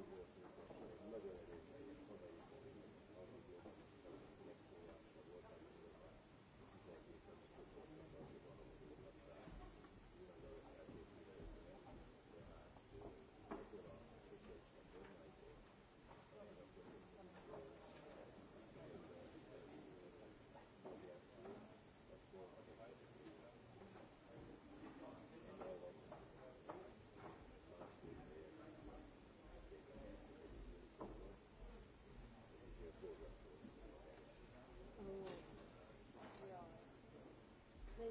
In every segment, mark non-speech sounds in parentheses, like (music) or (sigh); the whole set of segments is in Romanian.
buvo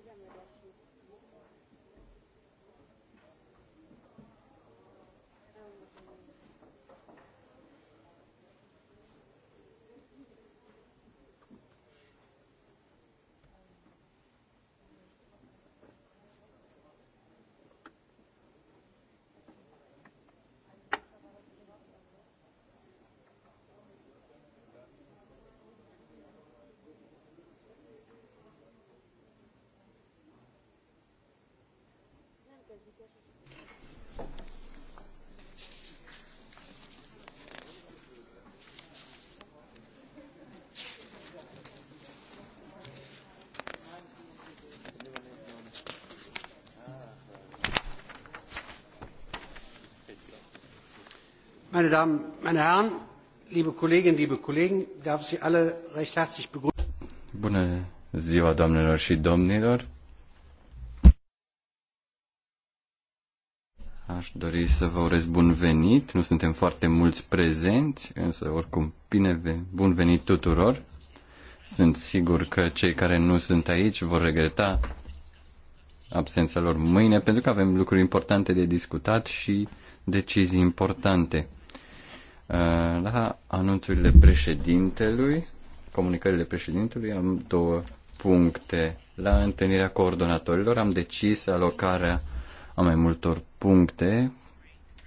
jamais la Meine Damen, meine Herren, liebe Kolleginnen, liebe Kollegen, darf ich Sie alle recht herzlich begrüßen. Bună ziua, doamnelor și domnilor. Aș dori să vă urez bun venit. Nu suntem foarte mulți prezenți, însă oricum bine bun venit tuturor. Sunt sigur că cei care nu sunt aici vor regreta absența lor mâine, pentru că avem lucruri importante de discutat și decizii importante. Uh, la anunțurile președintelui, comunicările președintelui, am două puncte. La întâlnirea coordonatorilor am decis alocarea a mai multor puncte.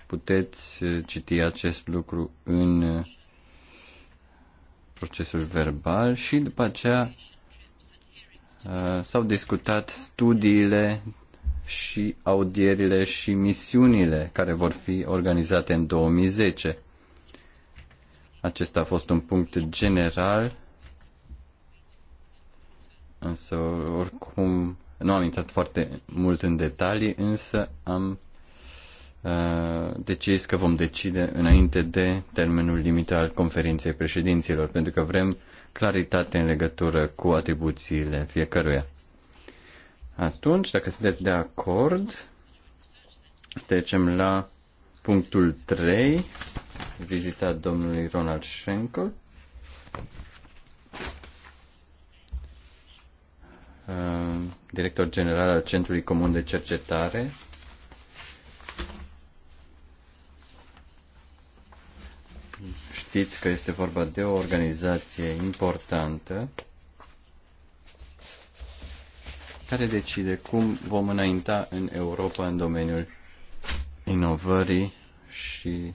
Puteți uh, citi acest lucru în uh, procesul verbal și după aceea uh, s-au discutat studiile și audierile și misiunile care vor fi organizate în 2010. Acesta a fost un punct general, însă oricum nu am intrat foarte mult în detalii, însă am uh, decis că vom decide înainte de termenul limită al conferinței președinților, pentru că vrem claritate în legătură cu atribuțiile fiecăruia. Atunci, dacă sunteți de acord, trecem la punctul 3, vizita domnului Ronald Schenkel. Uh, director general al Centrului Comun de Cercetare. Știți că este vorba de o organizație importantă care decide cum vom înainta în Europa în domeniul inovării și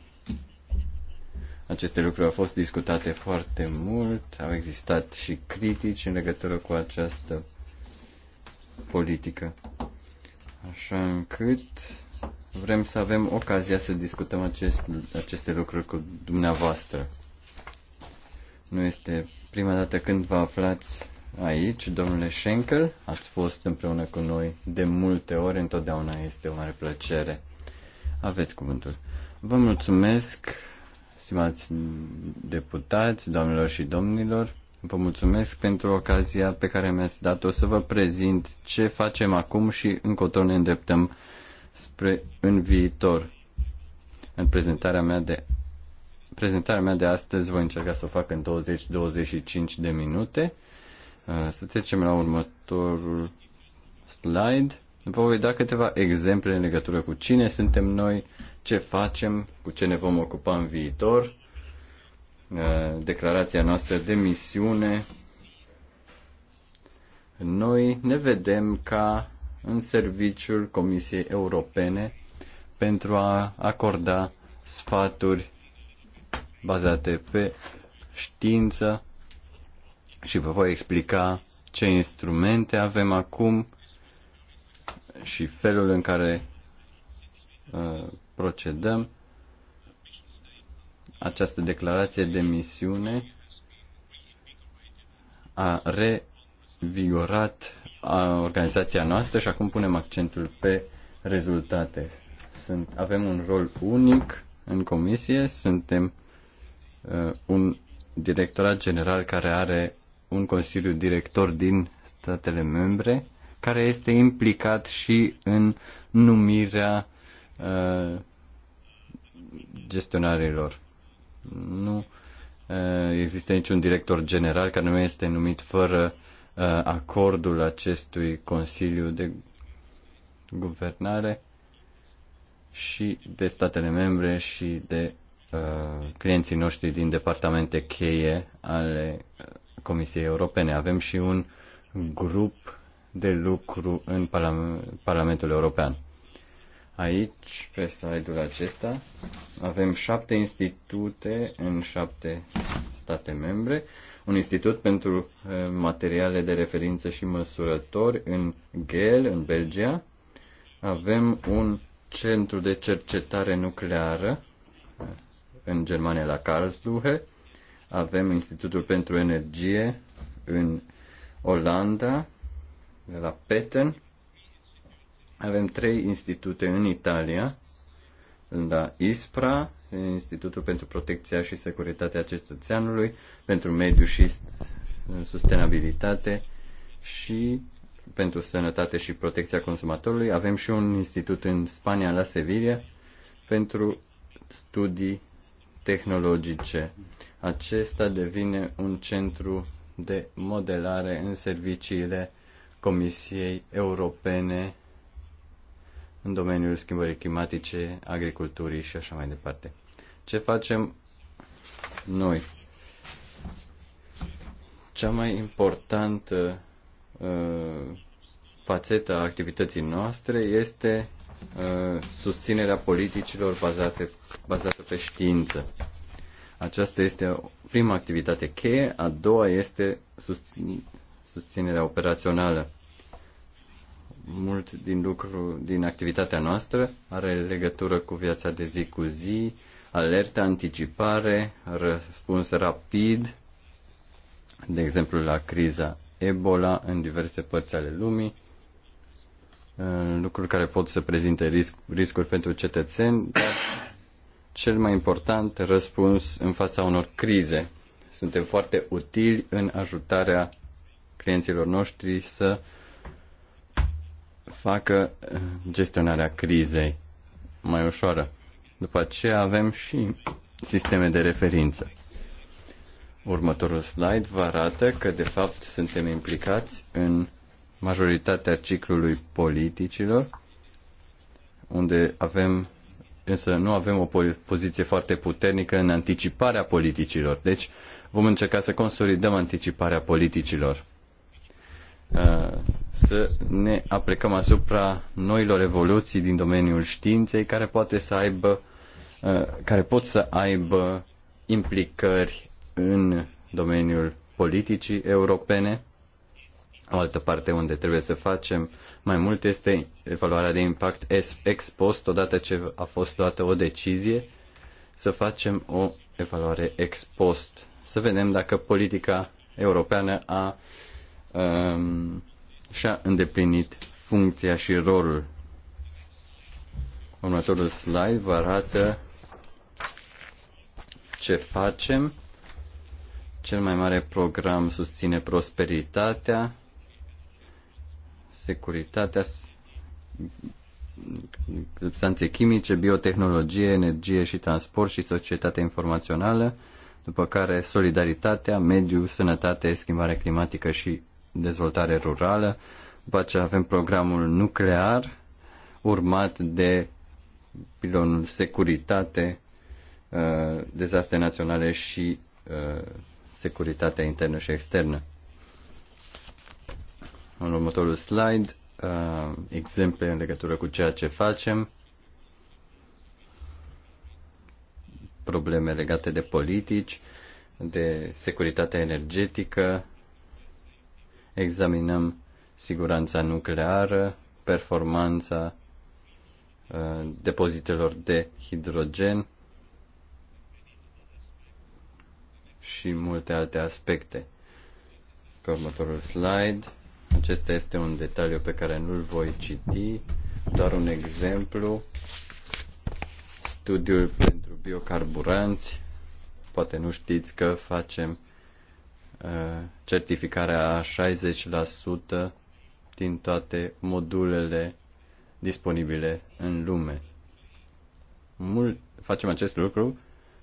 aceste lucruri au fost discutate foarte mult, au existat și critici în legătură cu această politică. Așa încât vrem să avem ocazia să discutăm acest, aceste lucruri cu dumneavoastră. Nu este prima dată când vă aflați aici, domnule Schenkel. Ați fost împreună cu noi de multe ori, întotdeauna este o mare plăcere. Aveți cuvântul. Vă mulțumesc, stimați deputați, doamnelor și domnilor. Vă mulțumesc pentru ocazia pe care mi-ați dat-o să vă prezint ce facem acum și încotro ne îndreptăm spre în viitor. În prezentarea mea de prezentarea mea de astăzi voi încerca să o fac în 20-25 de minute. Uh, să trecem la următorul slide. Vă voi da câteva exemple în legătură cu cine suntem noi, ce facem, cu ce ne vom ocupa în viitor Uh, declarația noastră de misiune, noi ne vedem ca în serviciul Comisiei Europene pentru a acorda sfaturi bazate pe știință și vă voi explica ce instrumente avem acum și felul în care uh, procedăm această declarație de misiune a revigorat a organizația noastră și acum punem accentul pe rezultate. Sunt, avem un rol unic în comisie, suntem uh, un directorat general care are un consiliu director din statele membre care este implicat și în numirea uh, gestionarilor. Nu eh, există niciun director general care nu este numit fără eh, acordul acestui Consiliu de Guvernare și de statele membre și de eh, clienții noștri din departamente cheie ale Comisiei Europene. Avem și un grup de lucru în Parlamentul European. Aici, pe slide-ul acesta, avem șapte institute în șapte state membre. Un institut pentru eh, materiale de referință și măsurători în GEL, în Belgia. Avem un centru de cercetare nucleară eh, în Germania, la Karlsruhe. Avem Institutul pentru Energie în Olanda, la Petten avem trei institute în Italia, la ISPRA, Institutul pentru Protecția și Securitatea Cetățeanului, pentru Mediu și Sustenabilitate și pentru Sănătate și Protecția Consumatorului. Avem și un institut în Spania, la Sevilla, pentru studii tehnologice. Acesta devine un centru de modelare în serviciile Comisiei Europene în domeniul schimbării climatice, agriculturii și așa mai departe. Ce facem noi? Cea mai importantă uh, fațetă a activității noastre este uh, susținerea politicilor bazate, bazate pe știință. Aceasta este prima activitate cheie, a doua este susținerea operațională mult din lucru, din activitatea noastră are legătură cu viața de zi cu zi, alertă, anticipare, răspuns rapid, de exemplu la criza Ebola în diverse părți ale lumii, lucruri care pot să prezinte risc, riscuri pentru cetățeni, dar cel mai important răspuns în fața unor crize. Suntem foarte utili în ajutarea clienților noștri să uh, facă eh, gestionarea crizei mai ușoară. După aceea avem și sisteme de referință. Următorul slide vă arată că, de fapt, suntem implicați în majoritatea ciclului politicilor, unde avem, însă nu avem o poziție foarte puternică în anticiparea politicilor. Deci, vom încerca să consolidăm anticiparea politicilor să ne aplicăm asupra noilor evoluții din domeniul științei care poate să aibă uh, care pot să aibă implicări în domeniul politicii europene. O altă parte unde trebuie să facem mai mult este evaluarea de impact ex post, odată ce a fost luată o decizie, să facem o evaluare ex post, să vedem dacă politica europeană a uh, um, și-a îndeplinit funcția și rolul. Următorul slide vă arată ce facem. Cel mai mare program susține prosperitatea, securitatea, substanțe chimice, biotehnologie, energie și transport și societatea informațională, după care solidaritatea, mediu, sănătate, schimbarea climatică și dezvoltare rurală, după ce avem programul nuclear, urmat de pilonul securitate, uh, dezastre naționale și uh, securitatea internă și externă. În următorul slide, uh, exemple în legătură cu ceea ce facem, probleme legate de politici, de securitatea energetică, examinăm siguranța nucleară, performanța uh, depozitelor de hidrogen și multe alte aspecte. Pe următorul slide, acesta este un detaliu pe care nu-l voi citi, doar un exemplu. Studiul pentru biocarburanți. Poate nu știți că facem Uh, certificarea a 60% din toate modulele disponibile în lume. Mul- facem acest lucru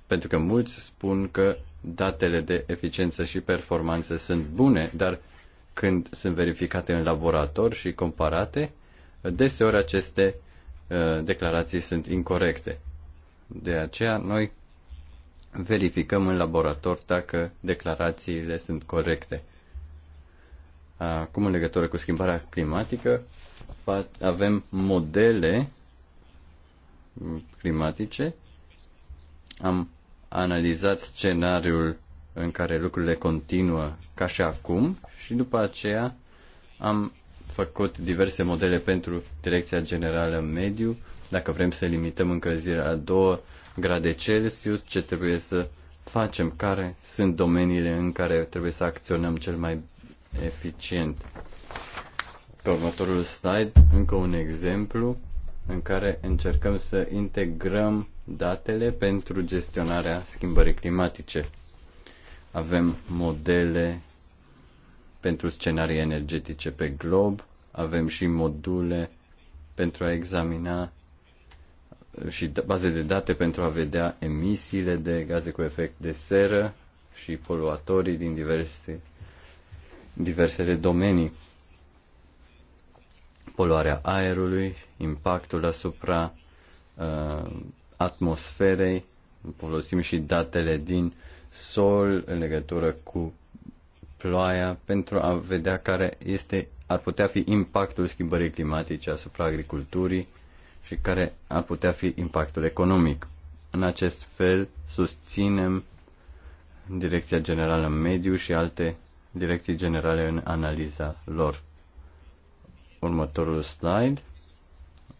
pentru că mulți spun că datele de eficiență și performanță sunt bune, dar când sunt verificate în laborator și comparate, deseori aceste uh, declarații sunt incorrecte. De aceea noi verificăm în laborator dacă declarațiile sunt corecte. Acum, în legătură cu schimbarea climatică, avem modele climatice. Am analizat scenariul în care lucrurile continuă ca și acum și după aceea am făcut diverse modele pentru Direcția Generală Mediu, dacă vrem să limităm încălzirea a două grade Celsius, ce trebuie să facem, care sunt domeniile în care trebuie să acționăm cel mai eficient. Pe următorul slide, încă un exemplu în care încercăm să integrăm datele pentru gestionarea schimbării climatice. Avem modele pentru scenarii energetice pe glob, avem și module pentru a examina și baze de date pentru a vedea emisiile de gaze cu efect de seră și poluatorii din diverse, diversele domenii. Poluarea aerului, impactul asupra uh, atmosferei, folosim și datele din sol în legătură cu ploaia pentru a vedea care este, ar putea fi impactul schimbării climatice asupra agriculturii și care ar putea fi impactul economic. În acest fel susținem Direcția Generală în Mediu și alte direcții generale în analiza lor. Următorul slide.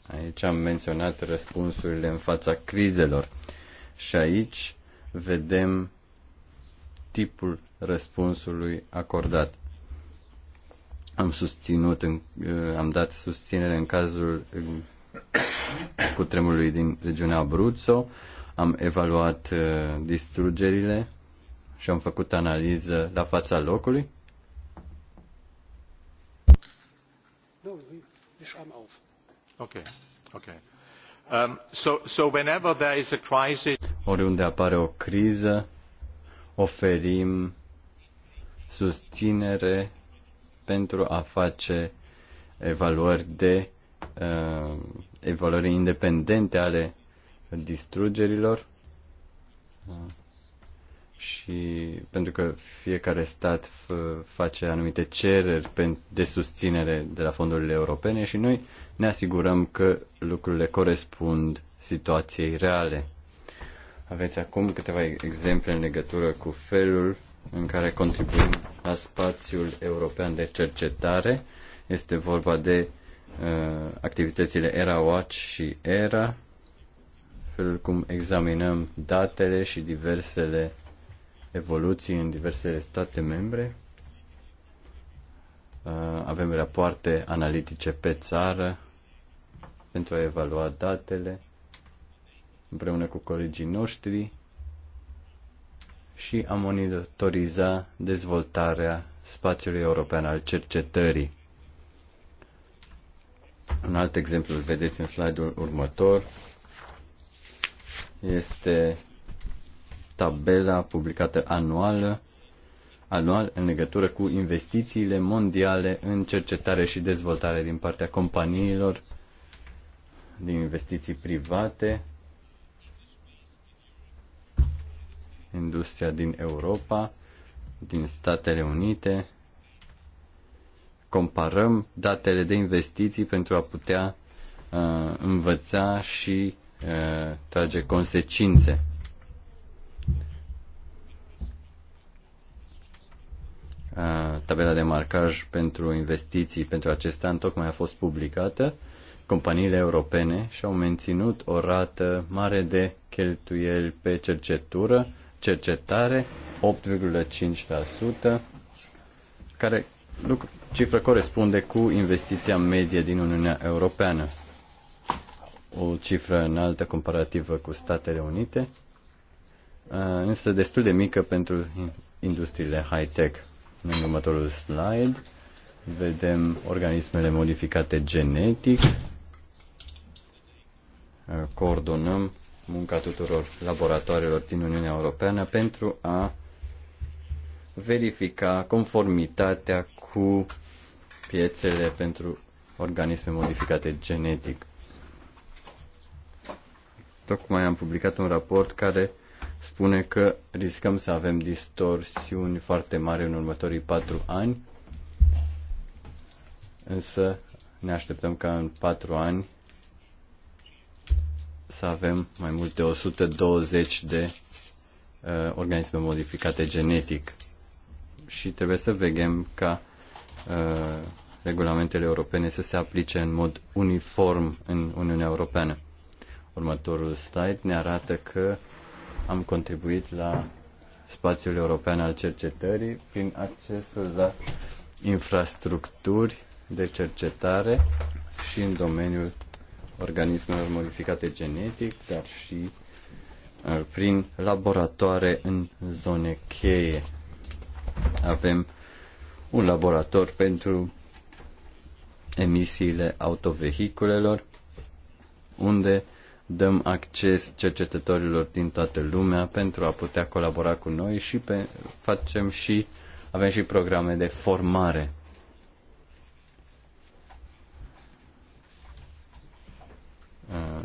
Aici am menționat răspunsurile în fața crizelor și aici vedem tipul răspunsului acordat. Am susținut, am dat susținere în cazul cu tremurului din regiunea Abruzzo, am evaluat uh, distrugerile și am făcut analiză la fața locului. Ok, ok. Um, so, so whenever there is a crisis... Oriunde apare o criză, oferim susținere pentru a face evaluări de uh, evaluări independente ale distrugerilor uh, și pentru că fiecare stat face anumite cereri de susținere de la fondurile europene și noi ne asigurăm că lucrurile corespund situației reale. Aveți acum câteva exemple în legătură cu felul în care contribuim la spațiul european de cercetare. Este vorba de Uh, activitățile Era Watch și Era, felul cum examinăm datele și diversele evoluții în diversele state membre. Uh, avem rapoarte analitice pe țară pentru a evalua datele împreună cu colegii noștri și a monitoriza dezvoltarea spațiului european al cercetării. Un alt exemplu îl vedeți în slide-ul următor. Este tabela publicată anuală anual în legătură cu investițiile mondiale în cercetare și dezvoltare din partea companiilor din investiții private, industria din Europa, din Statele Unite, comparăm datele de investiții pentru a putea uh, învăța și uh, trage consecințe. Uh, tabela de marcaj pentru investiții pentru acest an tocmai a fost publicată. Companiile europene și-au menținut o rată mare de cheltuieli pe cercetură, cercetare, 8,5%, care lucru, cifră corespunde cu investiția medie din Uniunea Europeană. O cifră înaltă comparativă cu Statele Unite, însă destul de mică pentru industriile high-tech. În următorul slide vedem organismele modificate genetic. Coordonăm munca tuturor laboratoarelor din Uniunea Europeană pentru a verifica conformitatea cu pietrele pentru organisme modificate genetic. Tocmai am publicat un raport care spune că riscăm să avem distorsiuni foarte mari în următorii patru ani, însă ne așteptăm ca în patru ani să avem mai mult de 120 de uh, organisme modificate genetic și trebuie să vegem ca uh, regulamentele europene să se aplice în mod uniform în Uniunea Europeană. Următorul slide ne arată că am contribuit la spațiul european al cercetării prin accesul la infrastructuri de cercetare și în domeniul organismelor modificate genetic, dar și uh, prin laboratoare în zone cheie. Avem un laborator pentru emisiile autovehiculelor, unde dăm acces cercetătorilor din toată lumea pentru a putea colabora cu noi și pe, facem și avem și programe de formare. Uh,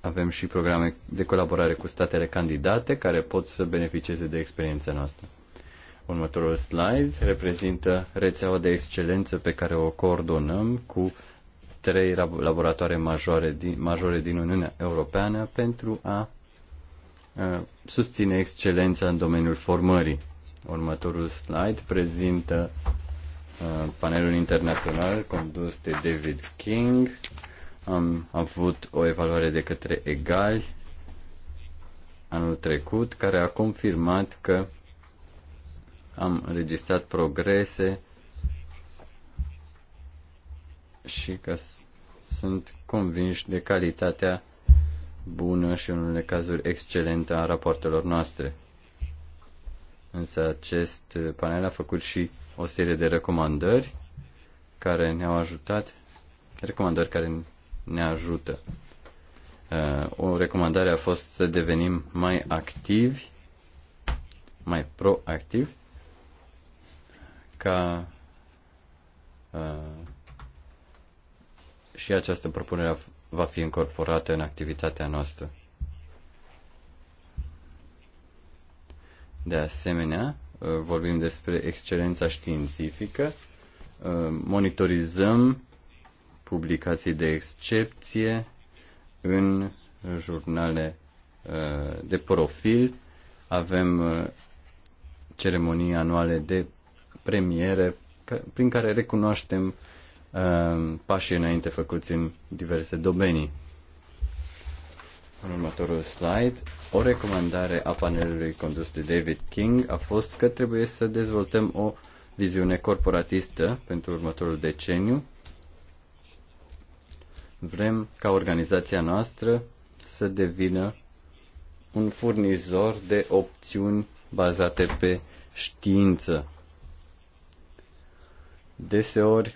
avem și programe de colaborare cu statele candidate care pot să beneficieze de experiența noastră. Următorul slide reprezintă rețeaua de excelență pe care o coordonăm cu trei laboratoare majore din, majore din Uniunea Europeană pentru a susține excelența în domeniul formării. Următorul slide prezintă panelul internațional condus de David King. Am avut o evaluare de către egali anul trecut care a confirmat că am înregistrat progrese și că sunt convinși de calitatea bună și în unele cazuri excelentă a raportelor noastre. Însă acest panel a făcut și o serie de recomandări care ne-au ajutat, recomandări care ne ajută. Uh, o recomandare a fost să devenim mai activi, mai proactivi ca uh, și această propunere va fi incorporată în activitatea noastră. De asemenea, uh, vorbim despre excelența științifică, uh, monitorizăm publicații de excepție în jurnale de profil, avem ceremonii anuale de premiere prin care recunoaștem uh, pașii înainte făcuți în diverse domenii. În următorul slide, o recomandare a panelului condus de David King a fost că trebuie să dezvoltăm o viziune corporatistă pentru următorul deceniu. Vrem ca organizația noastră să devină un furnizor de opțiuni bazate pe știință Deseori,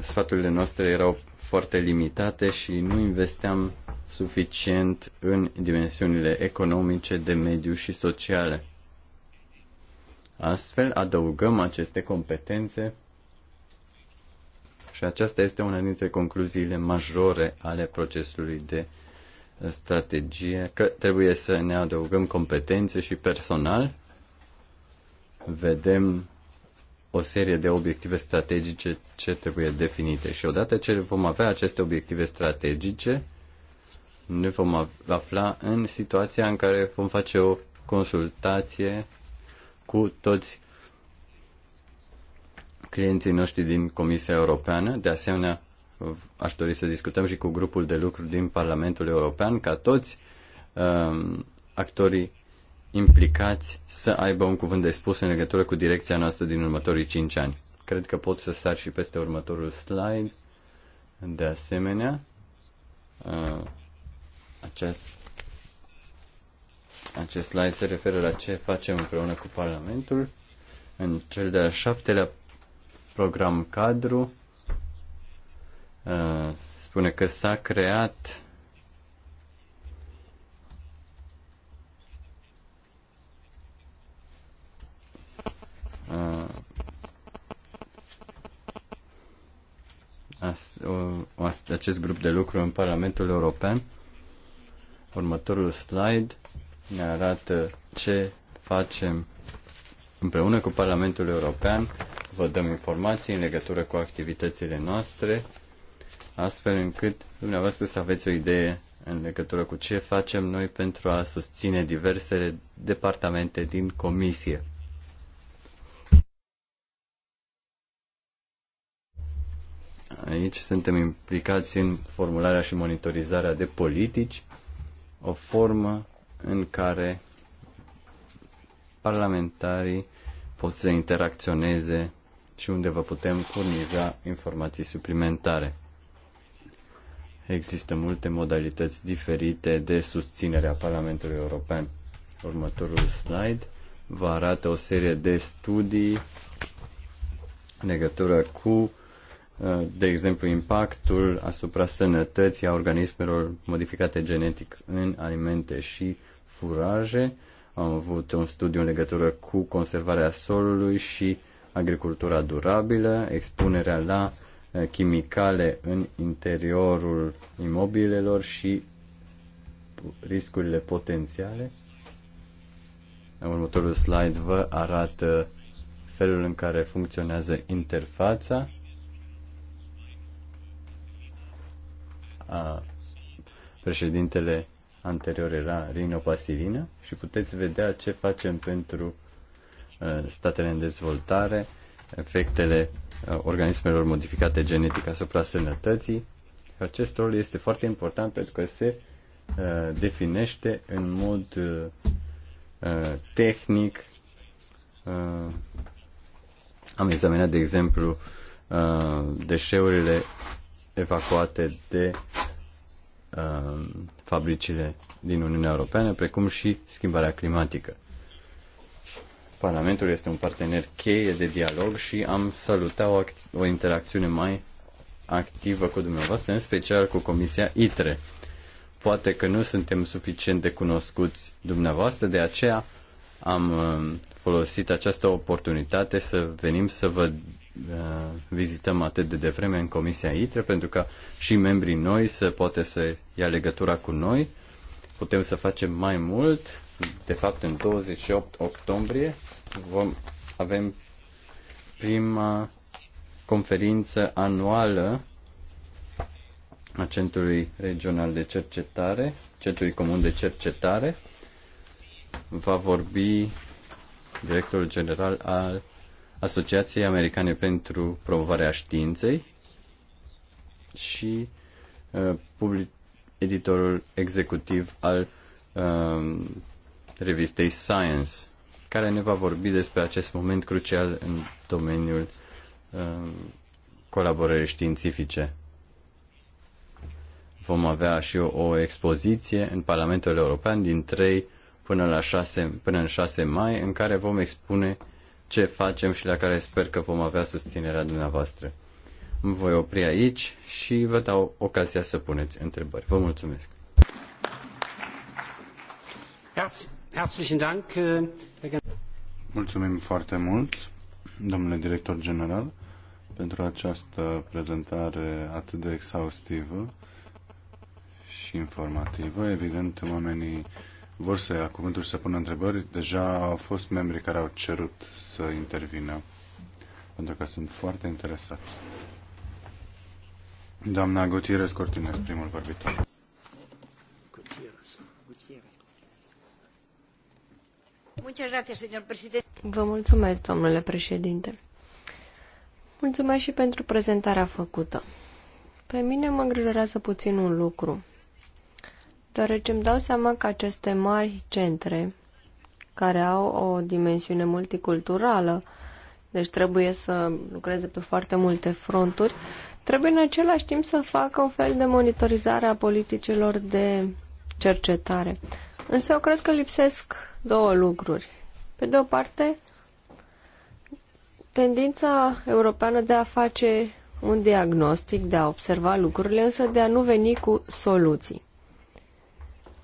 sfaturile noastre erau foarte limitate și nu investeam suficient în dimensiunile economice, de mediu și sociale. Astfel, adăugăm aceste competențe și aceasta este una dintre concluziile majore ale procesului de strategie, că trebuie să ne adăugăm competențe și personal. Vedem o serie de obiective strategice ce trebuie definite și odată ce vom avea aceste obiective strategice, ne vom afla în situația în care vom face o consultație cu toți clienții noștri din Comisia Europeană. De asemenea, aș dori să discutăm și cu grupul de lucru din Parlamentul European ca toți um, actorii implicați să aibă un cuvânt de spus în legătură cu direcția noastră din următorii 5 ani. Cred că pot să sar și peste următorul slide. De asemenea, uh, acest, acest slide se referă la ce facem împreună cu Parlamentul în cel de-al șaptelea program cadru. Uh, spune că s-a creat acest grup de lucru în Parlamentul European. Următorul slide ne arată ce facem împreună cu Parlamentul European. Vă dăm informații în legătură cu activitățile noastre, astfel încât dumneavoastră să aveți o idee în legătură cu ce facem noi pentru a susține diversele departamente din Comisie. Aici suntem implicați în formularea și monitorizarea de politici, o formă în care parlamentarii pot să interacționeze și unde vă putem furniza informații suplimentare. Există multe modalități diferite de susținere a Parlamentului European. Următorul slide vă arată o serie de studii în legătură cu Uh, de exemplu, impactul asupra sănătății a organismelor modificate genetic în alimente și furaje. Am avut un studiu în legătură cu conservarea solului și agricultura durabilă, expunerea la uh, chimicale în interiorul imobilelor și riscurile potențiale. Următorul slide vă arată felul în care funcționează interfața a, președintele anterior era Rino pasirina și puteți vedea ce facem pentru statele în dezvoltare, efectele organismelor modificate genetic asupra sănătății. Acest rol este foarte important pentru că se definește în mod tehnic. Am examinat, de exemplu, deșeurile evacuate de uh, fabricile din Uniunea Europeană, precum și schimbarea climatică. Parlamentul este un partener cheie de dialog și am salutat o, o interacțiune mai activă cu dumneavoastră, în special cu Comisia ITRE. Poate că nu suntem suficient de cunoscuți dumneavoastră, de aceea am uh, folosit această oportunitate să venim să vă da, vizităm atât de devreme în Comisia ITRE pentru ca și membrii noi să poate să ia legătura cu noi. Putem să facem mai mult. De fapt, în 28 octombrie vom avem prima conferință anuală a Centrului Regional de Cercetare, Centrului Comun de Cercetare. Va vorbi directorul general al Asociației Americane pentru Promovarea Științei și uh, public, editorul executiv al uh, revistei Science, care ne va vorbi despre acest moment crucial în domeniul uh, colaborării științifice. Vom avea și o, o expoziție în Parlamentul European din 3 până, la 6, până în 6 mai, în care vom expune uh, ce facem și la care sper că vom avea susținerea dumneavoastră. Îmi voi opri aici și vă dau ocazia să puneți întrebări. Vă mulțumesc! Äh, Mulțumim foarte mult, domnule director general, pentru această prezentare atât de exhaustivă și informativă. Evident, oamenii vor să ia cuvântul și să pună întrebări. Deja au fost membri care au cerut să intervină, pentru că sunt foarte interesați. Doamna Gutierrez Cortines, primul vorbitor. Vă mulțumesc, domnule președinte. Mulțumesc și pentru prezentarea făcută. Pe mine mă îngrijorează puțin un lucru, deoarece îmi dau seama că aceste mari centre, care au o dimensiune multiculturală, deci trebuie să lucreze pe foarte multe fronturi, trebuie în același timp să facă un fel de monitorizare a politicilor de cercetare. Însă eu cred că lipsesc două lucruri. Pe de o parte, tendința europeană de a face un diagnostic, de a observa lucrurile, însă de a nu veni cu soluții.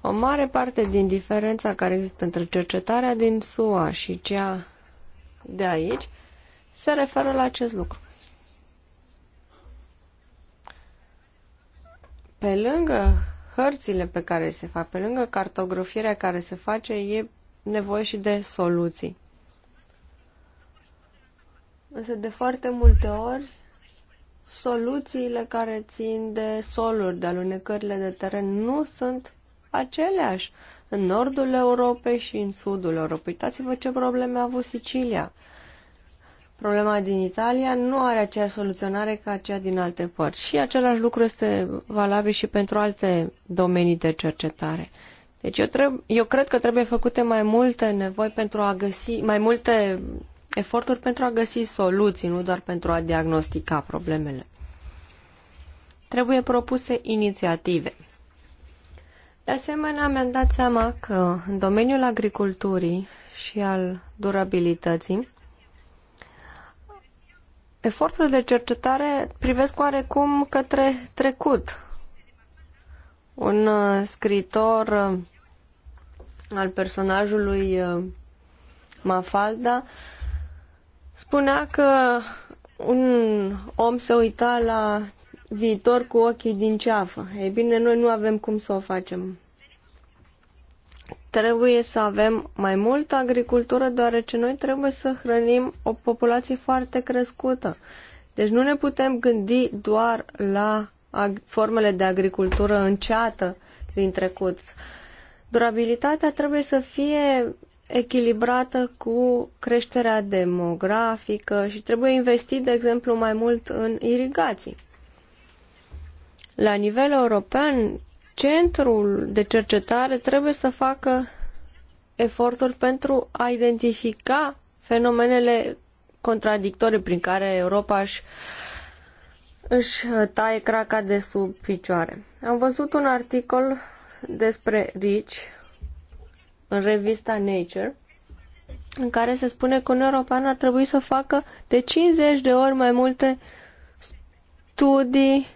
O mare parte din diferența care există între cercetarea din SUA și cea de aici se referă la acest lucru. Pe lângă hărțile pe care se fac, pe lângă cartografierea care se face, e nevoie și de soluții. Însă de foarte multe ori soluțiile care țin de soluri, de alunecările de teren nu sunt aceleași în nordul Europei și în sudul Europei. Uitați-vă ce probleme a avut Sicilia. Problema din Italia nu are aceeași soluționare ca cea din alte părți. Și același lucru este valabil și pentru alte domenii de cercetare. Deci eu, treb- eu cred că trebuie făcute mai multe nevoi pentru a găsi, mai multe eforturi pentru a găsi soluții, nu doar pentru a diagnostica problemele. Trebuie propuse inițiative. De asemenea, mi-am dat seama că în domeniul agriculturii și al durabilității, eforturile de cercetare privesc oarecum către trecut. Un uh, scritor uh, al personajului uh, Mafalda spunea că un om se uita la viitor cu ochii din ceafă. Ei bine, noi nu avem cum să o facem. Trebuie să avem mai multă agricultură, deoarece noi trebuie să hrănim o populație foarte crescută. Deci nu ne putem gândi doar la formele de agricultură înceată din trecut. Durabilitatea trebuie să fie echilibrată cu creșterea demografică și trebuie investit, de exemplu, mai mult în irigații. La nivel european, centrul de cercetare trebuie să facă eforturi pentru a identifica fenomenele contradictorii prin care Europa își, își taie craca de sub picioare. Am văzut un articol despre RICI în revista Nature în care se spune că un european ar trebui să facă de 50 de ori mai multe studii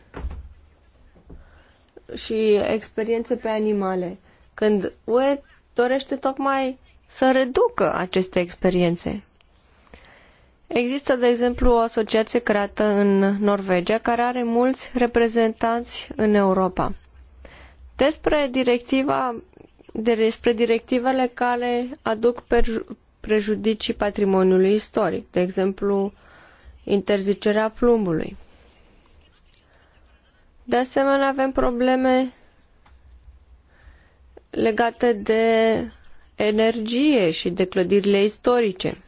și experiențe pe animale, când UE dorește tocmai să reducă aceste experiențe. Există, de exemplu, o asociație creată în Norvegia care are mulți reprezentanți în Europa. Despre directiva despre directivele care aduc prejudicii patrimoniului istoric, de exemplu, interzicerea plumbului. De asemenea, avem probleme legate de energie și de clădirile istorice.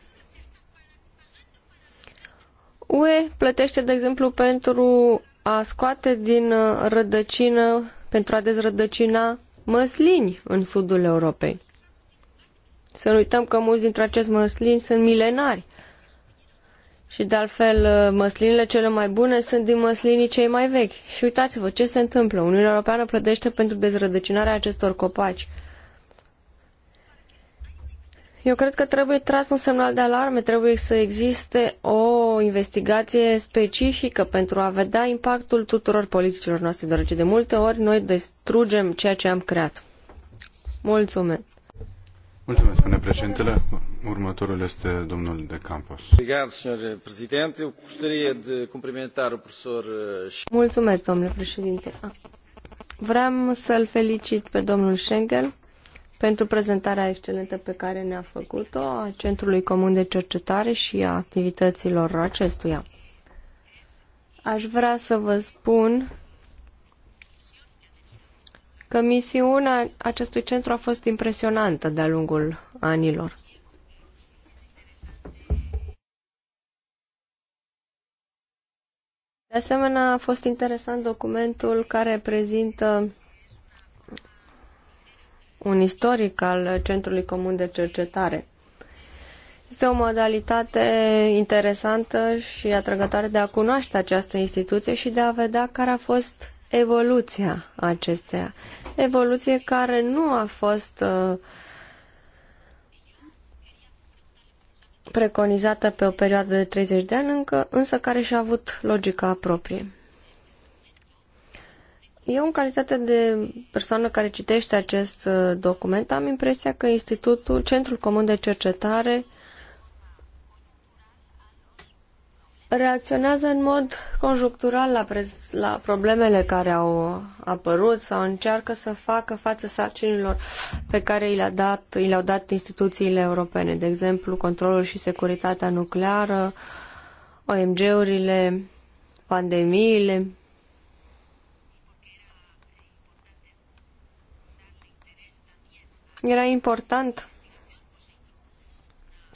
UE plătește, de exemplu, pentru a scoate din rădăcină, pentru a dezrădăcina măslini în sudul Europei. Să nu uităm că mulți dintre acești măslini sunt milenari. Și de altfel, uh, măslinile cele mai bune sunt din măslinii cei mai vechi. Și uitați-vă ce se întâmplă. Uniunea Europeană plătește pentru dezrădăcinarea acestor copaci. Eu cred că trebuie tras un semnal de alarme, trebuie să existe o investigație specifică pentru a vedea impactul tuturor politicilor noastre, deoarece de multe ori noi distrugem ceea ce am creat. Mulțumesc! Mulțumesc, spune președintele. Următorul este domnul de Campos. Eh, Mulțumesc, domnule președinte. Vreau să-l felicit pe domnul Schengel pentru prezentarea excelentă pe care ne-a făcut-o a Centrului Comun de Cercetare și a activităților acestuia. Aș vrea să vă spun că misiunea acestui centru a fost impresionantă de-a lungul anilor. De asemenea, a fost interesant documentul care prezintă un istoric al Centrului Comun de Cercetare. Este o modalitate interesantă și atrăgătoare de a cunoaște această instituție și de a vedea care a fost evoluția acesteia. Evoluție care nu a fost uh, preconizată pe o perioadă de 30 de ani, încă, însă care și-a avut logica proprie. Eu, în calitate de persoană care citește acest uh, document, am impresia că Institutul, Centrul Comun de Cercetare, reacționează în mod conjunctural la, la problemele care au apărut sau încearcă să facă față sarcinilor pe care i le-au dat, i le-au dat instituțiile europene, de exemplu controlul și securitatea nucleară, OMG-urile, pandemiile. Era important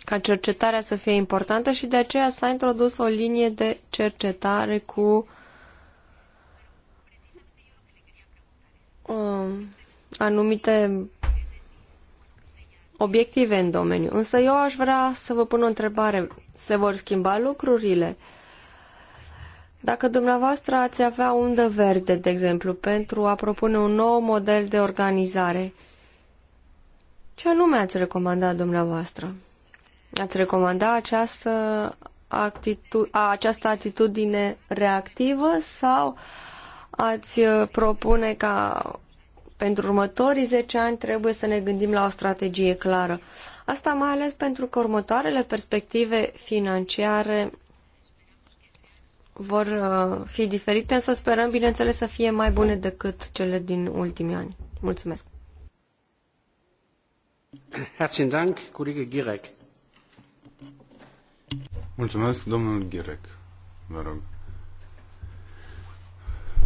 ca cercetarea să fie importantă și de aceea s-a introdus o linie de cercetare cu uh, anumite obiective în domeniu. Însă eu aș vrea să vă pun o întrebare. Se vor schimba lucrurile? Dacă dumneavoastră ați avea undă verde, de exemplu, pentru a propune un nou model de organizare, ce anume ați recomanda dumneavoastră? Ați recomanda această, actitu- această atitudine reactivă sau ați uh, propune ca pentru următorii 10 ani trebuie să ne gândim la o strategie clară? Asta mai ales pentru că următoarele perspective financiare vor uh, fi diferite, însă sperăm, bineînțeles, să fie mai bune decât cele din ultimii ani. Mulțumesc! Herzlichen Dank, Kollege Girek. Mulțumesc, domnul Ghirec. Vă rog.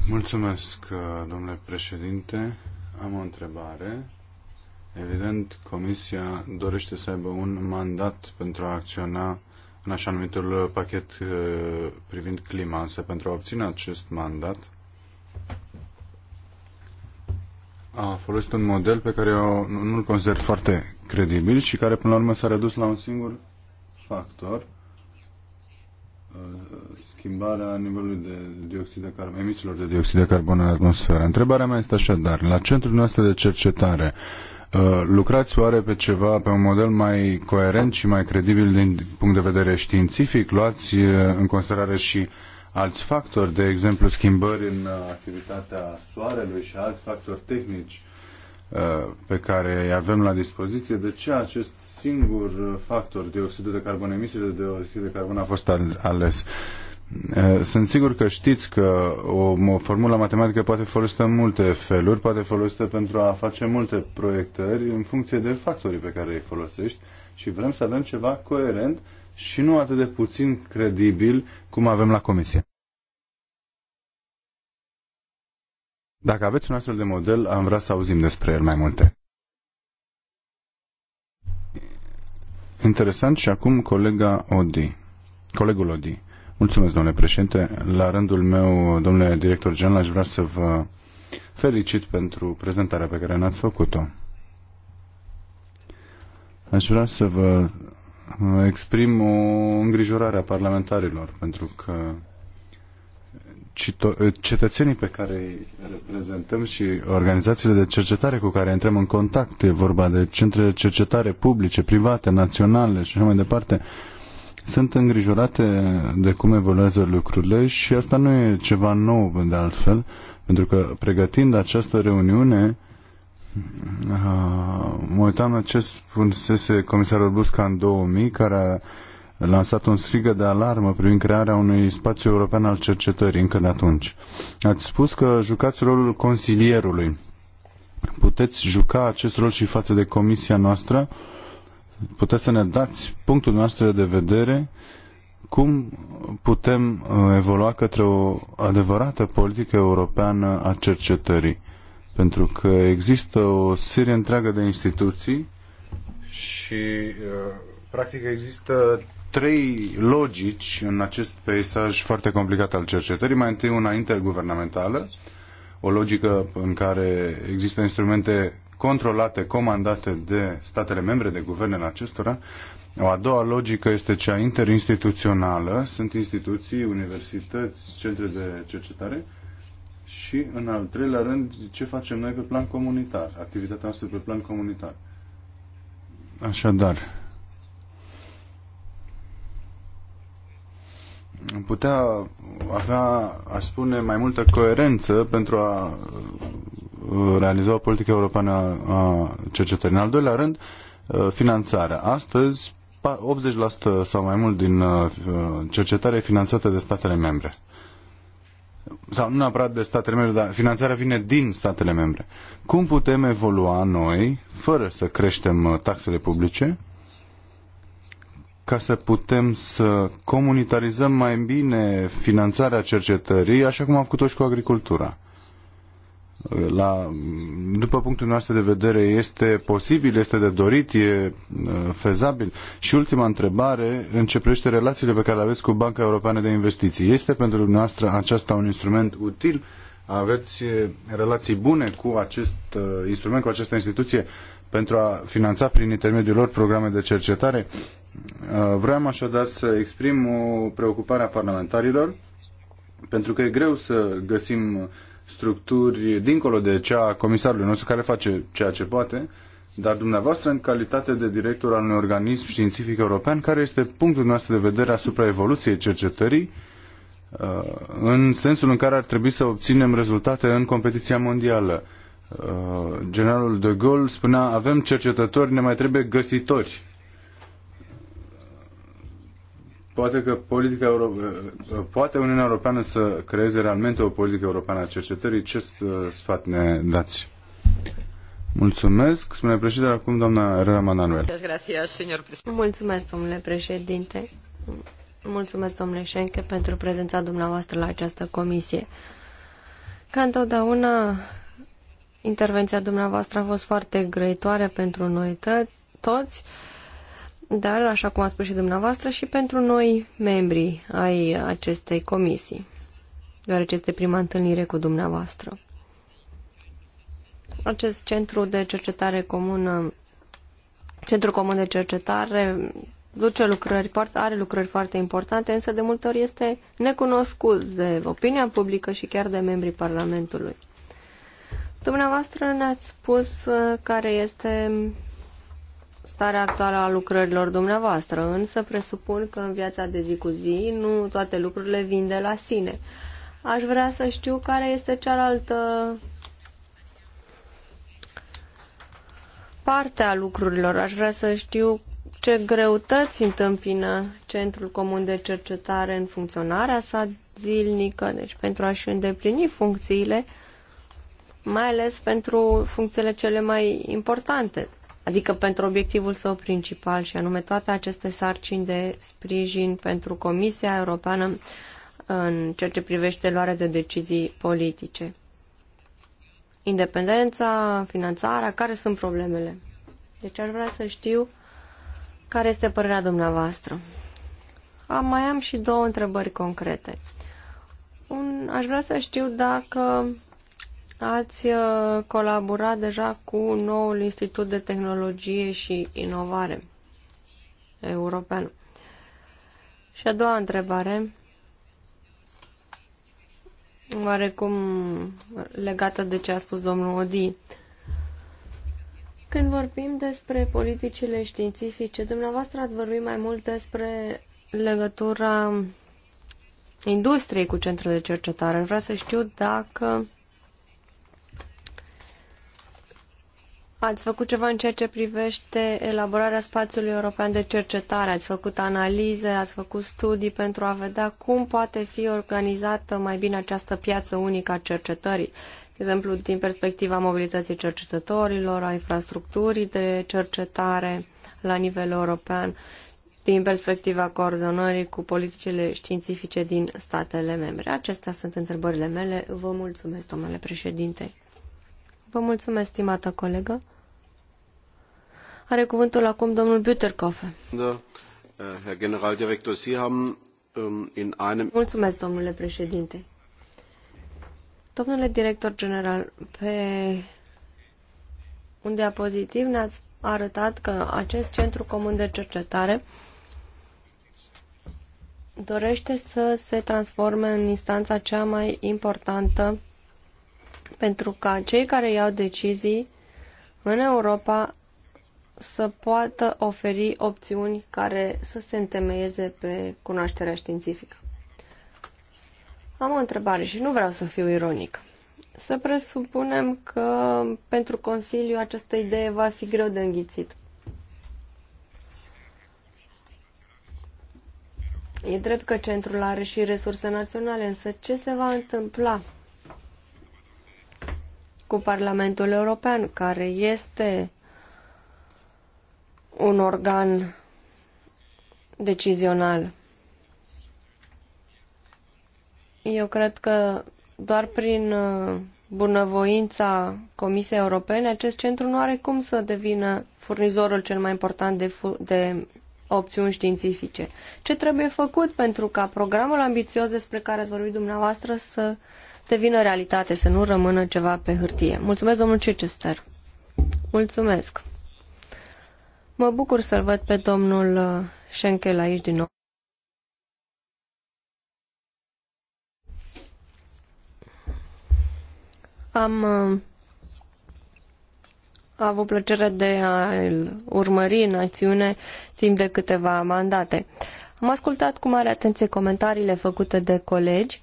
Mulțumesc, domnule președinte. Am o întrebare. Evident, Comisia dorește să aibă un mandat pentru a acționa în așa numitul pachet uh, privind clima, însă pentru a obține acest mandat a folosit un model pe care eu nu-l consider foarte credibil și care până la urmă s-a redus la un singur factor – schimbarea nivelului de dioxid de carbon, emisiilor de dioxid de carbon în atmosferă. Întrebarea mea este așadar, la centrul noastră de cercetare, uh, lucrați oare pe ceva, pe un model mai coerent și mai credibil din punct de vedere științific? Luați uh, în considerare și alți factori, de exemplu schimbări în uh, activitatea soarelui și alți factori tehnici pe care îi avem la dispoziție, de ce acest singur factor, dioxidul de carbon, emisiile de dioxid de carbon a fost ales? Eh, sunt sigur că știți că o formulă matematică poate folosită în multe feluri, poate folosită pentru a face multe proiectări în funcție de factorii pe care îi folosești și vrem să avem ceva coerent și nu atât de puțin credibil cum avem la comisie. Dacă aveți un astfel de model, am vrea să auzim despre el mai multe. Interesant și acum colega Odi, colegul Odi. Mulțumesc, domnule președinte. La rândul meu, domnule director general, aș vrea să vă felicit pentru prezentarea pe care ne-ați făcut-o. Aș vrea să vă exprim o îngrijorare a parlamentarilor, pentru că cetățenii pe care îi reprezentăm și organizațiile de cercetare cu care intrăm în contact, e vorba de centre de cercetare publice, private, naționale și așa mai departe, sunt îngrijorate de cum evoluează lucrurile și asta nu e ceva nou de altfel, pentru că pregătind această reuniune, ah, mă uitam la ce spunsese comisarul Busca în 2000, care a lansat un strigă de alarmă privind crearea unui spațiu european al cercetării încă de atunci. Ați spus că jucați rolul consilierului. Puteți juca acest rol și față de comisia noastră? puteți să ne dați punctul noastră de vedere cum putem uh, evolua către o adevărată politică europeană a cercetării. Pentru că există o serie întreagă de instituții și uh, practic există trei logici în acest peisaj foarte complicat al cercetării. Mai întâi una interguvernamentală, o logică în care există instrumente controlate, comandate de statele membre, de guvernele acestora. O a doua logică este cea interinstituțională. Sunt instituții, universități, centre de cercetare și, în al treilea rând, ce facem noi pe plan comunitar, activitatea noastră pe plan comunitar. Așadar, putea avea, a spune, mai multă coerență pentru a realiza o politică europeană a cercetării. În al doilea rând, uh, finanțarea. Astăzi, 80% sau mai mult din uh, cercetare e finanțată de statele membre. Sau nu neapărat de statele membre, dar finanțarea vine din statele membre. Cum putem evolua noi, fără să creștem uh, taxele publice, ca să putem să comunitarizăm mai bine finanțarea cercetării, așa cum am făcut-o și cu agricultura? la, după punctul nostru de vedere, este posibil, este de dorit, e uh, fezabil? Și ultima întrebare, în ce privește relațiile pe care le aveți cu Banca Europeană de Investiții. Este pentru dumneavoastră aceasta un instrument util? Aveți relații bune cu acest uh, instrument, cu această instituție pentru a finanța prin intermediul lor programe de cercetare? Uh, vreau așadar să exprim o preocupare a parlamentarilor pentru că e greu să găsim structuri dincolo de cea a comisarului nostru care face ceea ce poate, dar dumneavoastră în calitate de director al unui organism științific european, care este punctul nostru de vedere asupra evoluției cercetării uh, în sensul în care ar trebui să obținem rezultate în competiția mondială? Uh, generalul de Gaulle spunea avem cercetători, ne mai trebuie găsitori poate că politica Euro... Eh, poate Uniunea Europeană să creeze realmente o politică europeană a cercetării? Ce eh, sfat ne dați? Mulțumesc. Spune președinte, acum doamna Rera Manuel. Mulțumesc, domnule președinte. Mulțumesc, domnule Șenche, pentru prezența dumneavoastră la această comisie. Ca întotdeauna, intervenția dumneavoastră a fost foarte grăitoare pentru noi toți dar, așa cum ați spus și dumneavoastră, și pentru noi membrii ai acestei comisii, deoarece este prima întâlnire cu dumneavoastră. Acest centru de cercetare comună, centru comun de cercetare, duce lucrări, are lucrări foarte importante, însă de multe ori este necunoscut de opinia publică și chiar de membrii Parlamentului. Dumneavoastră ne-ați spus uh, care este starea actuală a lucrărilor dumneavoastră, însă presupun că în viața de zi cu zi nu toate lucrurile vin de la sine. Aș vrea să știu care este cealaltă parte a lucrurilor. Aș vrea să știu ce greutăți întâmpină Centrul Comun de Cercetare în funcționarea sa zilnică, deci pentru a-și îndeplini funcțiile, mai ales pentru funcțiile cele mai importante, adică pentru obiectivul său principal și anume toate aceste sarcini de sprijin pentru Comisia Europeană în ceea ce privește luarea de decizii politice. Independența, finanțarea, care sunt problemele? Deci aș vrea să știu care este părerea dumneavoastră. Am, mai am și două întrebări concrete. Un, aș vrea să știu dacă Ați uh, colaborat deja cu noul Institut de Tehnologie și Inovare european. Și a doua întrebare, oarecum legată de ce a spus domnul Odi. Când vorbim despre politicile științifice, dumneavoastră ați vorbit mai mult despre legătura industriei cu centrele de cercetare. Vreau să știu dacă Ați făcut ceva în ceea ce privește elaborarea spațiului european de cercetare, ați făcut analize, ați făcut studii pentru a vedea cum poate fi organizată mai bine această piață unică a cercetării, de exemplu din perspectiva mobilității cercetătorilor, a infrastructurii de cercetare la nivel european, din perspectiva coordonării cu politicile științifice din statele membre. Acestea sunt întrebările mele. Vă mulțumesc, domnule președinte. Vă mulțumesc, stimată colegă. Are cuvântul acum domnul Bütterkofe. Da, eh, Herr Generaldirektor, Sie haben ähm, in einem... Mulțumesc, domnule președinte. Domnule director general, pe un diapozitiv ne-ați arătat că acest centru comun de cercetare dorește să se transforme în instanța cea mai importantă pentru ca cei care iau decizii în Europa să poată oferi opțiuni care să se întemeieze pe cunoașterea științifică. Am o întrebare și nu vreau să fiu ironic. Să presupunem că pentru Consiliu această idee va fi greu de înghițit. E drept că centrul are și resurse naționale, însă ce se va întâmpla cu Parlamentul European, care este un organ decizional. Eu cred că doar prin uh, bunăvoința Comisiei Europene, acest centru nu are cum să devină furnizorul cel mai important de, de opțiuni științifice. Ce trebuie făcut pentru ca programul ambițios despre care ați vorbit dumneavoastră să devină realitate, să nu rămână ceva pe hârtie. Mulțumesc, domnul Chichester. Mulțumesc. Mă bucur să-l văd pe domnul uh, Schenkel aici din nou. Am uh, avut plăcerea de a-l urmări în acțiune timp de câteva mandate. Am ascultat cu mare atenție comentariile făcute de colegi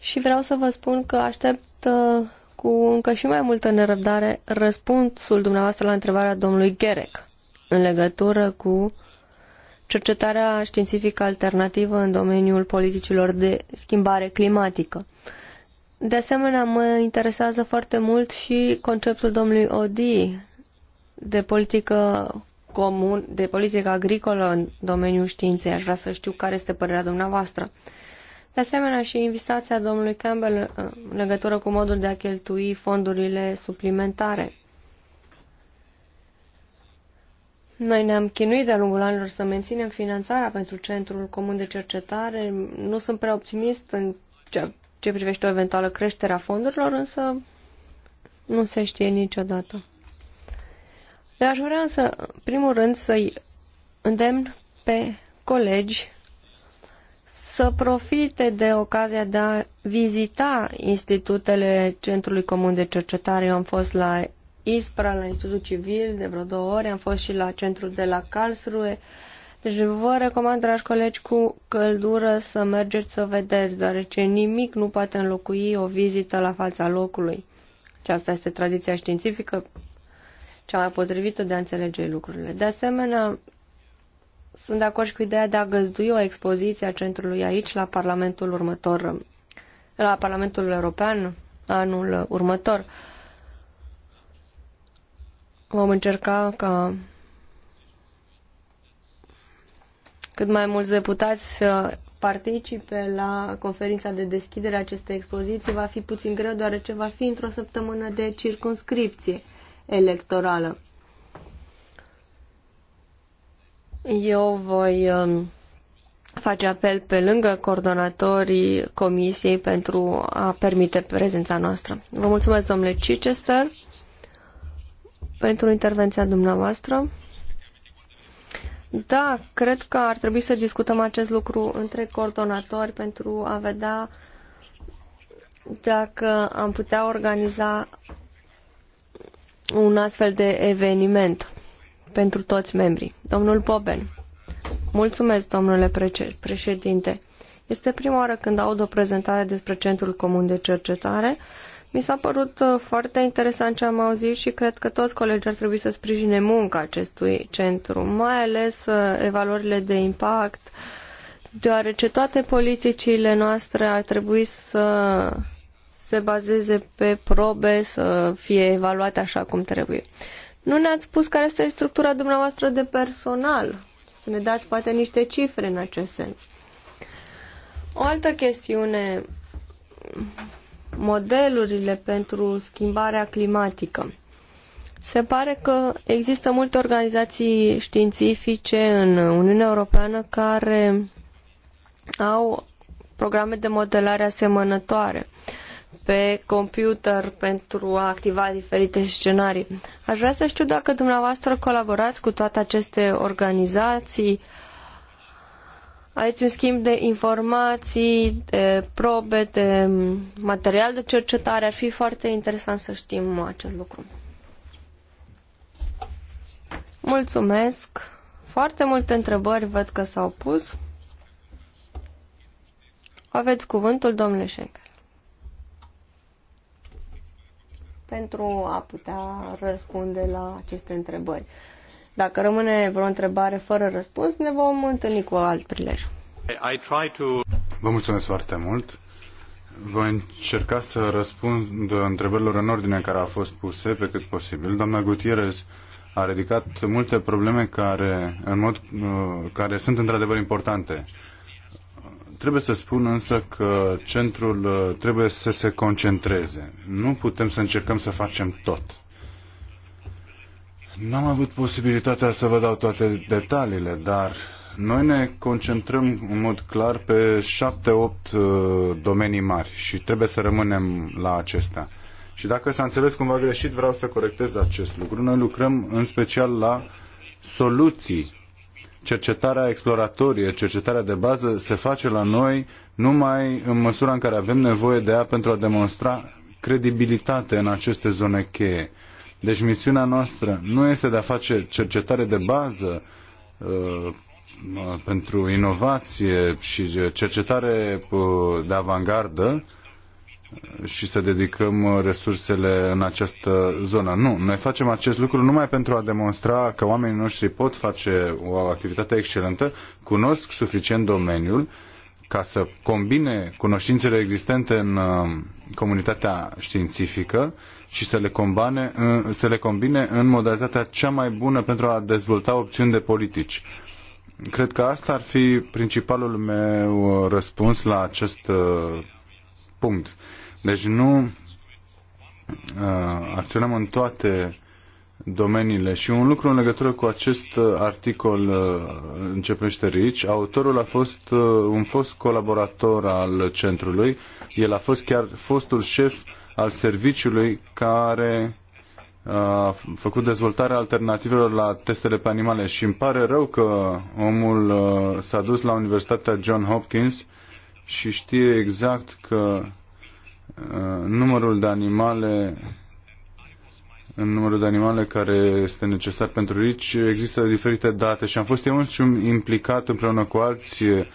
și vreau să vă spun că aștept uh, cu încă și mai multă nerăbdare răspunsul dumneavoastră la întrebarea domnului Gerec în legătură cu cercetarea științifică alternativă în domeniul politicilor de schimbare climatică. De asemenea, mă interesează foarte mult și conceptul domnului Odi de politică comun, de politică agricolă în domeniul științei. Aș vrea să știu care este părerea dumneavoastră. De asemenea și invitația domnului Campbell uh, în legătură cu modul de a cheltui fondurile suplimentare. Noi ne-am chinuit de-a lungul anilor să menținem finanțarea pentru Centrul Comun de Cercetare. Nu sunt prea optimist în ce, ce privește o eventuală creștere a fondurilor, însă nu se știe niciodată. Eu aș vrea însă, în primul rând, să-i îndemn pe colegi să profite de ocazia de a vizita institutele Centrului Comun de Cercetare. Eu am fost la ISPRA, la Institutul Civil, de vreo două ori, am fost și la centrul de la Calsrue. Deci vă recomand, dragi colegi, cu căldură să mergeți să vedeți, deoarece nimic nu poate înlocui o vizită la fața locului. Și asta este tradiția științifică cea mai potrivită de a înțelege lucrurile. De asemenea, sunt de acord și cu ideea de a găzdui o expoziție a centrului aici, la Parlamentul următor, la Parlamentul European, anul următor. Vom încerca ca cât mai mulți deputați să participe la conferința de deschidere a acestei expoziții. Va fi puțin greu, deoarece va fi într-o săptămână de circunscripție electorală. Eu voi um, face apel pe lângă coordonatorii comisiei pentru a permite prezența noastră. Vă mulțumesc, domnule Chichester, pentru intervenția dumneavoastră. Da, cred că ar trebui să discutăm acest lucru între coordonatori pentru a vedea dacă am putea organiza un astfel de eveniment pentru toți membrii. Domnul Boben. Mulțumesc, domnule președinte. Este prima oară când aud o prezentare despre Centrul Comun de Cercetare. Mi s-a părut uh, foarte interesant ce am auzit și cred că toți colegii ar trebui să sprijine munca acestui centru, mai ales uh, evaluările de impact, deoarece toate politicile noastre ar trebui să se bazeze pe probe, să fie evaluate așa cum trebuie. Nu ne-ați spus care este structura dumneavoastră de personal. Să ne dați poate niște cifre în acest sens. O altă chestiune, modelurile pentru schimbarea climatică. Se pare că există multe organizații științifice în Uniunea Europeană care au programe de modelare asemănătoare. Uh, pe computer pentru a activa diferite scenarii. Aș vrea să știu dacă dumneavoastră colaborați cu toate aceste organizații, aveți un schimb de informații, de probe, de material de cercetare. Ar fi foarte interesant să știm acest lucru. Mulțumesc! Foarte multe întrebări văd că s-au pus. Aveți cuvântul, domnule Schenker. pentru a putea răspunde la aceste întrebări. Dacă rămâne vreo întrebare fără răspuns, ne vom întâlni cu alt prilej. To... Vă mulțumesc foarte mult. Voi încerca să răspund întrebărilor în ordine care au fost puse pe cât posibil. Doamna Gutierrez a ridicat multe probleme care, în mod, uh, care sunt într-adevăr importante Trebuie să spun însă că centrul uh, trebuie să se concentreze. Nu putem să încercăm să facem tot. N-am avut posibilitatea să vă dau toate detaliile, dar noi ne concentrăm în mod clar pe 7-8 uh, domenii mari și trebuie să rămânem la acestea. Și dacă s-a înțeles cumva greșit, vreau să corectez acest lucru. Noi lucrăm în special la soluții cercetarea exploratorie, cercetarea de bază se face la noi numai în măsura în care avem nevoie de ea pentru a demonstra credibilitate în aceste zone cheie. Deci misiunea noastră nu este de a face cercetare de bază uh, pentru inovație și cercetare uh, de avangardă, și să dedicăm uh, resursele în această zonă. Nu, noi facem acest lucru numai pentru a demonstra că oamenii noștri pot face o activitate excelentă, cunosc suficient domeniul ca să combine cunoștințele existente în uh, comunitatea științifică și să le, combine, uh, să le combine în modalitatea cea mai bună pentru a dezvolta opțiuni de politici. Cred că asta ar fi principalul meu răspuns la acest Punct. Deci nu uh, acționăm în toate domeniile. Și un lucru în legătură cu acest uh, articol uh, începește Rich, autorul a fost uh, un fost colaborator al centrului, el a fost chiar fostul șef al serviciului care uh, a făcut dezvoltarea alternativelor la testele pe animale și îmi pare rău că omul uh, s-a dus la Universitatea John Hopkins și știe exact că uh, numărul de animale în numărul de animale care este necesar pentru RICI există diferite date și am fost eu însumi implicat împreună cu alți uh,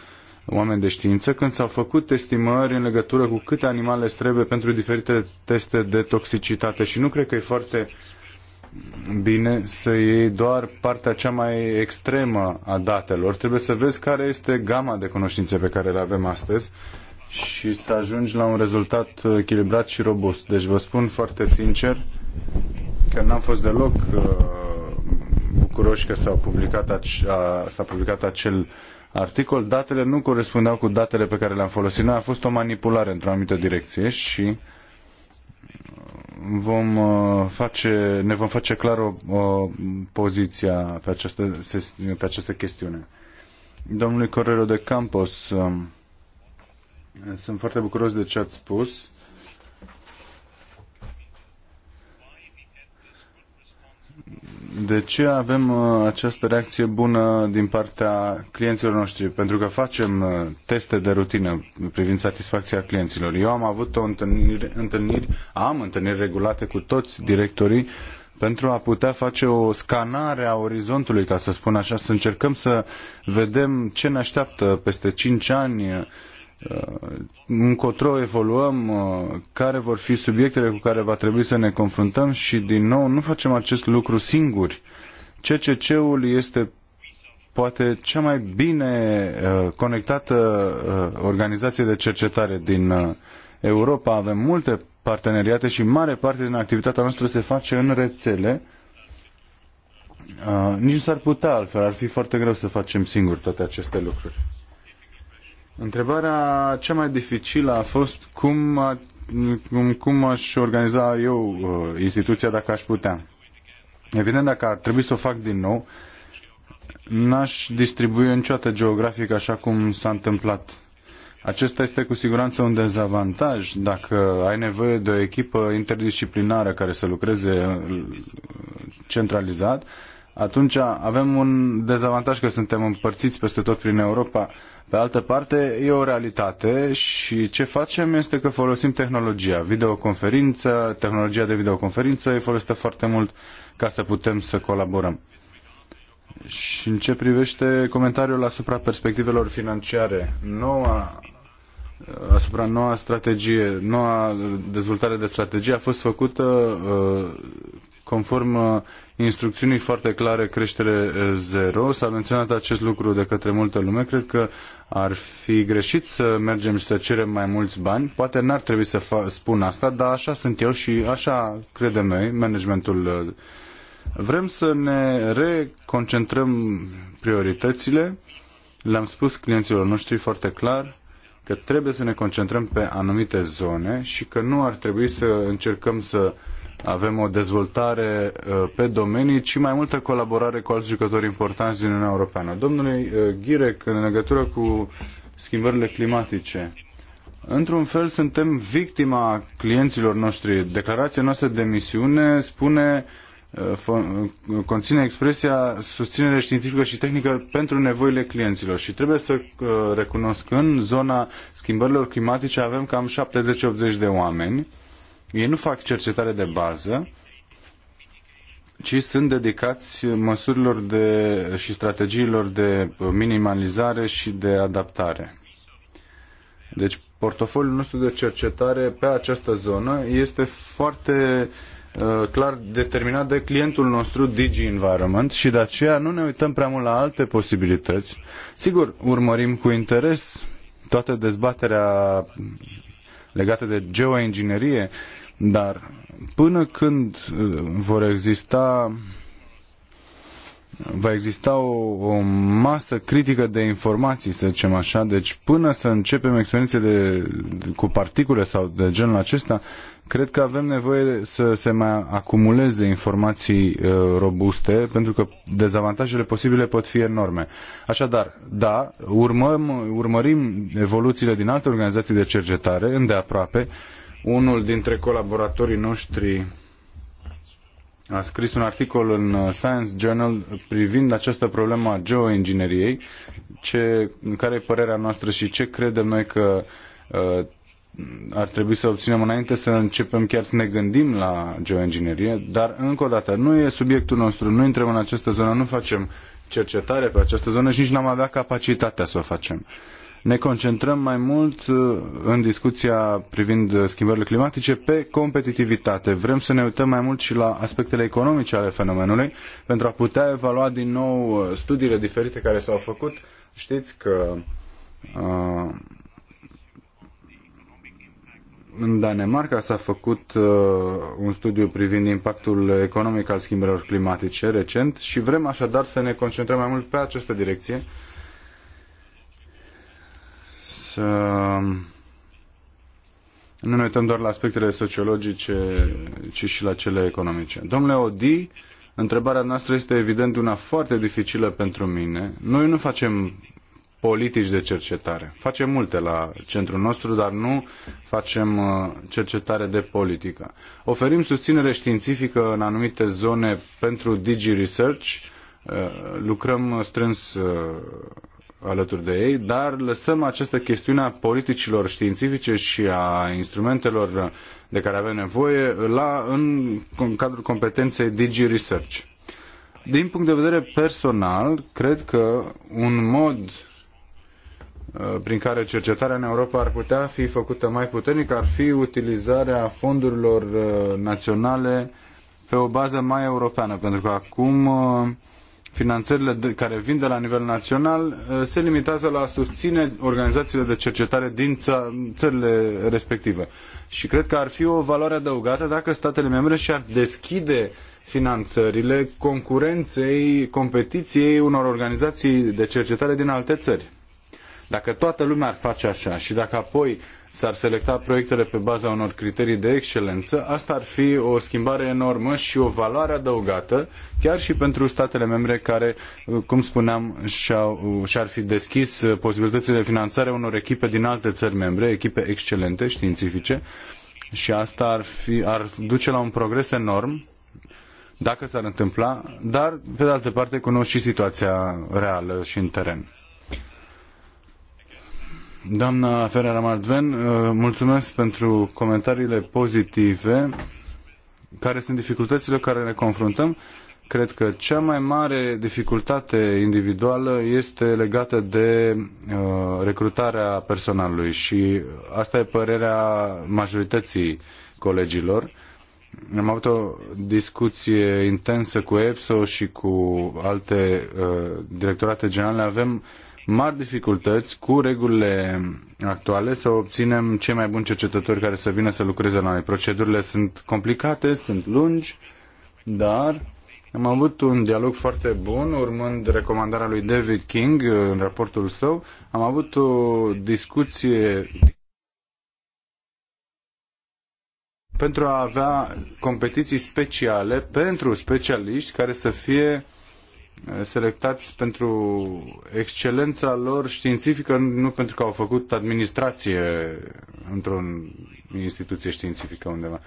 oameni de știință când s-au făcut estimări în legătură cu câte animale trebuie pentru diferite teste de toxicitate și nu cred că e foarte uh, bine să iei doar partea cea mai extremă a datelor. Trebuie să vezi care este gama de cunoștințe pe care le avem astăzi și să ajungi la un rezultat uh, echilibrat și robust. Deci vă spun foarte sincer că n-am fost deloc uh, bucuroși că s-a publicat, s-a publicat acel articol. Datele nu corespundeau cu datele pe care le-am folosit. Noi a fost o manipulare într-o anumită direcție și uh, vom uh, face, ne vom face clar o, o poziția pe această, pe această chestiune. Domnului Correro de Campos, um, sunt foarte bucuros de ce ați spus de ce avem uh, această reacție bună din partea clienților noștri? Pentru că facem uh, teste de rutină privind satisfacția clienților. Eu am avut o întâlnire, întâlniri, am întâlniri regulate cu toți directorii pentru a putea face o scanare a orizontului, ca să spun așa, să încercăm să vedem ce ne așteaptă peste cinci ani, Uh, încotro evoluăm, uh, care vor fi subiectele cu care va trebui să ne confruntăm și, din nou, nu facem acest lucru singuri. CCC-ul este poate cea mai bine uh, conectată organizație de cercetare din Europa. Avem multe parteneriate și mare parte din activitatea noastră se face în rețele. Nici nu s-ar putea altfel, ar fi foarte greu să facem singuri toate aceste lucruri. Întrebarea cea mai dificilă a fost cum, cum, cum aș organiza eu uh, instituția dacă aș putea. Evident, dacă ar trebui să o fac din nou, n-aș distribui niciodată geografic așa cum s-a întâmplat. Acesta este cu siguranță un dezavantaj dacă ai nevoie de o echipă interdisciplinară care să lucreze uh, centralizat. Atunci avem un dezavantaj că suntem împărțiți peste tot prin Europa pe altă parte, e o realitate și ce facem este că folosim tehnologia. Videoconferință, tehnologia de videoconferință e folosită foarte mult ca să putem să colaborăm. Și în ce privește comentariul asupra perspectivelor financiare, noua asupra noua strategie, noua dezvoltare de strategie a fost făcută uh, conform uh, instrucțiunii foarte clare creștere uh, zero. S-a menționat acest lucru de către multă lume. Cred că ar fi greșit să mergem și să cerem mai mulți bani. Poate n-ar trebui să spun asta, dar așa sunt eu și așa credem noi, managementul. Uh. Vrem să ne reconcentrăm prioritățile. Le-am spus clienților noștri foarte clar că trebuie să ne concentrăm pe anumite zone și că nu ar trebui să încercăm să avem o dezvoltare uh, pe domenii, ci mai multă colaborare cu alți jucători importanți din Uniunea Europeană. Domnule uh, Ghirec, în legătură cu schimbările climatice, într-un fel suntem victima clienților noștri. Declarația noastră de misiune spune uh, conține expresia susținere științifică și tehnică pentru nevoile clienților și trebuie să recunosc că în zona schimbărilor climatice avem cam 70-80 de oameni ei nu fac cercetare de bază, ci sunt dedicați măsurilor de, și strategiilor de minimalizare și de adaptare. Deci portofoliul nostru de cercetare pe această zonă este foarte uh, clar determinat de clientul nostru Digi Environment și de aceea nu ne uităm prea mult la alte posibilități. Sigur, urmărim cu interes toată dezbaterea legată de geoinginerie, dar până când uh, vor exista va exista o, o masă critică de informații, să zicem așa, deci până să începem experiențe de, cu particule sau de genul acesta, cred că avem nevoie să se mai acumuleze informații uh, robuste, pentru că dezavantajele posibile pot fi enorme. Așadar, da, urmăm, urmărim evoluțiile din alte organizații de cercetare îndeaproape, uh, unul dintre colaboratorii noștri a scris un articol în uh, Science Journal privind această problemă a geoingineriei, ce, care e părerea noastră și ce credem noi că uh, ar trebui să obținem înainte să începem chiar să ne gândim la geoinginerie, dar încă o dată, nu e subiectul nostru, nu intrăm în această zonă, nu facem cercetare pe această zonă și nici n-am avea capacitatea să o facem. Uh, ne concentrăm mai mult uh, în discuția privind schimbările climatice pe competitivitate. Vrem să ne uităm mai mult și la aspectele economice ale fenomenului pentru a putea evalua din nou uh, studiile diferite care s-au făcut. Știți că uh, în Danemarca s-a făcut uh, un studiu privind impactul economic al schimbărilor climatice recent și vrem așadar să ne concentrăm mai mult pe această direcție să nu ne uităm doar la aspectele sociologice, ci și la cele economice. Domnule Odi, întrebarea noastră este evident una foarte dificilă pentru mine. Noi nu facem politici de cercetare. Facem multe la centrul nostru, dar nu facem uh, cercetare de politică. Oferim susținere științifică în anumite zone pentru Digi Research, uh, lucrăm strâns uh, alături de ei, dar lăsăm această chestiune a politicilor științifice și a instrumentelor de care avem nevoie la, în, în cadrul competenței Digi Research. Din punct de vedere personal, cred că un mod uh, prin care cercetarea în Europa ar putea fi făcută mai puternic ar fi utilizarea fondurilor uh, naționale pe o bază mai europeană, pentru că acum uh, finanțările care vin de la nivel național uh, se limitează la a susține organizațiile de cercetare din țările respective. Și cred că ar fi o valoare adăugată dacă statele membre și-ar deschide finanțările concurenței, competiției unor organizații de cercetare din alte țări. Dacă toată lumea ar face așa și dacă apoi s-ar selecta proiectele pe baza unor criterii de excelență, asta ar fi o schimbare enormă și o valoare adăugată, chiar și pentru statele membre care, cum spuneam, și-ar fi deschis posibilitățile de finanțare unor echipe din alte țări membre, echipe excelente, științifice, și asta ar, fi, ar duce la un progres enorm dacă s-ar întâmpla, dar, pe de altă parte, cunosc și situația reală și în teren. Doamna Ferrara Maldven, uh, mulțumesc pentru comentariile pozitive. Care sunt dificultățile care ne confruntăm? Cred că cea mai mare dificultate individuală este legată de uh, recrutarea personalului și asta e părerea majorității colegilor. Am avut o discuție intensă cu EPSO și cu alte uh, directorate generale. Avem uh, mari dificultăți cu regulile actuale să obținem cei mai buni cercetători care să vină să lucreze la noi. Procedurile sunt complicate, sunt lungi, dar am avut un dialog foarte bun, urmând recomandarea lui David King uh, în raportul său. Am avut o discuție pentru a avea competiții speciale pentru specialiști care să fie selectați pentru excelența lor științifică, nu pentru că au făcut administrație într-o instituție științifică undeva.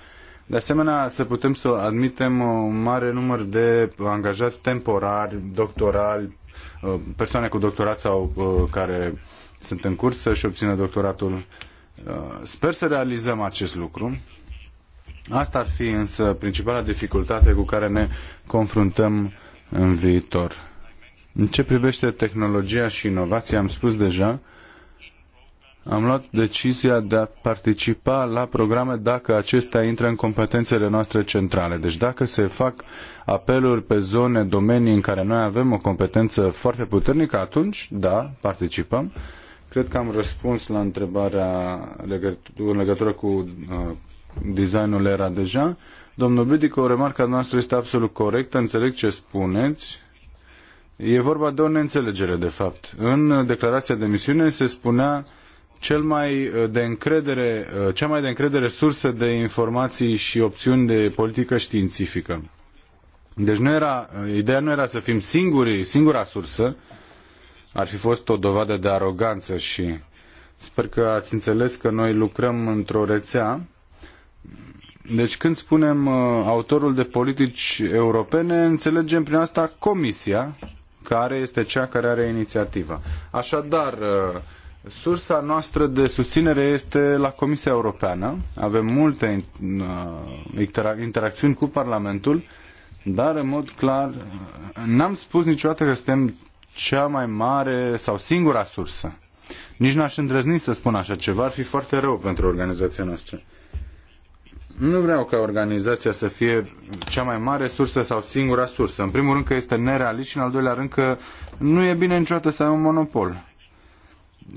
De asemenea, să putem să admitem un mare număr de angajați temporari, doctorali, uh, persoane cu doctorat sau uh, care sunt în curs să-și obțină doctoratul. Uh, sper să realizăm acest lucru. Asta ar fi însă principala dificultate cu care ne confruntăm în viitor. În ce privește tehnologia și inovația, am spus deja, am luat decizia de a participa la programe dacă acestea intră în competențele noastre centrale. Deci dacă se fac apeluri pe zone, domenii în care noi avem o competență foarte puternică, atunci, da, participăm. Cred că am răspuns la întrebarea în legătură cu uh, designul era deja. Domnul o remarca noastră este absolut corectă, înțeleg ce spuneți. E vorba de o neînțelegere, de fapt. În declarația de misiune se spunea cel mai uh, de încredere, uh, cea mai de încredere sursă de informații și opțiuni de politică științifică. Deci nu era, uh, ideea nu era să fim singuri, singura sursă, ar fi fost o dovadă de aroganță și sper că ați înțeles că noi lucrăm într-o rețea deci când spunem uh, autorul de politici europene, înțelegem prin asta Comisia, care este cea care are inițiativa. Așadar, uh, sursa noastră de susținere este la Comisia Europeană. Avem multe uh, interacțiuni cu Parlamentul, dar în mod clar n-am spus niciodată că suntem cea mai mare sau singura sursă. Nici n-aș îndrăzni să spun așa ceva, ar fi foarte rău pentru organizația noastră nu vreau ca organizația să fie cea mai mare sursă sau singura sursă. În primul rând că este nerealist și în al doilea rând că nu e bine niciodată să ai un monopol.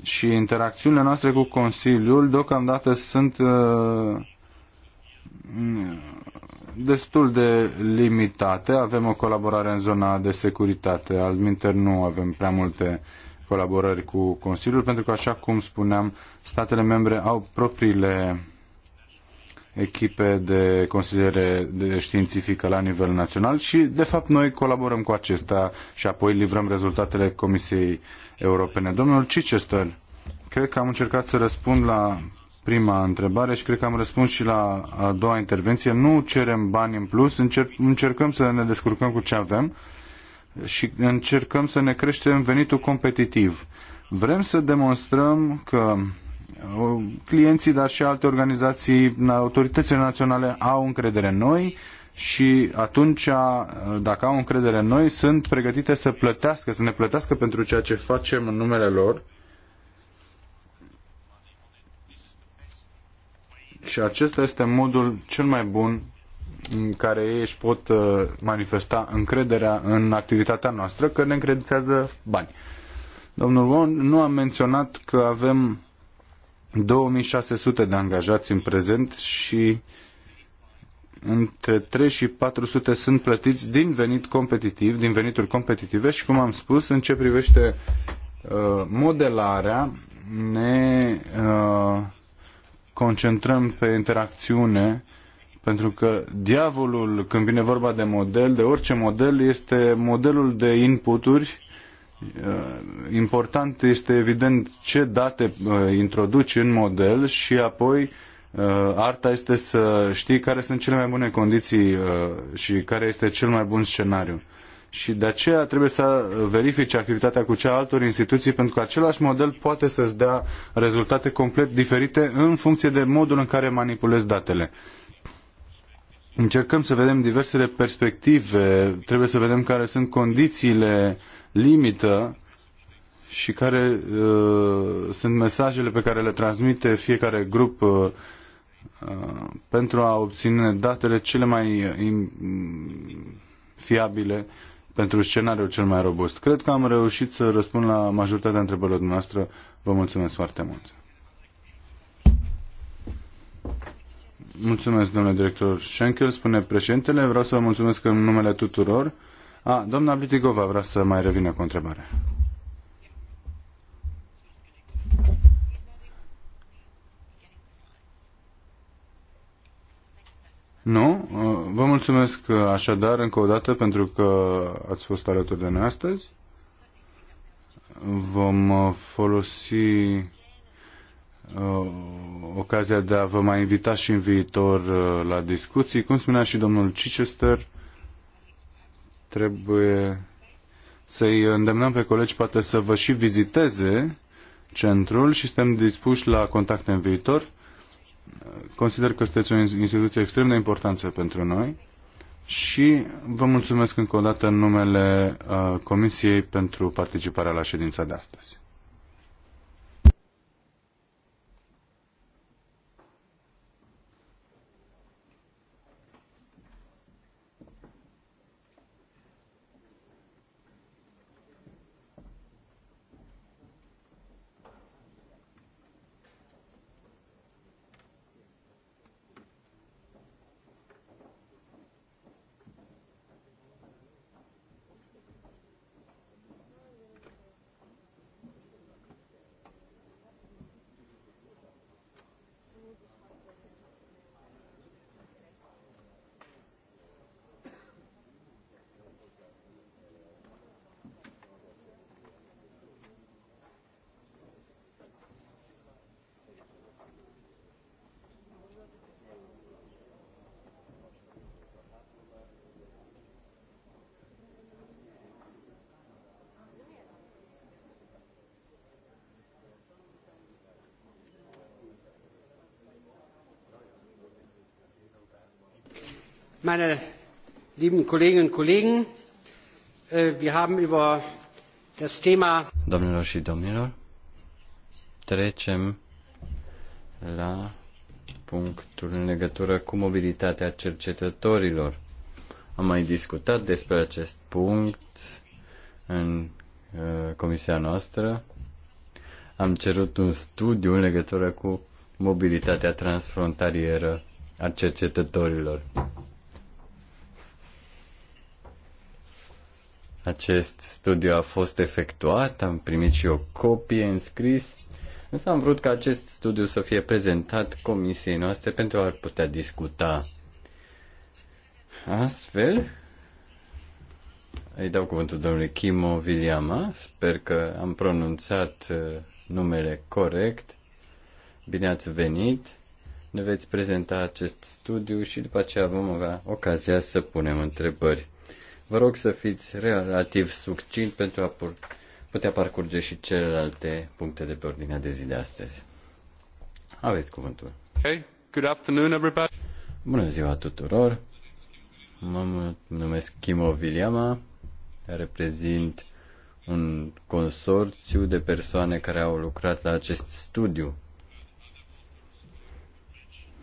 Și interacțiunile noastre cu Consiliul deocamdată sunt uh, destul de limitate. Avem o colaborare în zona de securitate. Alminter nu avem prea multe colaborări cu Consiliul, pentru că, așa cum spuneam, statele membre au propriile echipe de consiliere de științifică la nivel național și, de fapt, noi colaborăm cu acesta și apoi livrăm rezultatele Comisiei Europene. Domnul Chichester, cred că am încercat să răspund la prima întrebare și cred că am răspuns și la a doua intervenție. Nu cerem bani în plus, încercăm să ne descurcăm cu ce avem și încercăm să ne creștem venitul competitiv. Vrem să demonstrăm că Uh, clienții, dar și alte organizații, autoritățile naționale au încredere în noi și atunci, uh, dacă au încredere în noi, sunt pregătite să plătească, să ne plătească pentru ceea ce facem în numele lor. Și acesta este modul cel mai bun în care ei își pot uh, manifesta încrederea în activitatea noastră, că ne încredințează bani. Domnul Won nu a menționat că avem 2600 de angajați în prezent și între 3 și 400 sunt plătiți din venit competitiv, din venituri competitive și, cum am spus, în ce privește uh, modelarea, ne uh, concentrăm pe interacțiune pentru că diavolul, când vine vorba de model, de orice model, este modelul de inputuri Uh, important este evident ce date uh, introduci în model și apoi uh, arta este să știi care sunt cele mai bune condiții și care este cel mai bun scenariu. Și de aceea trebuie să verifici activitatea cu cea altor instituții, pentru că același model poate să-ți dea rezultate complet diferite în funcție de modul în care manipulezi datele. Încercăm să vedem diversele perspective, trebuie să vedem care sunt condițiile limită și care uh, sunt mesajele pe care le transmite fiecare grup uh, uh pentru a obține datele cele mai fiabile pentru scenariul cel mai robust. Cred că am reușit să răspund la majoritatea întrebărilor noastre. Vă mulțumesc foarte mult. Mulțumesc, domnule director Schenkel, spune președintele. Vreau să vă mulțumesc în numele tuturor. A, doamna Blitigova vrea să mai revină cu o întrebare. Nu? Vă mulțumesc așadar încă o dată pentru că ați fost alături de noi astăzi. Vom uh, folosi uh, ocazia de a vă mai invita și în viitor uh, la discuții. Cum spunea și domnul Chichester, Trebuie să-i îndemnăm pe colegi poate să vă și viziteze centrul și suntem dispuși la contacte în viitor. Consider că sunteți o instituție extrem de importantă pentru noi și vă mulțumesc încă o dată în numele uh, Comisiei pentru participarea la ședința de astăzi. meine lieben Kolleginnen und Kollegen, äh, wir haben über das Thema. Domnilor și domnilor, trecem la punctul în legătură cu mobilitatea cercetătorilor. Am mai discutat despre acest punct în uh, comisia noastră. Am cerut un studiu în legătură cu mobilitatea transfrontalieră a cercetătorilor. Acest studiu a fost efectuat, am primit și o copie în scris, însă am vrut ca acest studiu să fie prezentat comisiei noastre pentru a putea discuta. Astfel, îi dau cuvântul domnului Kimo Viliama, sper că am pronunțat uh, numele corect. Bine ați venit! Ne veți prezenta acest studiu și după aceea vom avea ocazia să punem întrebări. Vă rog să fiți relativ succint pentru a putea parcurge și celelalte puncte de pe ordinea de zi de astăzi. Aveți cuvântul. Hey, good afternoon everybody. Bună ziua tuturor. Mă numesc Kimo Viliama, reprezint un consorțiu de persoane care au lucrat la acest studiu.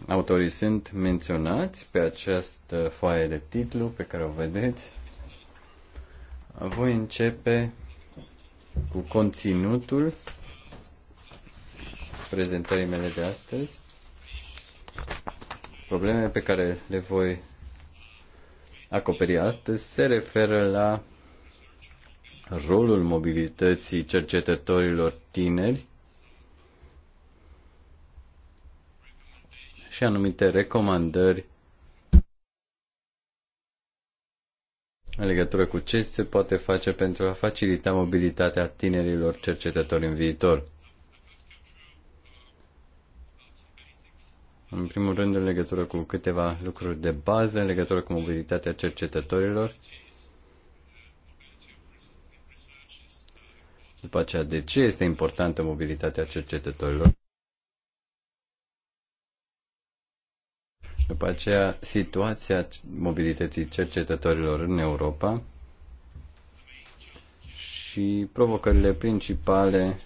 Autorii sunt menționați pe această foaie de titlu pe care o vedeți. Voi începe cu conținutul prezentării mele de astăzi, problemele pe care le voi acoperi astăzi se referă la rolul mobilității cercetătorilor tineri și anumite recomandări în legătură cu ce se poate face pentru a facilita mobilitatea tinerilor cercetători în viitor. În primul rând, în legătură cu câteva lucruri de bază, în legătură cu mobilitatea cercetătorilor, după aceea de ce este importantă mobilitatea cercetătorilor. După aceea, situația mobilității cercetătorilor în Europa și provocările principale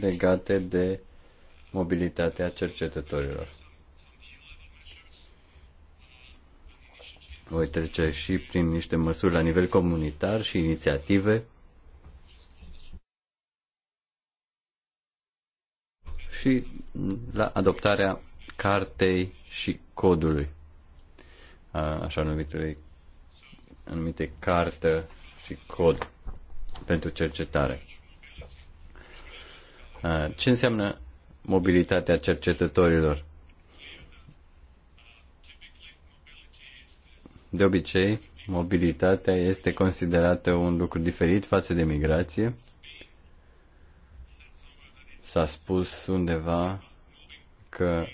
legate de mobilitatea cercetătorilor. Voi trece și prin niște măsuri la nivel comunitar și inițiative și la adoptarea cartei și codului, așa numitului, anumite carte și cod pentru cercetare. Ce înseamnă mobilitatea cercetătorilor? De obicei, mobilitatea este considerată un lucru diferit față de migrație. S-a spus undeva că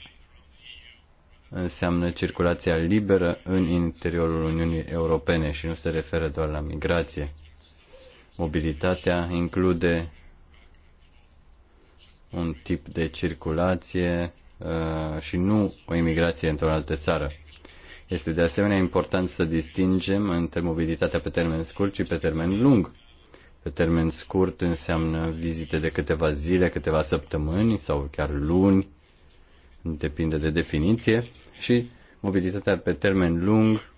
înseamnă circulația liberă în interiorul Uniunii Europene și nu se referă doar la migrație. Mobilitatea include un tip de circulație uh, și nu o imigrație într-o altă țară. Este de asemenea important să distingem între mobilitatea pe termen scurt și pe termen lung. Pe termen scurt înseamnă vizite de câteva zile, câteva săptămâni sau chiar luni, depinde de definiție, și mobilitatea pe termen lung,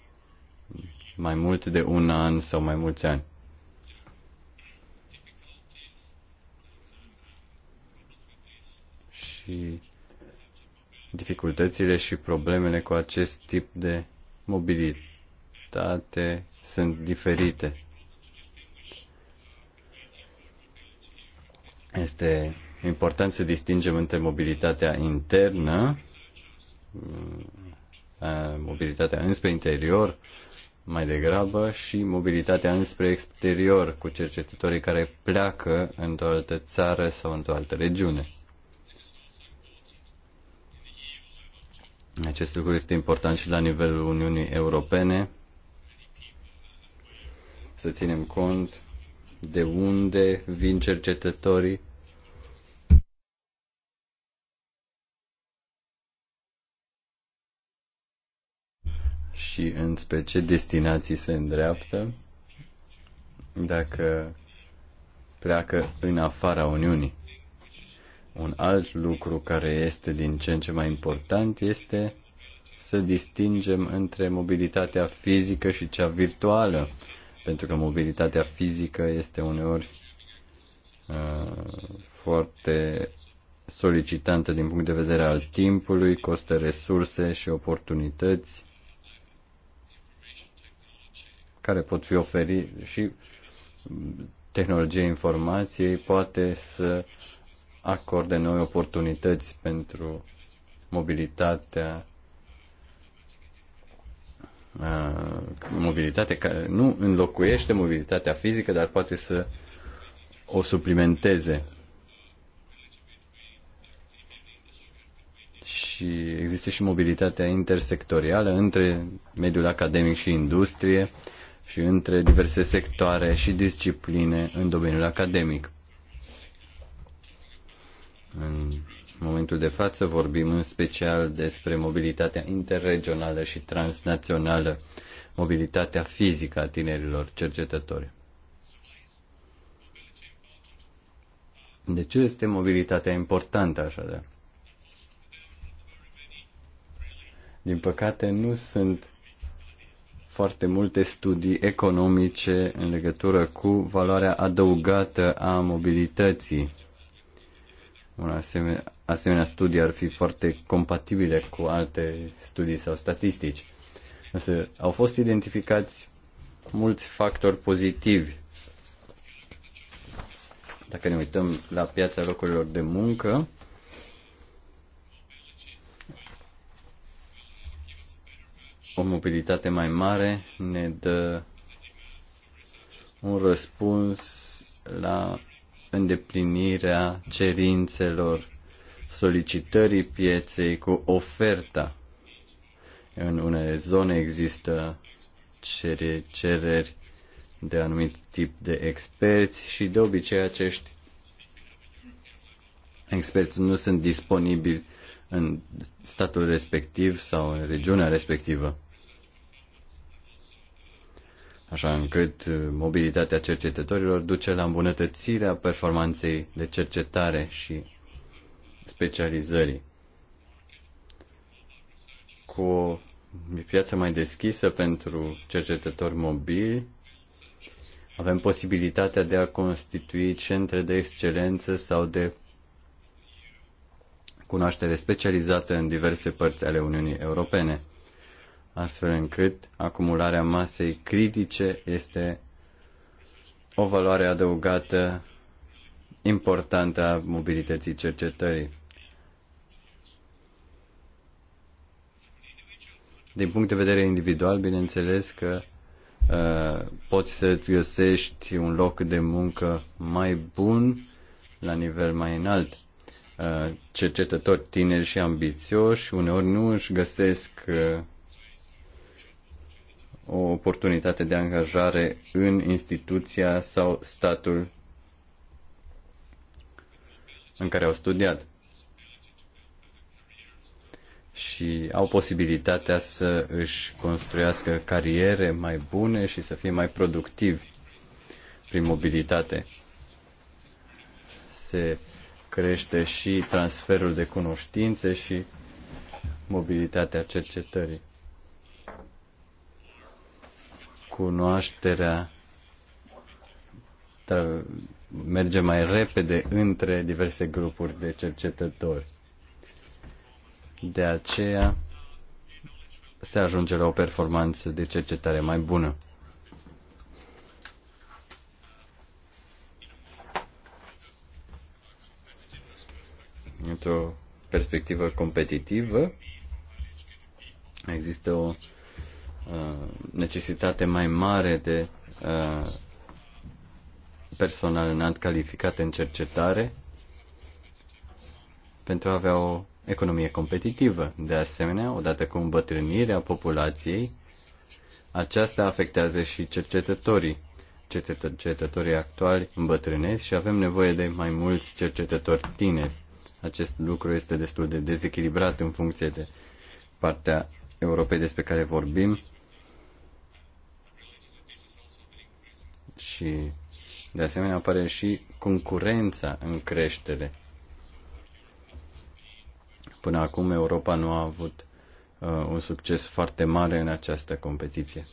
mai mult de un an sau mai mulți ani. Și dificultățile și problemele cu acest tip de mobilitate sunt diferite. Este important să distingem între mobilitatea internă Mm. mobilitatea înspre interior mai degrabă și mobilitatea înspre exterior cu cercetătorii care pleacă într-o altă țară sau într-o altă regiune. Acest lucru este important și la nivelul Uniunii Europene. Să ținem cont de unde vin cercetătorii și înspre ce destinații se îndreaptă dacă pleacă în afara Uniunii. Un alt lucru care este din ce în ce mai important este să distingem între mobilitatea fizică și cea virtuală, pentru că mobilitatea fizică este uneori uh, foarte solicitantă din punct de vedere al timpului, costă resurse și oportunități care pot fi oferi și tehnologia informației poate să acorde noi oportunități pentru mobilitatea mobilitate care nu înlocuiește mobilitatea fizică, dar poate să o suplimenteze. Și există și mobilitatea intersectorială între mediul academic și industrie, și între diverse sectoare și discipline în domeniul academic. În momentul de față vorbim în special despre mobilitatea interregională și transnațională, mobilitatea fizică a tinerilor cercetători. De ce este mobilitatea importantă așadar? Din păcate nu sunt foarte multe studii economice în legătură cu valoarea adăugată a mobilității. Un asemenea, asemenea studii ar fi foarte compatibile cu alte studii sau statistici. Însă au fost identificați mulți factori pozitivi. Dacă ne uităm la piața locurilor de muncă, O mobilitate mai mare ne dă un răspuns la îndeplinirea cerințelor solicitării pieței cu oferta. În unele zone există cereri de anumit tip de experți și de obicei acești experți nu sunt disponibili în statul respectiv sau în regiunea respectivă. Așa încât uh, mobilitatea cercetătorilor duce la îmbunătățirea performanței de cercetare și specializării. Cu o piață mai deschisă pentru cercetători mobili, avem posibilitatea de a constitui centre de excelență sau de cunoaștere specializată în diverse părți ale Uniunii Europene, astfel încât acumularea masei critice este o valoare adăugată importantă a mobilității cercetării. Din punct de vedere individual, bineînțeles că uh, poți să-ți găsești un loc de muncă mai bun la nivel mai înalt. Uh, cercetători tineri și ambițioși, uneori nu își găsesc uh, o oportunitate de angajare în instituția sau statul în care au studiat și au posibilitatea să își construiască cariere mai bune și să fie mai productivi prin mobilitate. Se crește și transferul de cunoștințe și mobilitatea cercetării. Cunoașterea merge mai repede între diverse grupuri de cercetători. De aceea se ajunge la o performanță de cercetare mai bună. într-o perspectivă competitivă, există o uh, necesitate mai mare de uh, personal înalt calificat în cercetare pentru a avea o economie competitivă. De asemenea, odată cu îmbătrânirea populației, aceasta afectează și cercetătorii. Cercetătorii actuali îmbătrânesc și avem nevoie de mai mulți cercetători tineri acest lucru este destul de dezechilibrat în funcție de partea Europei despre care vorbim și de asemenea apare și concurența în creștere. Până acum Europa nu a avut uh, un succes foarte mare în această competiție.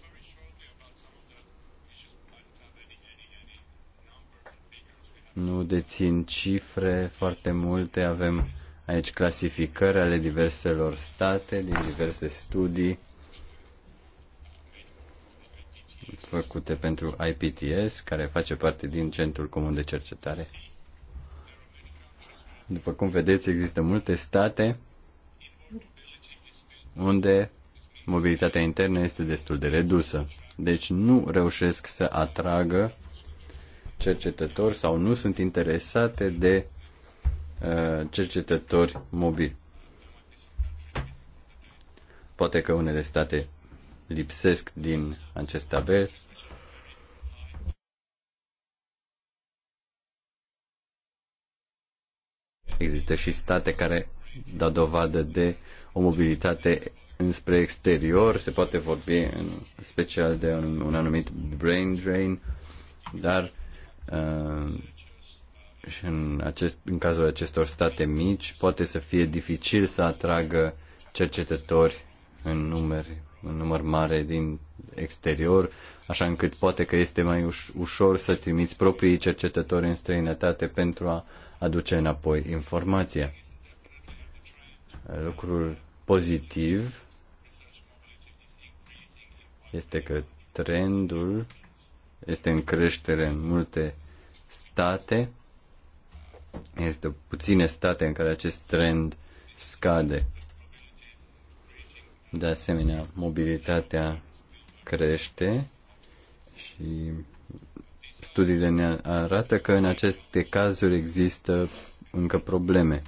nu dețin cifre foarte multe, avem aici clasificări ale diverselor state, din diverse studii făcute pentru IPTS, care face parte din Centrul Comun de Cercetare. După cum vedeți, există multe state unde mobilitatea internă este destul de redusă. Deci nu reușesc să atragă cercetători sau nu sunt interesate de uh, cercetători mobili. Poate că unele state lipsesc din acest tabel. Există și state care dau dovadă de o mobilitate înspre exterior, se poate vorbi în special de un, un anumit brain drain, dar Uh, și în, acest, în cazul acestor state mici poate să fie dificil să atragă cercetători în număr, în număr mare din exterior, așa încât poate că este mai uș- ușor să trimiți proprii cercetători în străinătate pentru a aduce înapoi informația. Lucrul pozitiv este că trendul este în creștere în multe state. Este puține state în care acest trend scade. De asemenea, mobilitatea crește și studiile ne arată că în aceste cazuri există încă probleme.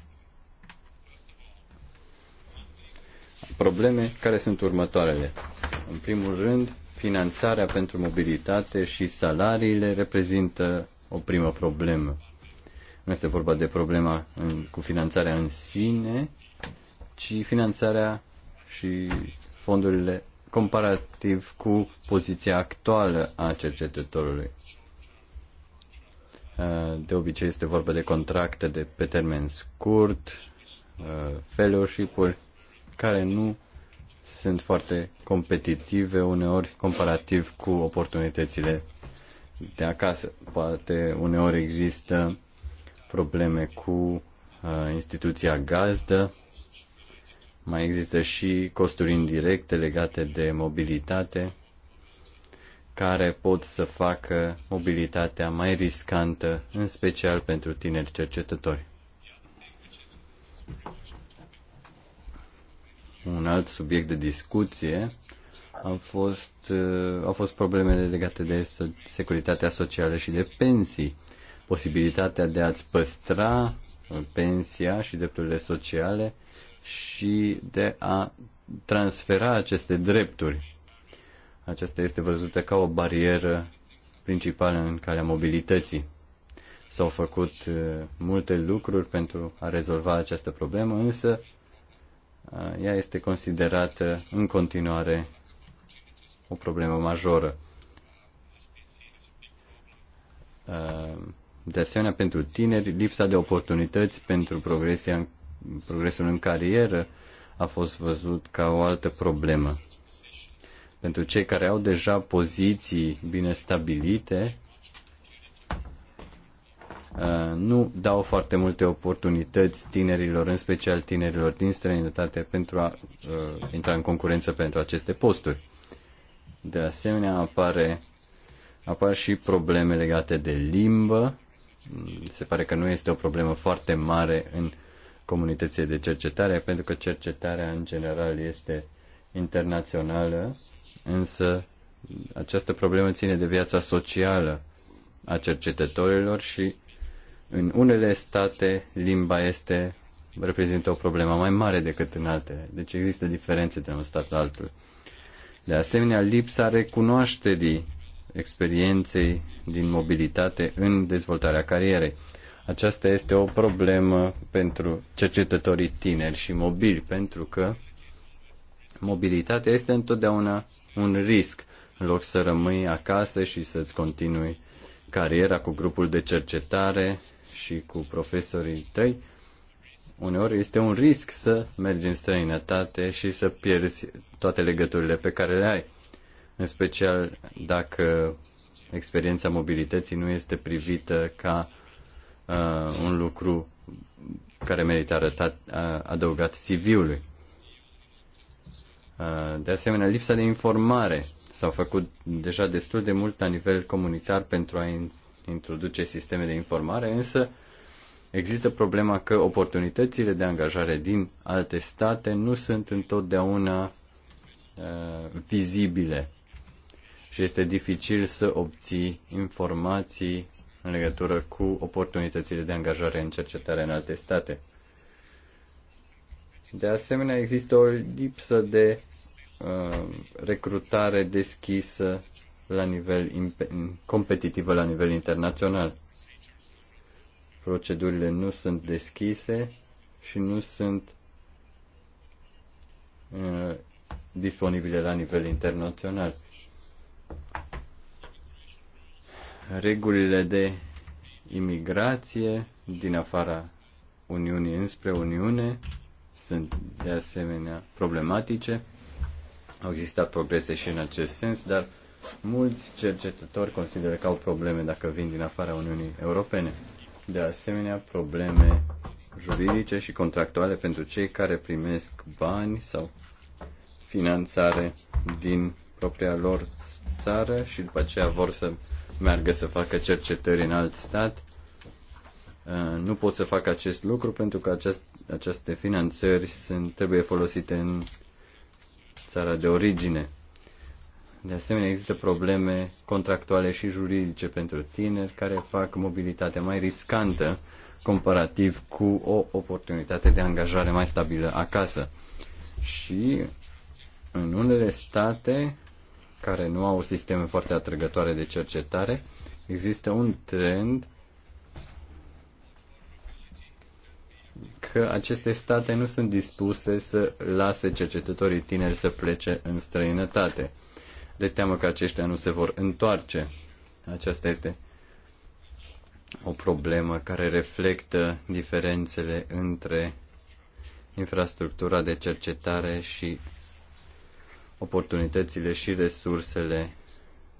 Probleme care sunt următoarele. În primul rând, finanțarea pentru mobilitate și salariile reprezintă o primă problemă. Nu este vorba de problema în, cu finanțarea în sine, ci finanțarea și fondurile comparativ cu poziția actuală a cercetătorului. De obicei este vorba de contracte de pe termen scurt, fellowship-uri, care nu sunt foarte competitive, uneori comparativ cu oportunitățile de acasă. Poate uneori există probleme cu uh, instituția gazdă, mai există și costuri indirecte legate de mobilitate care pot să facă mobilitatea mai riscantă, în special pentru tineri cercetători un alt subiect de discuție a fost, uh, au fost problemele legate de securitatea socială și de pensii. Posibilitatea de a-ți păstra uh, pensia și drepturile sociale și de a transfera aceste drepturi. Aceasta este văzută ca o barieră principală în calea mobilității. S-au făcut uh, multe lucruri pentru a rezolva această problemă, însă ea este considerată în continuare o problemă majoră. De asemenea, pentru tineri, lipsa de oportunități pentru progresia, progresul în carieră a fost văzut ca o altă problemă. Pentru cei care au deja poziții bine stabilite, Uh, nu dau foarte multe oportunități tinerilor, în special tinerilor din străinătate, pentru a uh, intra în concurență pentru aceste posturi. De asemenea, apare, apar și probleme legate de limbă. Se pare că nu este o problemă foarte mare în comunitățile de cercetare, pentru că cercetarea în general este internațională, însă această problemă ține de viața socială a cercetătorilor și în unele state, limba este reprezintă o problemă mai mare decât în altele. Deci există diferențe de un stat la altul. De asemenea, lipsa recunoașterii experienței din mobilitate în dezvoltarea carierei. Aceasta este o problemă pentru cercetătorii tineri și mobili, pentru că mobilitatea este întotdeauna un risc, în loc să rămâi acasă și să-ți continui cariera cu grupul de cercetare și cu profesorii tăi, uneori este un risc să mergi în străinătate și să pierzi toate legăturile pe care le ai, în special dacă experiența mobilității nu este privită ca uh, un lucru care merită arătat, uh, adăugat CV-ului. Uh, de asemenea, lipsa de informare. S-au făcut deja destul de mult la nivel comunitar pentru a introduce sisteme de informare, însă există problema că oportunitățile de angajare din alte state nu sunt întotdeauna uh, vizibile și este dificil să obții informații în legătură cu oportunitățile de angajare în cercetare în alte state. De asemenea, există o lipsă de uh, recrutare deschisă la nivel competitivă la nivel internațional. Procedurile nu sunt deschise și nu sunt uh, disponibile la nivel internațional. Regulile de imigrație din afara Uniunii înspre Uniune sunt de asemenea problematice. Au existat progrese și în acest sens, dar Mulți cercetători consideră că au probleme dacă vin din afara Uniunii Europene. De asemenea, probleme juridice și contractuale pentru cei care primesc bani sau finanțare din propria lor țară și după aceea vor să meargă să facă cercetări în alt stat. Uh, nu pot să fac acest lucru pentru că aceast, aceste finanțări sunt, trebuie folosite în țara de origine. De asemenea, există probleme contractuale și juridice pentru tineri care fac mobilitatea mai riscantă comparativ cu o oportunitate de angajare mai stabilă acasă. Și în unele state care nu au sisteme foarte atrăgătoare de cercetare, există un trend că aceste state nu sunt dispuse să lase cercetătorii tineri să plece în străinătate de teamă că aceștia nu se vor întoarce. Aceasta este o problemă care reflectă diferențele între infrastructura de cercetare și oportunitățile și resursele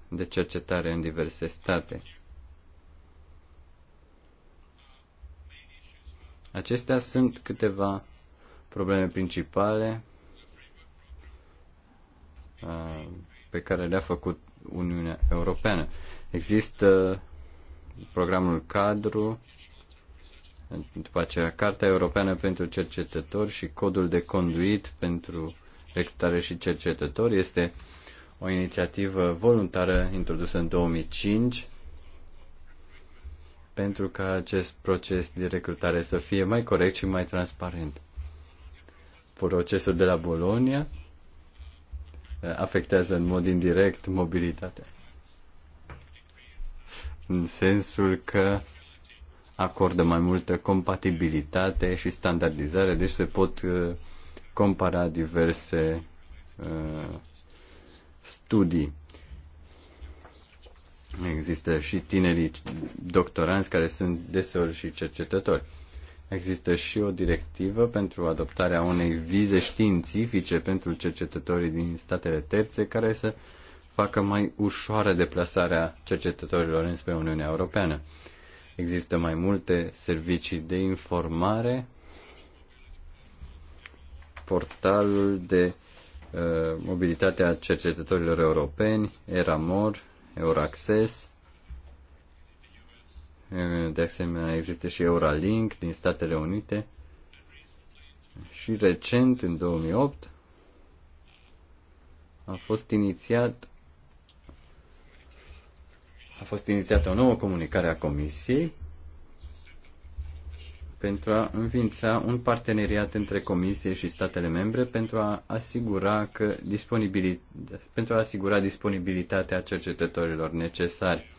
de cercetare în diverse state. Acestea sunt câteva probleme principale uh, pe care le-a făcut Uniunea Europeană. Există programul cadru, după aceea Carta Europeană pentru Cercetători și Codul de Conduit pentru Recrutare și Cercetători. Este o inițiativă voluntară introdusă în 2005 pentru ca acest proces de recrutare să fie mai corect și mai transparent. Procesul de la Bologna afectează în mod indirect mobilitatea. În sensul că acordă mai multă compatibilitate și standardizare, deci se pot uh, compara diverse uh, studii. Există și tinerii doctoranți care sunt deseori și cercetători. Există și o directivă pentru adoptarea unei vize științifice pentru cercetătorii din statele terțe care să facă mai ușoară deplasarea cercetătorilor înspre Uniunea Europeană. Există mai multe servicii de informare, portalul de uh, mobilitate a cercetătorilor europeni, Eramor, Euraccess, de asemenea, există și Euralink din Statele Unite. Și recent, în 2008, a fost inițiat a fost inițiată o nouă comunicare a Comisiei pentru a înființa un parteneriat între Comisie și statele membre pentru a asigura, că disponibilit- pentru a asigura disponibilitatea cercetătorilor necesari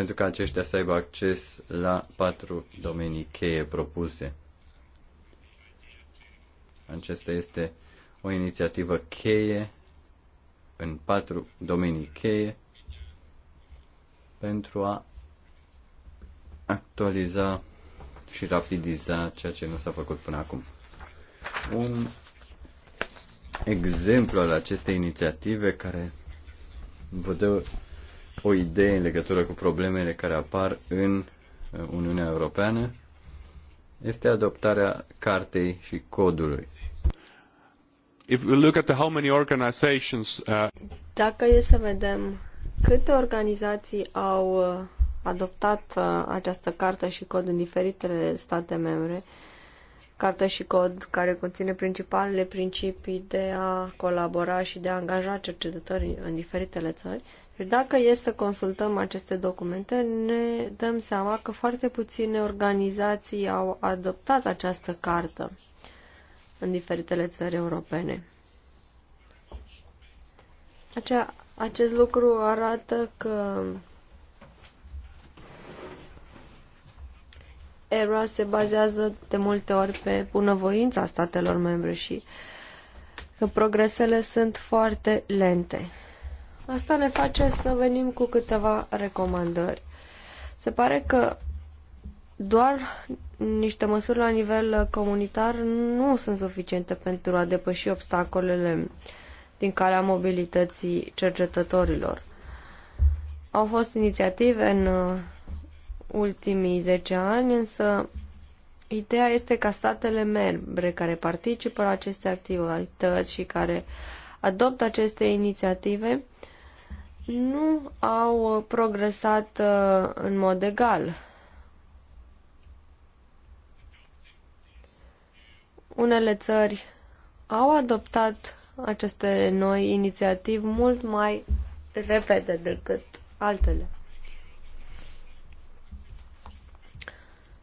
pentru ca aceștia să aibă acces la patru domenii cheie propuse. Acesta este o inițiativă cheie în patru domenii cheie pentru a actualiza și rapidiza ceea ce nu s-a făcut până acum. Un exemplu al acestei inițiative care vă dă o idee în legătură cu problemele care apar în uh, Uniunea Europeană este adoptarea cartei și codului. If we look at the how many organizations, uh... Dacă e să vedem câte organizații au uh, adoptat uh, această carte și cod în diferitele state membre, carte și cod care conține principalele principii de a colabora și de a angaja cercetători în diferitele țări, deci dacă e să consultăm aceste documente, ne dăm seama că foarte puține organizații au adoptat această cartă în diferitele țări europene. Acea, acest lucru arată că ERA se bazează de multe ori pe bunăvoința statelor membre și că progresele sunt foarte lente. Asta ne face să venim cu câteva recomandări. Se pare că doar niște măsuri la nivel comunitar nu sunt suficiente pentru a depăși obstacolele din calea mobilității cercetătorilor. Au fost inițiative în uh, ultimii 10 ani, însă ideea este ca statele membre care participă la aceste activități și care adoptă aceste inițiative nu au uh, progresat uh, în mod egal. Unele țări au adoptat aceste noi inițiativi mult mai repede decât altele.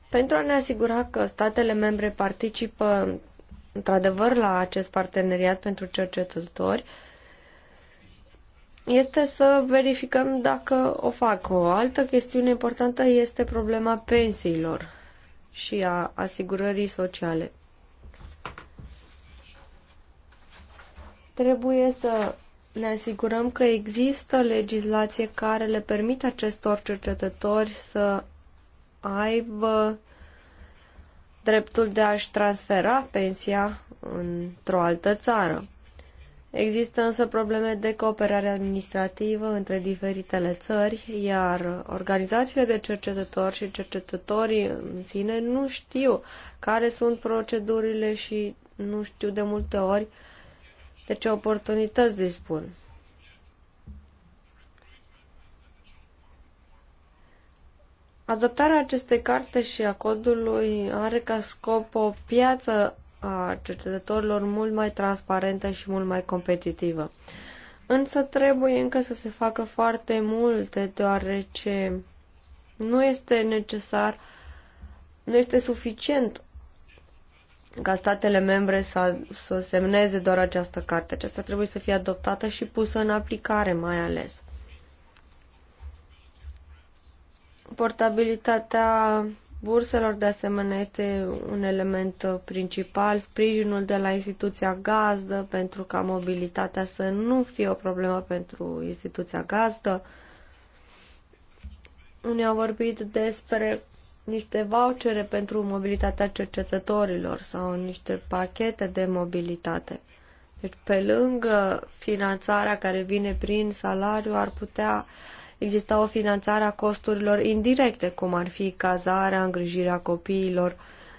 Pentru a ne asigura că statele membre participă într-adevăr la acest parteneriat pentru cercetători, uh, este să verificăm dacă o fac. O altă chestiune importantă este problema pensiilor și a asigurării sociale. Trebuie să ne asigurăm că există legislație care le permite acestor cercetători să aibă dreptul de a-și transfera pensia într-o altă țară. Există însă probleme de cooperare administrativă între diferitele țări, iar organizațiile de cercetători și cercetătorii în sine nu știu care sunt procedurile și nu știu de multe ori de ce oportunități dispun. Adoptarea acestei carte și a codului are ca scop o piață a cercetătorilor mult mai transparentă și mult mai competitivă. Însă trebuie încă să se facă foarte multe, deoarece nu este necesar, nu este suficient ca statele membre să, să semneze doar această carte. Aceasta trebuie să fie adoptată și pusă în aplicare, mai ales. Portabilitatea burselor, de asemenea, este un element uh, principal, sprijinul de la instituția gazdă, pentru ca mobilitatea să nu fie o problemă pentru instituția gazdă. Unii au vorbit despre niște vouchere pentru mobilitatea cercetătorilor sau niște pachete de mobilitate. Deci, pe lângă finanțarea care vine prin salariu, ar putea uh, exista o finanțare a costurilor indirecte, cum ar fi cazarea, îngrijirea copiilor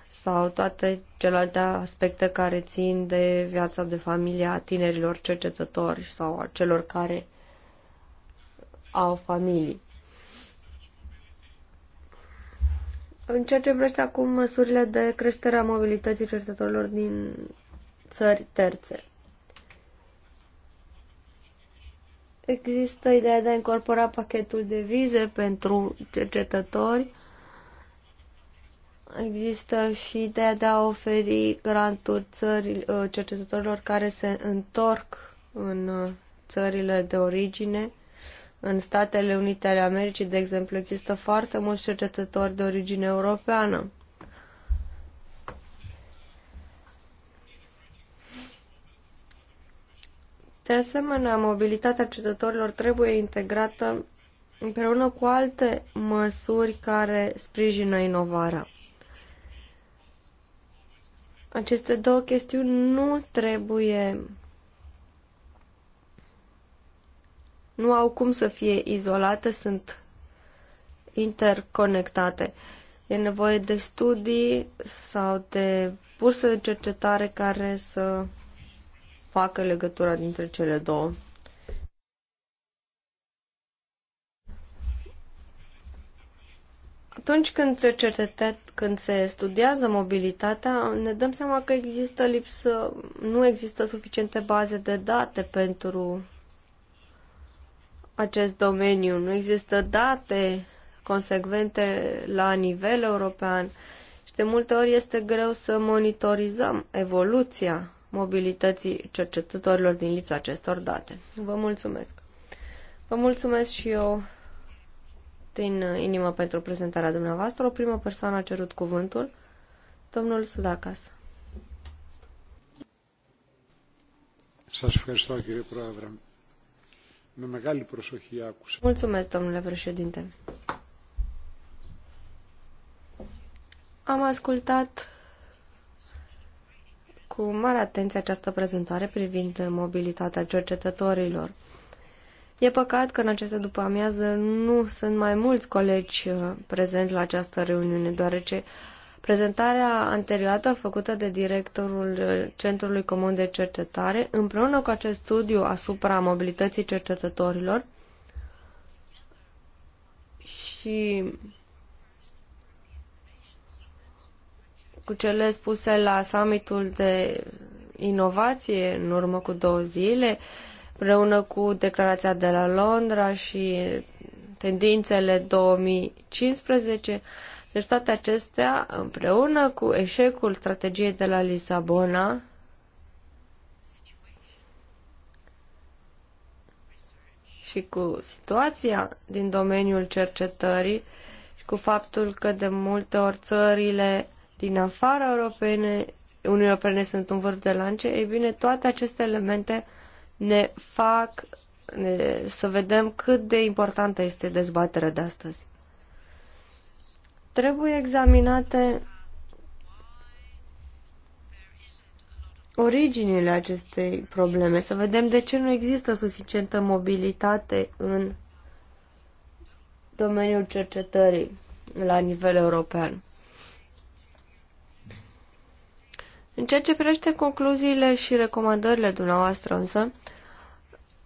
sau toate celelalte aspecte care țin de viața de familie a tinerilor cercetători sau a celor care au familii. În ceea ce privește acum măsurile de creștere a mobilității cercetătorilor din țări terțe. Există ideea de a incorpora pachetul de vize pentru cercetători. Există și ideea de a oferi granturi țări, uh, cercetătorilor care se întorc în uh, țările de origine. În Statele Unite ale Americii, de exemplu, există foarte mulți cercetători de origine europeană. De asemenea, mobilitatea cetătorilor trebuie integrată împreună cu alte măsuri care sprijină inovarea. Aceste două chestiuni nu trebuie nu au cum să fie izolate, sunt interconectate. E nevoie de studii sau de burse de cercetare care să facă legătura dintre cele două. Atunci când se cercetează, când se studiază mobilitatea, ne dăm seama că există lipsă, nu există suficiente baze de date pentru acest domeniu, nu există date consecvente la nivel european și de multe ori este greu să monitorizăm evoluția mobilității cercetătorilor din lipsa acestor date. Vă mulțumesc! Vă mulțumesc și eu din inimă pentru prezentarea dumneavoastră. O primă persoană a cerut cuvântul, domnul Sudacas. Σας ευχαριστώ κύριε Πρόεδρε. Με μεγάλη προσοχή άκουσα. Mulțumesc, domnule președinte. Am ascultat cu mare atenție această prezentare privind mobilitatea cercetătorilor. E păcat că în aceste după amiază nu sunt mai mulți colegi uh, prezenți la această reuniune, deoarece prezentarea anterioară făcută de directorul uh, Centrului Comun de Cercetare, împreună cu acest studiu asupra mobilității cercetătorilor și cu cele spuse la summitul de inovație în urmă cu două zile, împreună cu declarația de la Londra și tendințele 2015. Deci toate acestea, împreună cu eșecul strategiei de la Lisabona, și cu situația din domeniul cercetării și cu faptul că de multe ori țările din afara europene, Uniunii Europene sunt un vârf de lance, ei bine, toate aceste elemente ne fac ne, să vedem cât de importantă este dezbaterea de astăzi. Trebuie examinate originile acestei probleme, să vedem de ce nu există suficientă mobilitate în domeniul cercetării la nivel european. În ceea ce privește concluziile și recomandările dumneavoastră însă,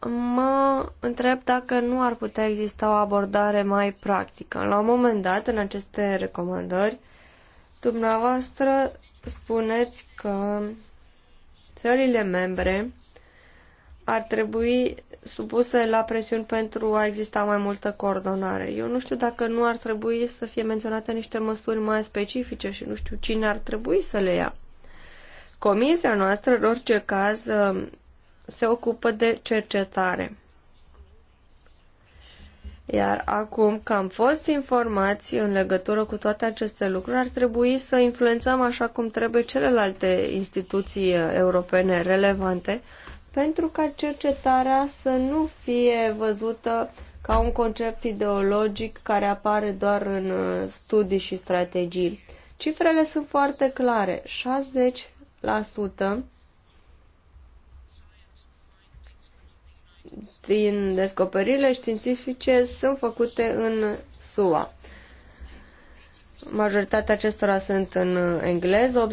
mă întreb dacă nu ar putea exista o abordare mai practică. La un moment dat, în aceste recomandări, dumneavoastră spuneți că țările membre ar trebui supuse la presiuni pentru a exista mai multă coordonare. Eu nu știu dacă nu ar trebui să fie menționate niște măsuri mai specifice și nu știu cine ar trebui să le ia. Comisia noastră, în orice caz, um, se ocupă de cercetare. Iar acum că am fost informați în legătură cu toate aceste lucruri, ar trebui să influențăm așa cum trebuie celelalte instituții uh, europene relevante pentru ca cercetarea să nu fie văzută ca un concept ideologic care apare doar în uh, studii și strategii. Cifrele sunt foarte clare. 60 din descoperirile științifice sunt făcute în SUA. Majoritatea acestora sunt în engleză,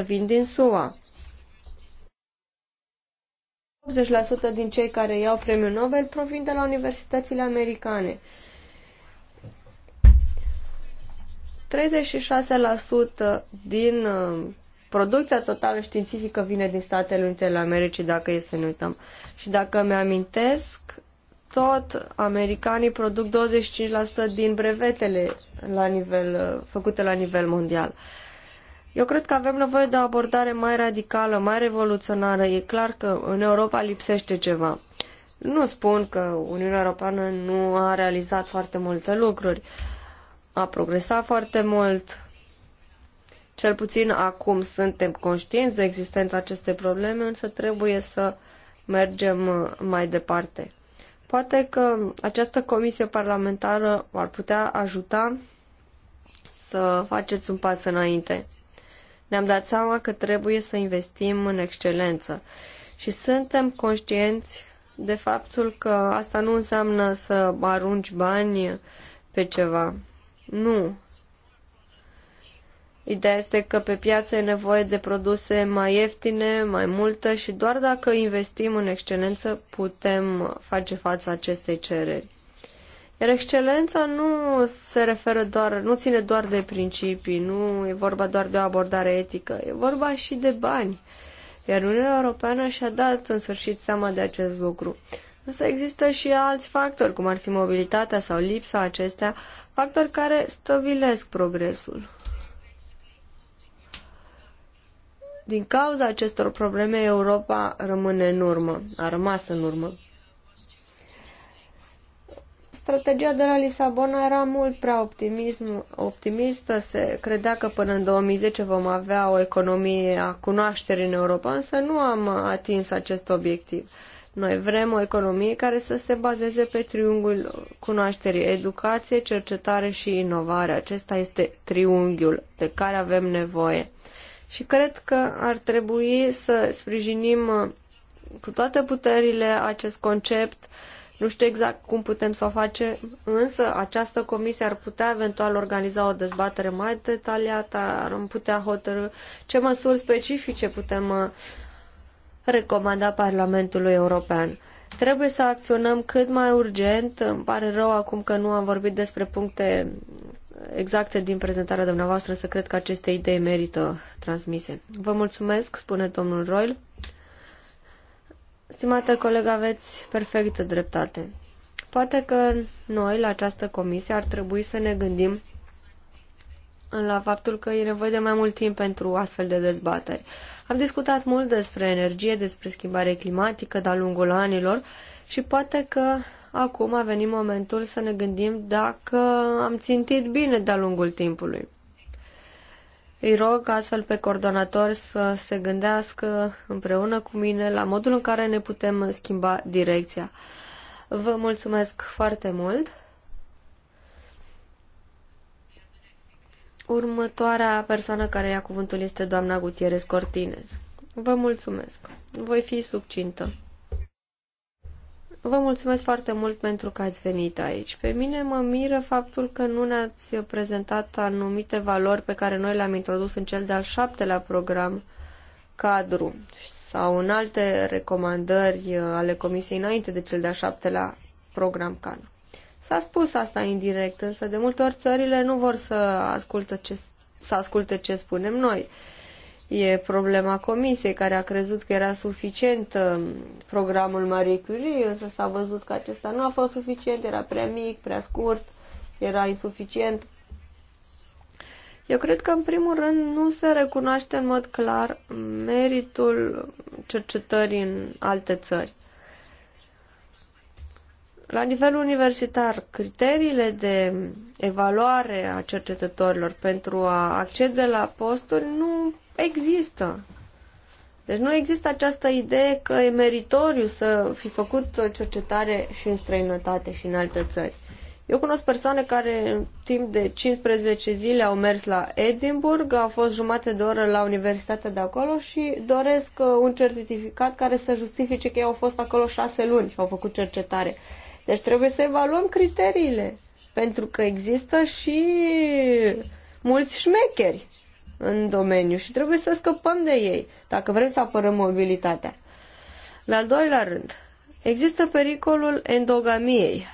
80% vin din SUA. 80% din cei care iau premiul Nobel provin de la universitățile americane. 36% din uh, producția totală științifică vine din Statele Unite ale Americii, dacă e să ne uităm. Și dacă mi-amintesc, tot americanii produc 25% din brevetele la nivel, făcute la nivel mondial. Eu cred că avem nevoie de o abordare mai radicală, mai revoluționară. E clar că în Europa lipsește ceva. Nu spun că Uniunea Europeană nu a realizat foarte multe lucruri. A progresat foarte mult, cel puțin acum suntem conștienți de existența acestei probleme, însă trebuie să mergem uh, mai departe. Poate că această comisie parlamentară ar putea ajuta să faceți un pas înainte. Ne-am dat seama că trebuie să investim în excelență și suntem conștienți de faptul că asta nu înseamnă să arunci bani pe ceva. Nu, Ideea este că pe piață e nevoie de produse mai ieftine, mai multe și doar dacă investim în excelență putem face față acestei cereri. Iar excelența nu se referă doar, nu ține doar de principii, nu e vorba doar de o abordare etică, e vorba și de bani. Iar Uniunea Europeană și-a dat în sfârșit seama de acest lucru. Însă există și alți factori, cum ar fi mobilitatea sau lipsa acestea, factori care stăvilesc progresul. Din cauza acestor probleme, Europa rămâne în urmă, a rămas în urmă. Strategia de la Lisabona era mult prea optimism, optimistă, se credea că până în 2010 vom avea o economie a cunoașterii în Europa, însă nu am atins acest obiectiv. Noi vrem o economie care să se bazeze pe triunghiul cunoașterii, educație, cercetare și inovare. Acesta este triunghiul de care avem nevoie. Și cred că ar trebui să sprijinim uh, cu toate puterile acest concept. Nu știu exact cum putem să o facem, însă această comisie ar putea eventual organiza o dezbatere mai detaliată, ar putea hotărâ ce măsuri specifice putem uh, recomanda Parlamentului European. Trebuie să acționăm cât mai urgent. Îmi pare rău acum că nu am vorbit despre puncte exacte din prezentarea dumneavoastră, să cred că aceste idei merită transmise. Vă mulțumesc, spune domnul Royal. Stimate coleg, aveți perfectă dreptate. Poate că noi, la această comisie, ar trebui să ne gândim la faptul că e nevoie de mai mult timp pentru astfel de dezbateri. Am discutat mult despre energie, despre schimbare climatică de-a lungul anilor și poate că acum a venit momentul să ne gândim dacă am țintit bine de-a lungul timpului. Îi rog astfel pe coordonator să se gândească împreună cu mine la modul în care ne putem schimba direcția. Vă mulțumesc foarte mult! Următoarea persoană care ia cuvântul este doamna Gutierrez Cortinez. Vă mulțumesc. Voi fi subcintă. Vă mulțumesc foarte mult pentru că ați venit aici. Pe mine mă miră faptul că nu ne-ați prezentat anumite valori pe care noi le-am introdus în cel de-al șaptelea program cadru sau în alte recomandări ale Comisiei înainte de cel de-al șaptelea program cadru. S-a spus asta indirect, însă de multe ori țările nu vor să, ce, să asculte ce spunem noi. Uh, E problema comisiei care a crezut că era suficient um, programul Marie Curie, însă s-a văzut că acesta nu a fost suficient, era prea mic, prea scurt, era insuficient. Eu cred că, în primul rând, nu se recunoaște în mod clar meritul cercetării în alte țări. La nivel universitar, criteriile de evaluare a cercetătorilor pentru a accede la posturi nu există. Deci nu există această idee că e meritoriu să fi făcut cercetare și în străinătate și în alte țări. Eu cunosc persoane care în timp de 15 zile au mers la Edinburgh, au fost jumate de oră la universitatea de acolo și doresc uh, un certificat care să justifice că ei au fost acolo 6 luni și au făcut cercetare. Deci trebuie să evaluăm criteriile, pentru că există și mulți șmecheri în domeniu și trebuie să scăpăm de ei dacă vrem să apărăm mobilitatea. În al doilea rând, există pericolul endogamiei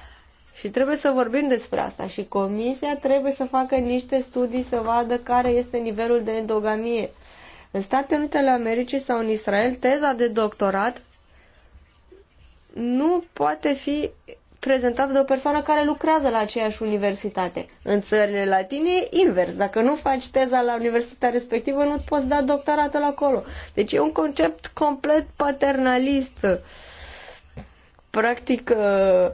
și trebuie să vorbim despre asta și comisia trebuie să facă niște studii să vadă care este nivelul de endogamie. În Statele Unite ale Americii sau în Israel, teza de doctorat nu poate fi prezentată de o persoană care lucrează la aceeași universitate. În țările latine e invers. Dacă nu faci teza la universitatea respectivă, nu ți poți da doctoratul acolo. Deci e un concept complet paternalist. Practic, uh,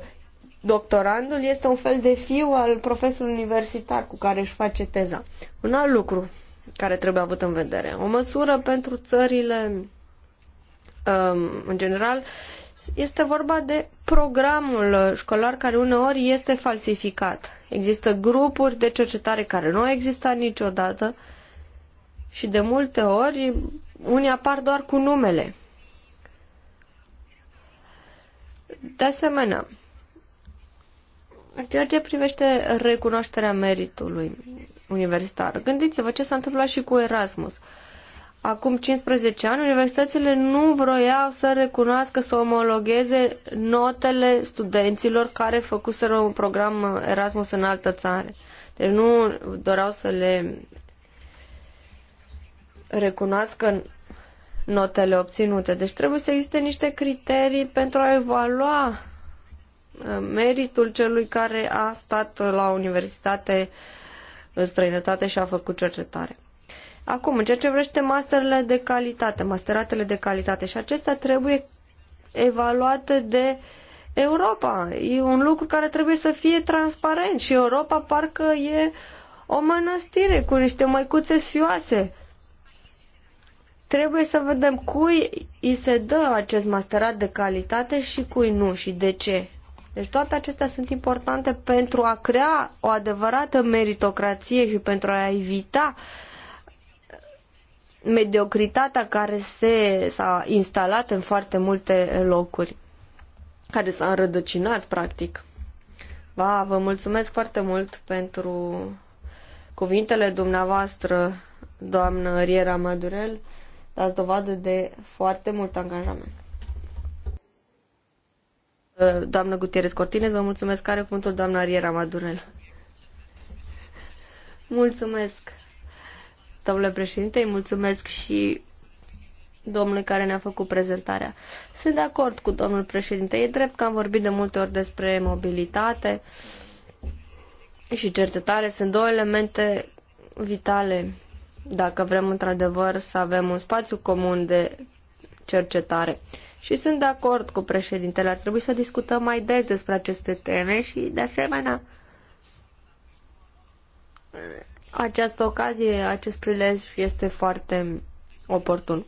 doctorandul este un fel de fiu al profesorului universitar cu care își face teza. Un alt lucru care trebuie avut în vedere. O măsură pentru țările um, în general este vorba de programul școlar care uneori este falsificat. Există grupuri de cercetare care nu au existat niciodată și de multe ori unii apar doar cu numele. De asemenea, în ceea ce privește recunoașterea meritului universitar, gândiți-vă ce s-a întâmplat și cu Erasmus. Uh, acum 15 ani, universitățile nu vroiau să recunoască, să omologheze notele studenților care făcuseră un program Erasmus în altă țară. Deci nu doreau să le recunoască notele obținute. Deci trebuie să existe niște criterii pentru a evalua uh, meritul celui care a stat la universitate în străinătate și a făcut cercetare. Acum, în ceea ce vrește masterele de calitate, masteratele de calitate și acestea trebuie evaluate de Europa. E un lucru care trebuie să fie transparent și Europa parcă e o mănăstire cu niște măicuțe sfioase. Trebuie să vedem cui îi se dă acest masterat de calitate și cui nu și de ce. Deci toate acestea sunt importante pentru a crea o adevărată meritocrație și pentru a evita uh, mediocritatea care se, s-a instalat în foarte multe locuri, care s-a înrădăcinat, practic. Ba, vă mulțumesc foarte mult pentru cuvintele dumneavoastră, doamnă Riera Madurel, dați dovadă de foarte mult angajament. Doamnă Gutierrez Cortines, vă mulțumesc. Care cuvântul doamna Riera Madurel? Mulțumesc domnule președinte, îi mulțumesc și domnului care ne-a făcut prezentarea. Sunt de acord cu domnul președinte. E drept că am vorbit de multe ori despre mobilitate și cercetare. Sunt două elemente vitale dacă vrem într-adevăr să avem un spațiu comun de cercetare. Și sunt de acord cu președintele. Ar trebui să discutăm mai des despre aceste teme și, de asemenea, această ocazie, acest prilej este foarte oportun.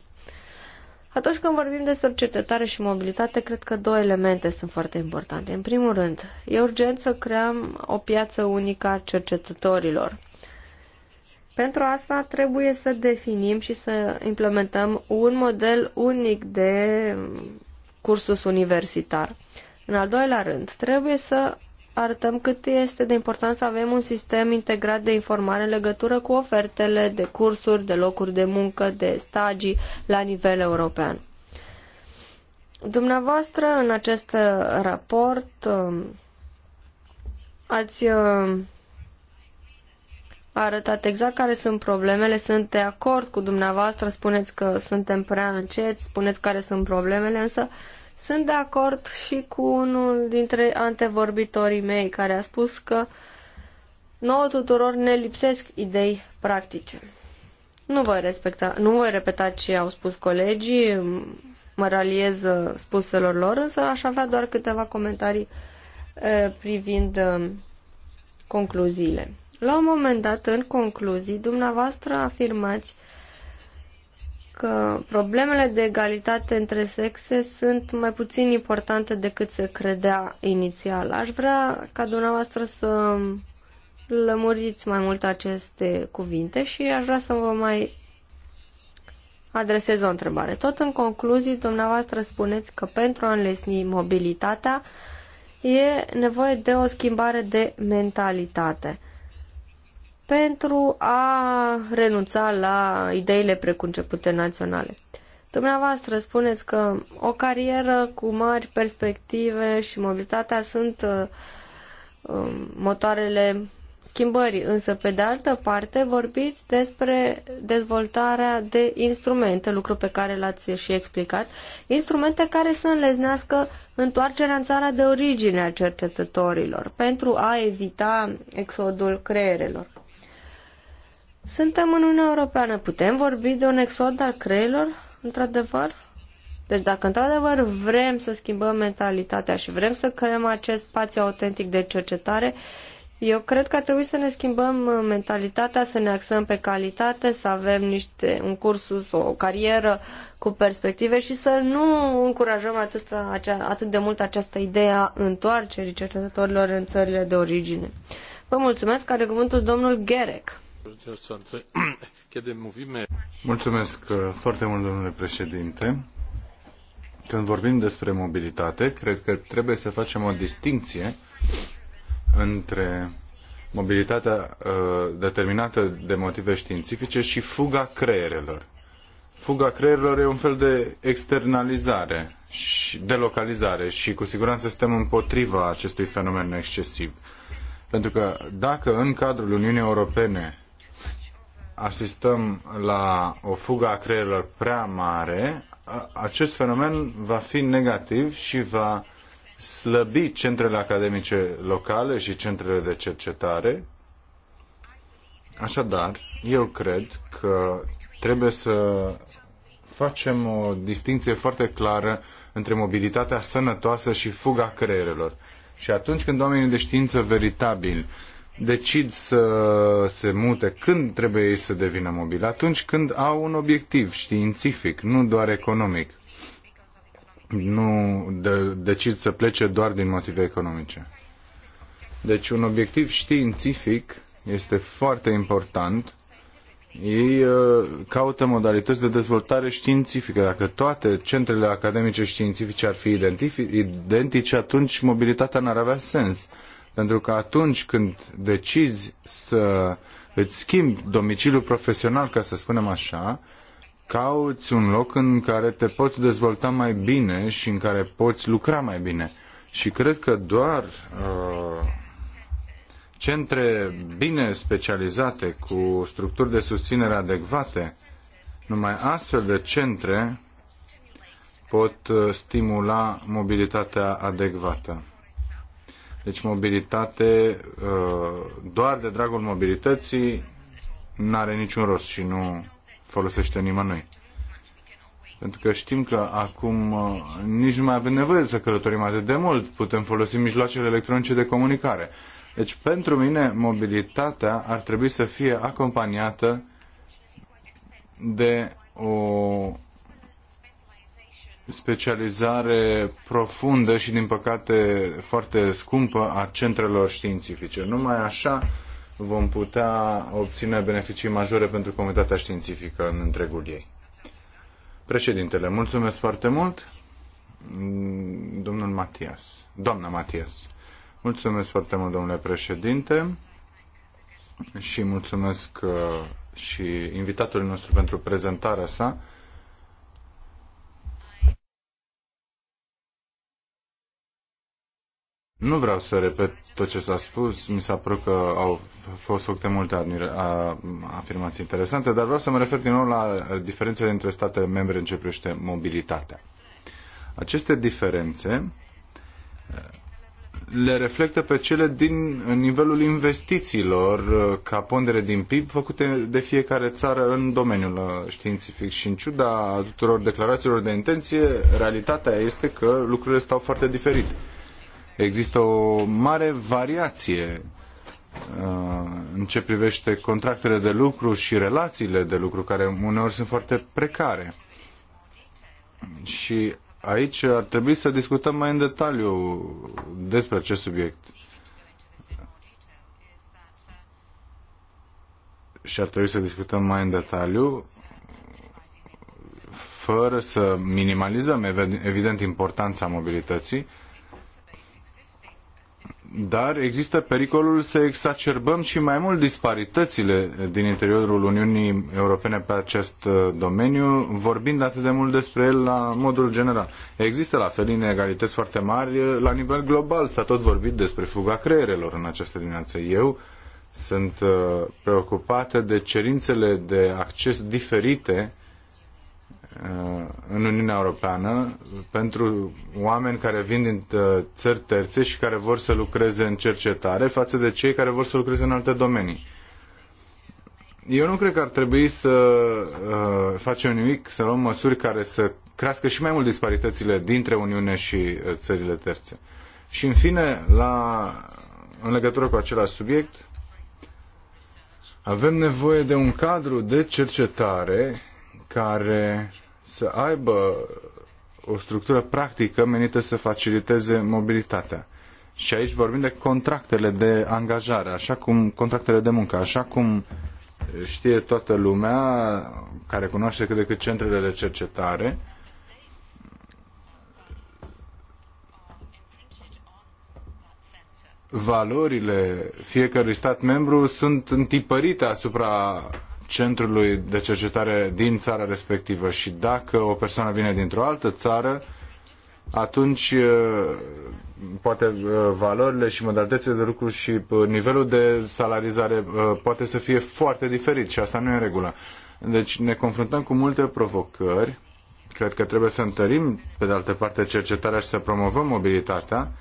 Atunci când vorbim despre cercetare și mobilitate, cred că două elemente sunt foarte importante. În primul rând, e urgent să creăm o piață unică a cercetătorilor. Pentru asta trebuie să definim și să implementăm un model unic de cursus universitar. În al doilea rând, trebuie să arătăm cât este de important să avem un sistem integrat de informare în legătură cu ofertele de cursuri, de locuri de muncă, de stagii la nivel european. Dumneavoastră, în acest raport, um, ați um, arătat exact care sunt problemele, sunt de acord cu dumneavoastră, spuneți că suntem prea înceți, spuneți care sunt problemele, însă uh, sunt de acord și cu unul dintre antevorbitorii mei care a spus că nouă tuturor ne lipsesc idei practice. Nu voi, respecta, nu voi repeta ce au spus colegii, mă raliez spuselor lor, însă aș avea doar câteva comentarii privind concluziile. La un moment dat, în concluzii, dumneavoastră afirmați că problemele de egalitate între sexe sunt mai puțin importante decât se credea inițial. Aș vrea ca dumneavoastră să lămuriți mai mult aceste cuvinte și aș vrea să vă mai adresez o întrebare. Tot în concluzii, dumneavoastră spuneți că pentru a înlesni mobilitatea e nevoie de o schimbare de mentalitate pentru a renunța la ideile preconcepute naționale. Dumneavoastră spuneți că o carieră cu mari perspective și mobilitatea sunt uh, um, motoarele schimbării, însă pe de altă parte vorbiți despre dezvoltarea de instrumente, lucru pe care l-ați și explicat, instrumente care să înleznească întoarcerea în țara de origine a cercetătorilor pentru a evita exodul creierelor. Suntem în Uniunea Europeană. Putem vorbi de un exod al creierilor, într-adevăr? Deci dacă într-adevăr vrem să schimbăm mentalitatea și vrem să creăm acest spațiu autentic de cercetare, eu cred că ar trebui să ne schimbăm uh, mentalitatea, să ne axăm pe calitate, să avem niște, un cursus, o carieră cu perspective și să nu încurajăm atât, uh, atât de mult această idee a întoarcerii cercetătorilor în țările de origine. Vă mulțumesc, are cuvântul domnul Gerec. (clears throat) Uh, foarte mult, președinte. Când vorbim despre mobilitate, cred că trebuie să facem o distinție între mobilitatea uh, determinată de motive științifice și fuga creierelor. Fuga creierelor e un fel de externalizare și delocalizare și cu siguranță suntem împotriva acestui fenomen excesiv. Pentru că dacă în cadrul Uniunii Europene asistăm la o fugă a creierilor prea mare, acest fenomen va fi negativ și va slăbi centrele academice locale și centrele de cercetare. Așadar, eu cred că trebuie să facem o distinție foarte clară între mobilitatea sănătoasă și fuga creierelor. Și atunci când oamenii de știință veritabili decid să se mute, când trebuie ei să devină mobili? Atunci când au un obiectiv științific, nu doar economic. Nu de, decid să plece doar din motive economice. Deci un obiectiv științific este foarte important. Ei uh, caută modalități de dezvoltare științifică. Dacă toate centrele academice științifice ar fi identice, atunci mobilitatea n-ar avea sens. Uh, pentru că atunci când decizi să îți schimbi domiciliul profesional, ca să spunem așa, cauți un loc în care te poți dezvolta mai bine și în care poți lucra mai bine. Și cred că doar uh, centre bine specializate, cu structuri de susținere adecvate, numai astfel de centre pot uh, stimula mobilitatea adecvată. Deci mobilitate uh, doar de dragul mobilității n-are niciun rost și nu folosește nimănui. Pentru că știm că acum uh, nici nu mai avem nevoie să călătorim atât de mult, putem folosi mijloacele electronice de comunicare. Deci, pentru mine, mobilitatea ar trebui să fie acompaniată de o specializare profundă și, din păcate, foarte scumpă a centrelor științifice. Numai așa vom putea obține beneficii majore pentru comunitatea științifică în întregul ei. Președintele, mulțumesc foarte mult. Domnul Matias, doamna Matias, mulțumesc foarte mult, domnule președinte, și mulțumesc uh, și invitatului nostru pentru prezentarea sa. Nu vreau să repet tot ce s-a spus, mi s-a părut că au fost foarte multe afirmații interesante, dar vreau să mă refer din nou la diferențele între statele membre în ce privește mobilitatea. Aceste diferențe le reflectă pe cele din nivelul investițiilor ca pondere din PIB făcute de fiecare țară în domeniul științific și în ciuda tuturor declarațiilor de intenție, realitatea este că lucrurile stau foarte diferit Există o mare variație uh, în ce privește contractele de lucru și relațiile de lucru, care uneori sunt foarte precare. Și aici ar trebui să discutăm mai în detaliu despre acest subiect. Și ar trebui să discutăm mai în detaliu fără să minimalizăm evident importanța mobilității, dar există pericolul să exacerbăm și mai mult disparitățile din interiorul Uniunii Europene pe acest uh, domeniu, vorbind atât de mult despre el la modul general. Există la fel inegalități foarte mari uh, la nivel global. S-a tot vorbit despre fuga creierelor în această dimineață. Eu sunt uh, preocupată de cerințele de acces diferite Uh, în Uniunea Europeană pentru oameni care vin din uh, țări terțe și care vor să lucreze în cercetare față de cei care vor să lucreze în alte domenii. Eu nu cred că ar trebui să uh, facem nimic, să luăm măsuri care să crească și mai mult disparitățile dintre Uniune și țările terțe. Și în fine, la, în legătură cu același subiect, avem nevoie de un cadru de cercetare care să aibă o structură practică menită să faciliteze mobilitatea. Și aici vorbim de contractele de angajare, așa cum contractele de muncă, așa cum știe toată lumea care cunoaște cât de cât centrele de cercetare, valorile fiecărui stat membru sunt întipărite asupra centrului de cercetare din țara respectivă și dacă o persoană vine dintr-o altă țară, atunci poate valorile și modalitățile de lucru și nivelul de salarizare poate să fie foarte diferit și asta nu e în regulă. Deci ne confruntăm cu multe provocări. Cred că trebuie să întărim, pe de altă parte, cercetarea și să promovăm mobilitatea,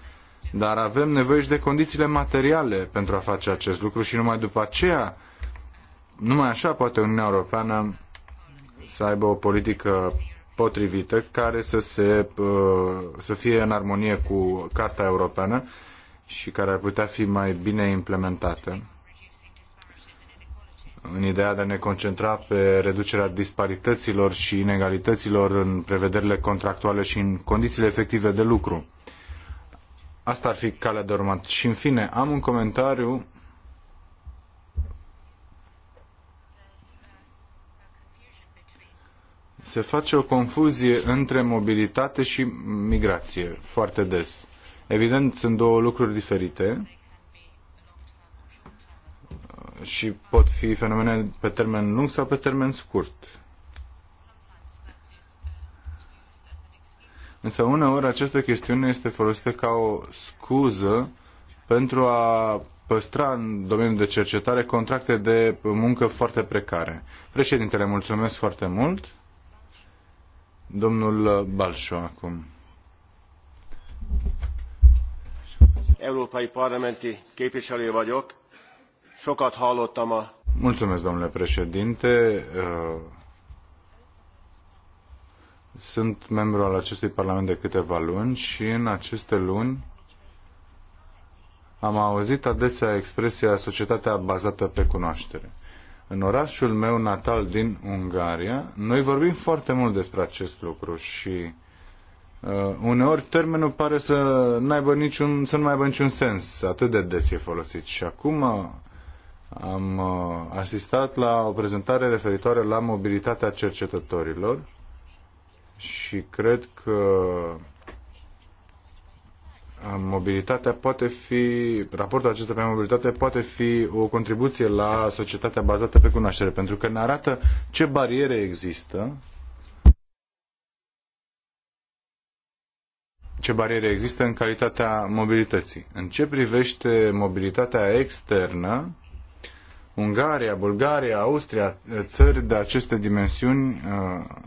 dar avem nevoie și de condițiile materiale pentru a face acest lucru și numai după aceea numai așa poate Uniunea Europeană să aibă o politică potrivită care să, se, uh, să fie în armonie cu Carta Europeană și care ar putea fi mai bine implementată în ideea de a ne concentra pe reducerea disparităților și inegalităților în prevederile contractuale și în condițiile efective de lucru. Asta ar fi calea de urmat. Și în fine, am un comentariu se face o confuzie între mobilitate și migrație foarte des. Evident, sunt două lucruri diferite și pot fi fenomene pe termen lung sau pe termen scurt. Însă uneori această chestiune este folosită ca o scuză pentru a păstra în domeniul de cercetare contracte de muncă foarte precare. Președintele, mulțumesc foarte mult. Domnul Balșo acum. Európai parlamenti képviselő vagyok. Sokat hallottam a... Mulțumesc, domnule președinte. Uh, sunt membru al acestui parlament de câteva luni și în aceste luni am auzit adesea expresia societatea bazată pe cunoaștere. În orașul meu natal din Ungaria, noi vorbim foarte mult despre acest lucru și uh, uneori termenul pare să, n-aibă niciun, să nu aibă niciun sens, atât de des e folosit. Și acum uh, am uh, asistat la o prezentare referitoare la mobilitatea cercetătorilor și cred că mobilitatea poate fi, raportul acesta pe mobilitate poate fi o contribuție la societatea bazată pe cunoaștere, pentru că ne arată ce bariere există ce bariere există în calitatea mobilității. În ce privește mobilitatea externă, Ungaria, Bulgaria, Austria, țări de aceste dimensiuni uh,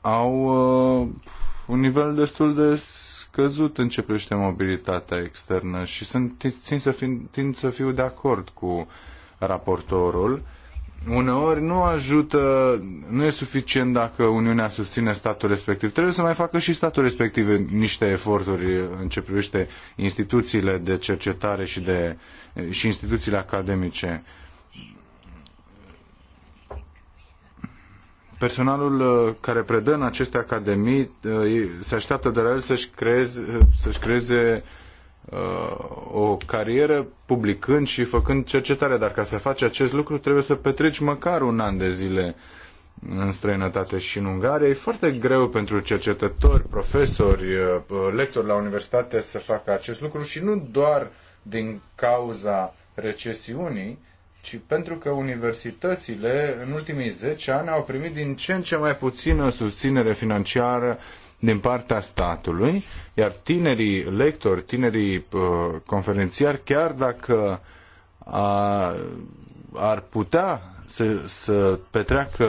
au uh, un nivel destul de scăzut în ce privește mobilitatea externă și sunt, țin, să fi, țin să fiu de acord cu raportorul. Uneori nu ajută, nu e suficient dacă Uniunea susține statul respectiv. Trebuie să mai facă și statul respectiv niște eforturi în ce privește instituțiile de cercetare și, de, și instituțiile academice Personalul uh, care predă în aceste academii uh, se așteaptă de la el să-și creeze, să-și creeze uh, o carieră publicând și făcând cercetare, dar ca să faci acest lucru trebuie să petreci măcar un an de zile în străinătate și în Ungaria. E foarte greu pentru cercetători, profesori, lectori la universitate să facă acest lucru și nu doar din cauza recesiunii, ci pentru că universitățile în ultimii 10 ani au primit din ce în ce mai puțină susținere financiară din partea statului, iar tinerii lectori, tinerii uh, conferențiari, chiar dacă a, ar putea să, să petreacă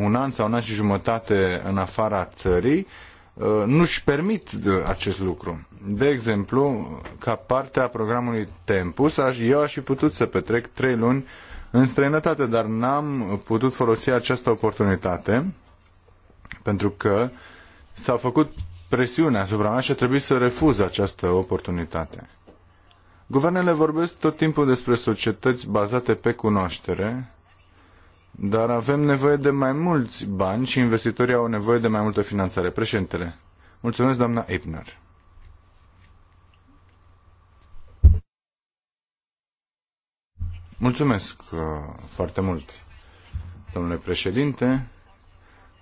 un an sau un an și jumătate în afara țării, uh, Uh, nu își permit uh, acest lucru. De exemplu, ca parte a programului Tempus, eu aș fi putut să petrec trei luni în străinătate, dar n-am putut folosi această oportunitate pentru că s-a făcut presiune asupra mea și a trebuit să refuz această oportunitate. Guvernele vorbesc tot timpul despre societăți bazate pe cunoaștere, dar avem nevoie de mai mulți bani și investitorii au nevoie de mai multă finanțare. Președintele, mulțumesc doamna Ebner. Mulțumesc uh, foarte mult, domnule președinte.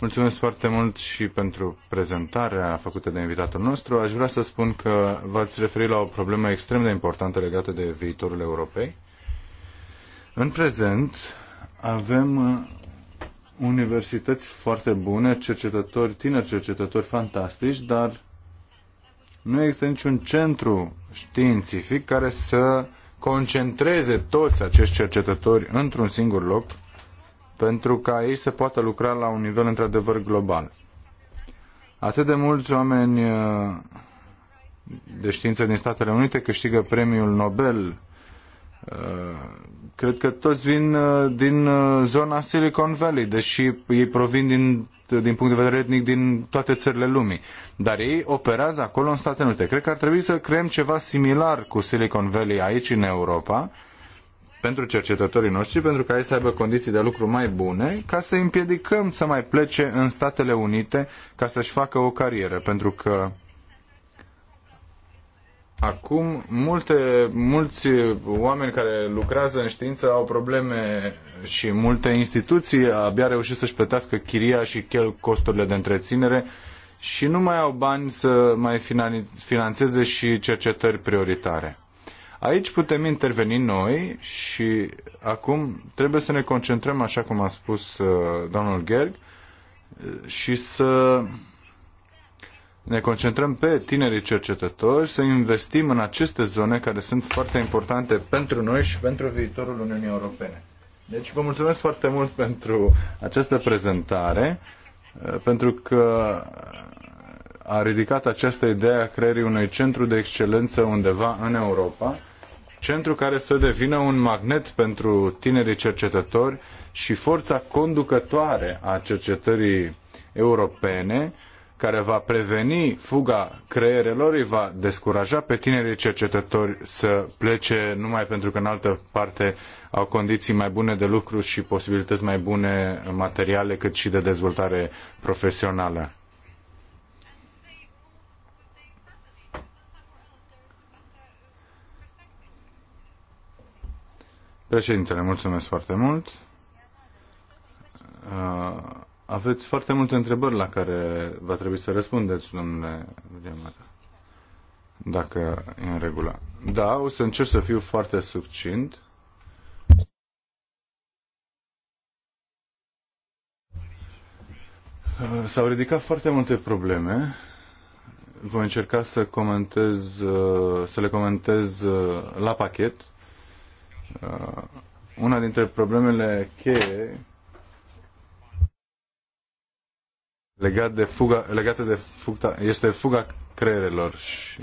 Mulțumesc foarte mult și pentru prezentarea făcută de invitatul nostru. Aș vrea să spun că v-ați referit la o problemă extrem de importantă legată de viitorul Europei. În prezent, avem uh, universități foarte bune, cercetători, tineri cercetători fantastici, dar nu există niciun centru științific care să concentreze toți acești cercetători într-un singur loc pentru ca ei să poată lucra la un nivel într-adevăr global. Atât de mulți oameni uh, de știință din Statele Unite câștigă premiul Nobel uh, Cred că toți vin uh, din uh, zona Silicon Valley, deși ei provin din, din punct de vedere etnic din toate țările lumii. Dar ei operează acolo în Statele Unite. Cred că ar trebui să creăm ceva similar cu Silicon Valley aici în Europa, pentru cercetătorii noștri, pentru ca ei să aibă condiții de lucru mai bune, ca să împiedicăm să mai plece în Statele Unite ca să-și facă o carieră, pentru că Acum, multe, mulți oameni care lucrează în știință au probleme și multe instituții abia reușesc să-și plătească chiria și chel costurile de întreținere și nu mai au bani să mai financeze și cercetări prioritare. Aici putem interveni noi și acum trebuie să ne concentrăm, așa cum a spus uh, domnul Gerg, uh, și să ne concentrăm pe tinerii cercetători, să investim în aceste zone care sunt foarte importante pentru noi și pentru viitorul Uniunii Europene. Deci vă mulțumesc foarte mult pentru această prezentare, pentru că a ridicat această idee a creării unui centru de excelență undeva în Europa, centru care să devină un magnet pentru tinerii cercetători și forța conducătoare a cercetării europene, care va preveni fuga creierelor, îi va descuraja pe tinerii cercetători să plece numai pentru că în altă parte au condiții mai bune de lucru și posibilități mai bune materiale cât și de dezvoltare profesională. Președintele, mulțumesc foarte mult. Uh aveți foarte multe întrebări la care va trebui să răspundeți, domnule Diamata. Dacă e în regulă. Da, o să încerc să fiu foarte succint. S-au ridicat foarte multe probleme. Voi încerca să comentez, să le comentez la pachet. Una dintre problemele cheie legat de fuga, legată de fuga, este fuga creierelor și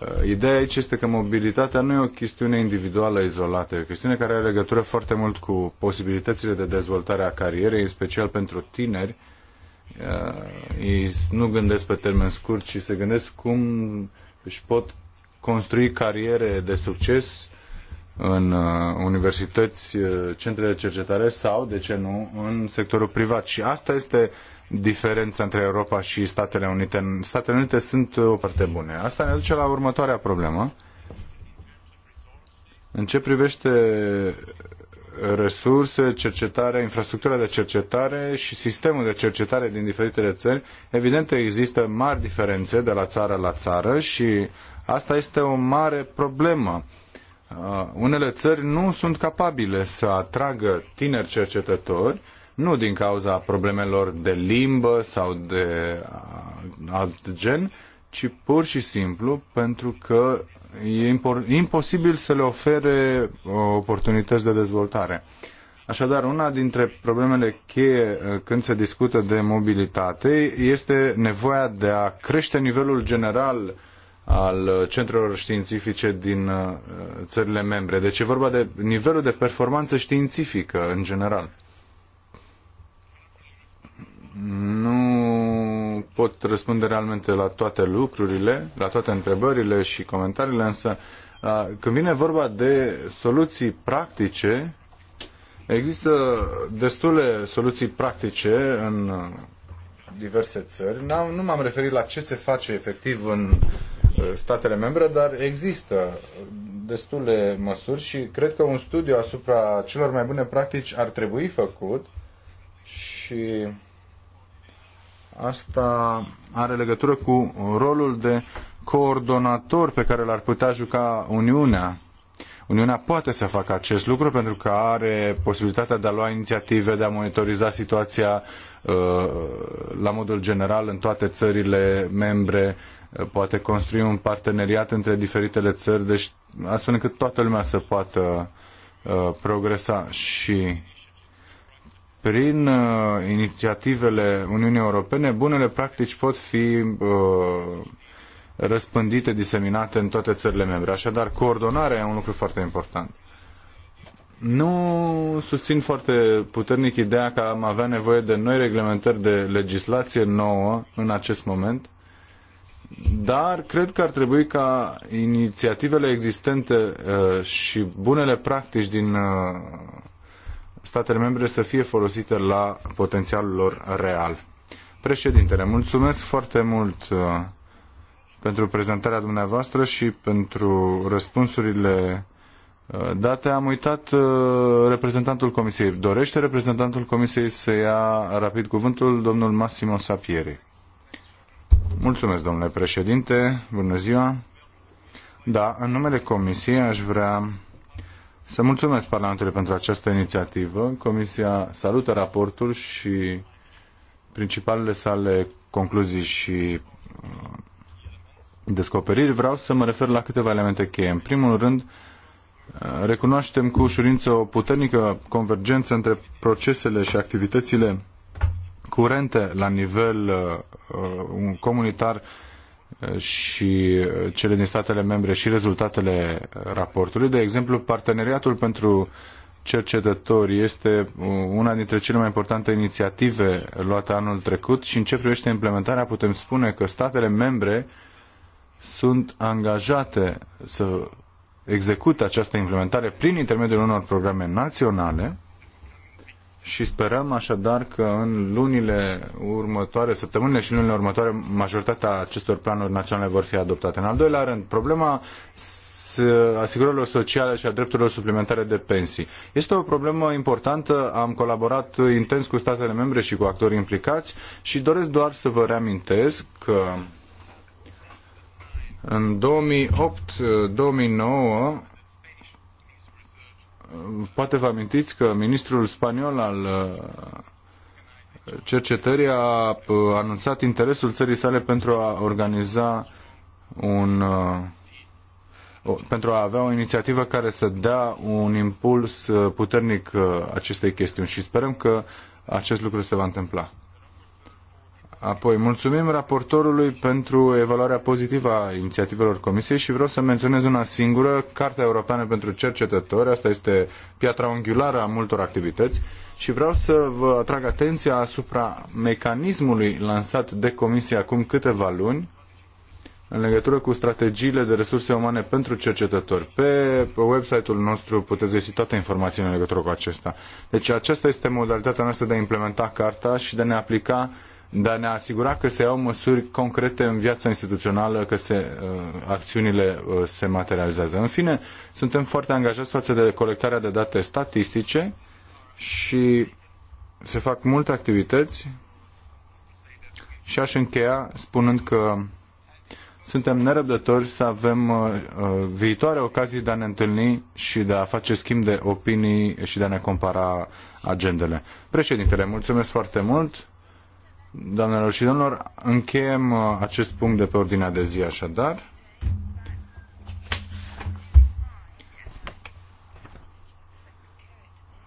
uh, ideea aici este că mobilitatea nu e o chestiune individuală izolată, e o chestiune care are legătură foarte mult cu posibilitățile de dezvoltare a carierei, în special pentru tineri. Uh, ei nu gândesc pe termen scurt, ci se gândesc cum își pot construi cariere de succes în uh, universități, uh, centre de cercetare sau, de ce nu, în sectorul privat. Și asta este uh, Diferența între Europa și Statele Unite. Statele Unite sunt o parte bune. Asta ne duce la următoarea problemă. În ce privește resurse, cercetare, infrastructura de cercetare și sistemul de cercetare din diferitele țări, evident există mari diferențe de la țară la țară și asta este o mare problemă. Uh, unele țări nu sunt capabile să atragă tineri cercetători nu din cauza problemelor de limbă sau de alt gen, ci pur și simplu pentru că e imposibil să le ofere uh, oportunități de dezvoltare. Așadar, una dintre problemele cheie uh, când se discută de mobilitate este nevoia de a crește nivelul general al uh, centrelor științifice din țările membre. Deci e vorba de nivelul de performanță științifică în general. Nu pot răspunde realmente la toate lucrurile, la toate întrebările și comentariile, însă când vine vorba de soluții practice, există destule soluții practice în diverse țări. nu m-am referit la ce se face efectiv în statele membre, dar există destule măsuri și cred că un studiu asupra celor mai bune practici ar trebui făcut și Asta are legătură cu rolul de coordonator pe care l-ar putea juca Uniunea. Uniunea poate să facă acest lucru pentru că are posibilitatea de a lua inițiative, de a monitoriza situația uh, la modul general în toate țările membre, uh, poate construi un parteneriat între diferitele țări, deci astfel încât toată lumea să poată uh, progresa și prin uh, inițiativele Uniunii Europene, bunele practici pot fi uh, răspândite, diseminate în toate țările membre. Așadar, coordonarea e un lucru foarte important. Nu susțin foarte puternic ideea că am avea nevoie de noi reglementări de legislație nouă în acest moment, dar cred că ar trebui ca inițiativele existente uh, și bunele practici din uh, statele membre să fie folosite la potențialul lor real. Președintele, mulțumesc foarte mult uh, pentru prezentarea dumneavoastră și pentru răspunsurile uh, date. Am uitat uh, reprezentantul Comisiei. Dorește reprezentantul Comisiei să ia rapid cuvântul domnul Massimo Sapieri. Mulțumesc, domnule președinte. Bună ziua. Da, în numele Comisiei aș vrea să mulțumesc Parlamentului pentru această inițiativă. Comisia salută raportul și principalele sale concluzii și uh, descoperiri. Vreau să mă refer la câteva elemente cheie. În primul rând, uh, recunoaștem cu ușurință o puternică convergență între procesele și activitățile curente la nivel uh, comunitar și uh, cele din statele membre și rezultatele raportului. De exemplu, parteneriatul pentru cercetători este uh, una dintre cele mai importante inițiative luate anul trecut și în ce privește implementarea putem spune că statele membre sunt angajate să execute această implementare prin intermediul unor programe naționale și sperăm așadar că în lunile următoare, săptămânile și lunile următoare, majoritatea acestor planuri naționale vor fi adoptate. În al doilea rând, problema asigurărilor sociale și a drepturilor suplimentare de pensii. Este o problemă importantă, am colaborat intens cu statele membre și cu actorii implicați și doresc doar să vă reamintesc că în 2008-2009 Poate vă amintiți că ministrul spaniol al uh, cercetării a uh, anunțat interesul țării sale pentru a organiza un uh, pentru a avea o inițiativă care să dea un impuls puternic acestei chestiuni și sperăm că acest lucru se va întâmpla. Apoi, mulțumim raportorului pentru evaluarea pozitivă a inițiativelor Comisiei și vreau să menționez una singură, Cartea Europeană pentru Cercetători, asta este piatra unghiulară a multor activități și vreau să vă atrag atenția asupra mecanismului lansat de Comisie acum câteva luni în legătură cu strategiile de resurse umane pentru cercetători. Pe website-ul nostru puteți găsi toate informațiile în legătură cu acesta. Deci aceasta este modalitatea noastră de a implementa carta și de a ne aplica de a ne asigura că se iau măsuri concrete în viața instituțională, că se, uh, acțiunile uh, se materializează. În fine, suntem foarte angajați față de colectarea de date statistice și se fac multe activități și aș încheia spunând că suntem nerăbdători să avem uh, viitoare ocazii de a ne întâlni și de a face schimb de opinii și de a ne compara agendele. Președintele, mulțumesc foarte mult! Doamnelor și domnilor, încheiem uh, acest punct de pe ordinea de zi așadar.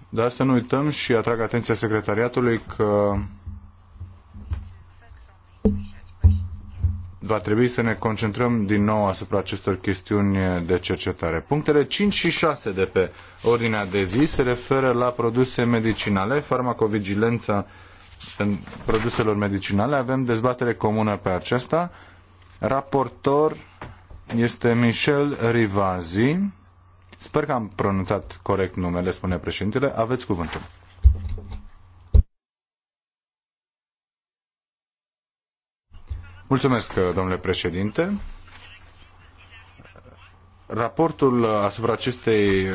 Dar să nu uităm și atrag atenția secretariatului că va trebui să ne concentrăm din nou asupra acestor chestiuni de cercetare. Punctele 5 și 6 de pe ordinea de zi se referă la produse medicinale, farmacovigilența produselor medicinale. Avem dezbatere comună pe aceasta. Raportor este Michel Rivazi. Sper că am pronunțat corect numele, spune președintele. Aveți cuvântul. Mulțumesc, domnule președinte. Raportul asupra acestei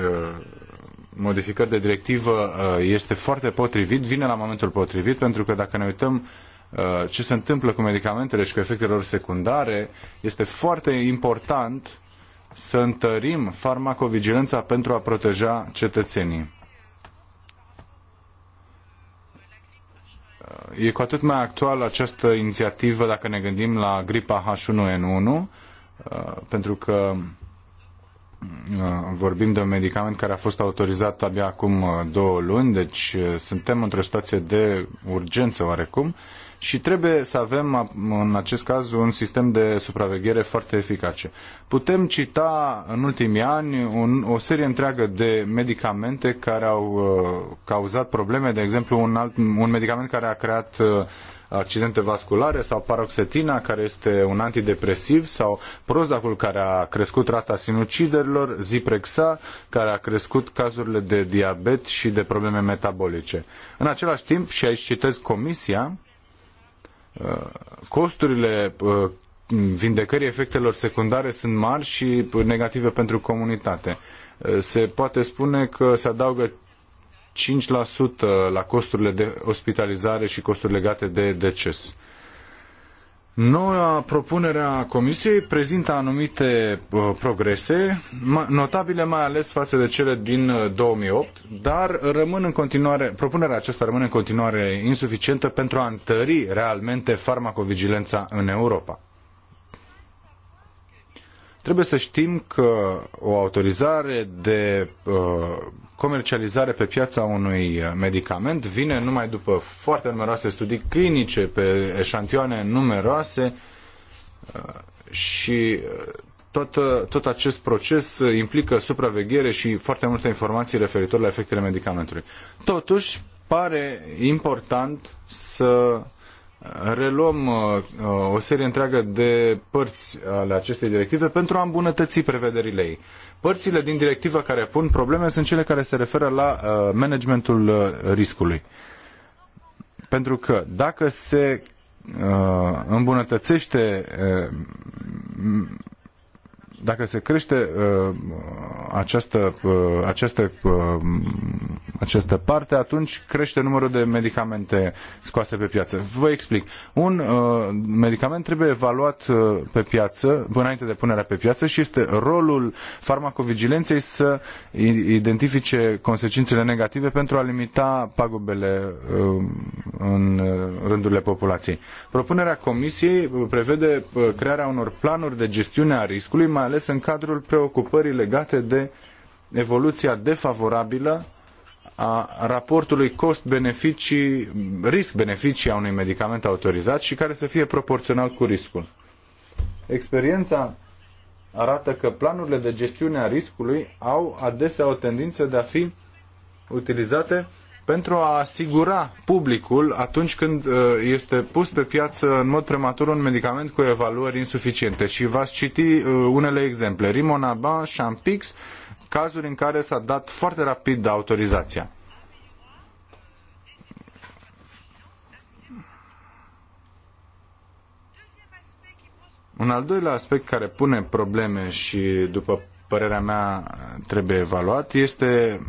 modificări de directivă uh, este foarte potrivit, vine la momentul potrivit, pentru că dacă ne uităm uh, ce se întâmplă cu medicamentele și cu efectele lor secundare, este foarte important să întărim farmacovigilența pentru a proteja cetățenii. Uh, e cu atât mai actuală această inițiativă dacă ne gândim la gripa H1N1, pentru că Uh, vorbim de un medicament care a fost autorizat abia acum uh, două luni, deci uh, suntem într-o situație de urgență oarecum și trebuie să avem în acest caz un sistem de supraveghere foarte eficace. Putem cita în ultimii ani un, o serie întreagă de medicamente care au uh, cauzat probleme, de exemplu un, alt, un medicament care a creat uh, accidente vasculare sau paroxetina, care este un antidepresiv, sau Prozacul, care a crescut rata sinuciderilor, Ziprexa, care a crescut cazurile de diabet și de probleme metabolice. În același timp, și aici citez Comisia, uh, costurile uh, vindecării efectelor secundare sunt mari și negative pentru comunitate. Uh, se poate spune că se adaugă 5% la costurile de ospitalizare și costuri legate de deces. Noua propunere a Comisiei prezintă anumite uh, progrese, notabile mai ales față de cele din 2008, uh, dar rămân în continuare, propunerea aceasta rămâne în continuare insuficientă pentru a întări realmente farmacovigilența în Europa. Trebuie să știm că o autorizare de uh, comercializare pe piața unui medicament vine numai după foarte numeroase studii clinice pe eșantioane numeroase uh, și uh, tot, uh, tot acest proces implică supraveghere și foarte multe informații referitor la efectele medicamentului. Totuși, pare important să reluăm uh, uh, o serie întreagă de părți ale acestei directive pentru a îmbunătăți prevederile ei. Părțile din directivă care pun probleme sunt cele care se referă la uh, managementul riscului. Pentru că dacă se îmbunătățește dacă se crește uh, această, uh, această, uh, această parte, atunci crește numărul de medicamente scoase pe piață. Vă explic. Un uh, medicament trebuie evaluat uh, pe piață, înainte de punerea pe piață și este rolul farmacovigilenței să identifice consecințele negative pentru a limita pagubele uh, în uh, rândurile populației. Propunerea Comisiei uh, prevede uh, crearea unor planuri de gestiune a riscului, mai ales în cadrul preocupării legate de evoluția defavorabilă a raportului cost-beneficii, risc-beneficii a unui medicament autorizat și care să fie proporțional cu riscul. Experiența arată că planurile de gestiune a riscului au adesea o tendință de a fi utilizate pentru a asigura publicul atunci când uh, este pus pe piață în mod prematur un medicament cu evaluări insuficiente. Și v-ați citi uh, unele exemple. Rimonaba, Champix, cazuri în care s-a dat foarte rapid autorizația. Un al doilea aspect care pune probleme și, după părerea mea, trebuie evaluat este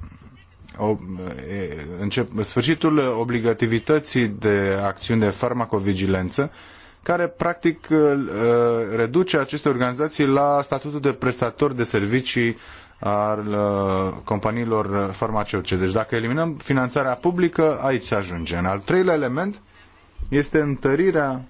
încep, sfârșitul obligativității de acțiune de farmacovigilență, care practic reduce aceste organizații la statutul de prestator de servicii al companiilor farmaceutice. Deci dacă eliminăm finanțarea publică, aici se ajunge. În al treilea element este întărirea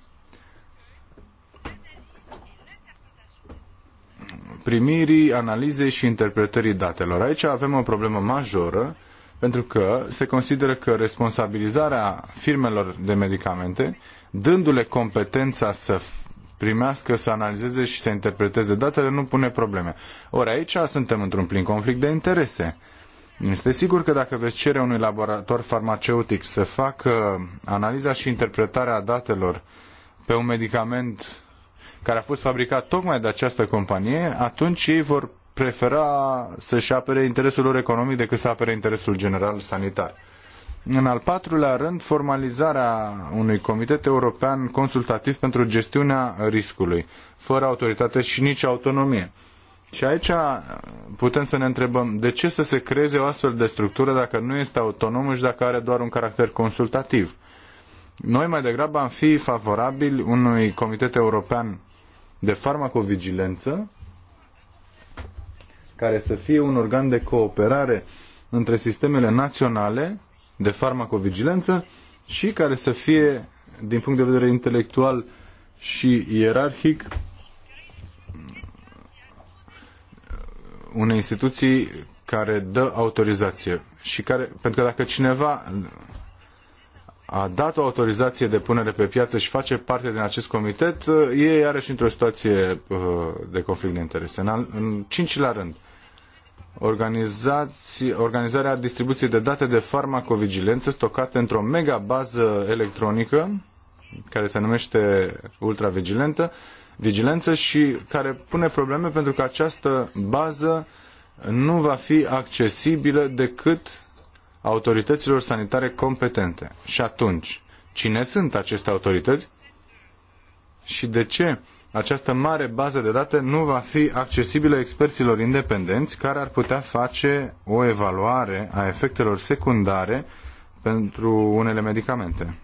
primirii, analizei și interpretării datelor. Aici avem o problemă majoră pentru că se consideră că responsabilizarea firmelor de medicamente, dându-le competența să primească, să analizeze și să interpreteze datele, nu pune probleme. Ori aici suntem într-un plin conflict de interese. Este sigur că dacă veți cere unui laborator farmaceutic să facă analiza și interpretarea datelor pe un medicament care a fost fabricat tocmai de această companie, atunci ei vor prefera să-și apere interesul lor economic decât să apere interesul general sanitar. În al patrulea rând, formalizarea unui comitet european consultativ pentru gestiunea riscului, fără autoritate și nici autonomie. Și aici putem să ne întrebăm de ce să se creeze o astfel de structură dacă nu este autonomă și dacă are doar un caracter consultativ. Noi mai degrabă am fi favorabili unui comitet european de farmacovigilență care să fie un organ de cooperare între sistemele naționale de farmacovigilență și care să fie, din punct de vedere intelectual și ierarhic, unei instituții care dă autorizație și care, pentru că dacă cineva a dat o autorizație de punere pe piață și face parte din acest comitet, uh, e iarăși într-o situație uh, de conflict de interese. În, al, în cincilea rând, organizarea distribuției de date de farmacovigilență stocate într-o mega bază electronică care se numește ultravigilentă, vigilență și care pune probleme pentru că această bază nu va fi accesibilă decât autorităților sanitare competente. Și atunci, cine sunt aceste autorități și de ce această mare bază de date nu va fi accesibilă experților independenți care ar putea face o evaluare a efectelor secundare pentru unele medicamente.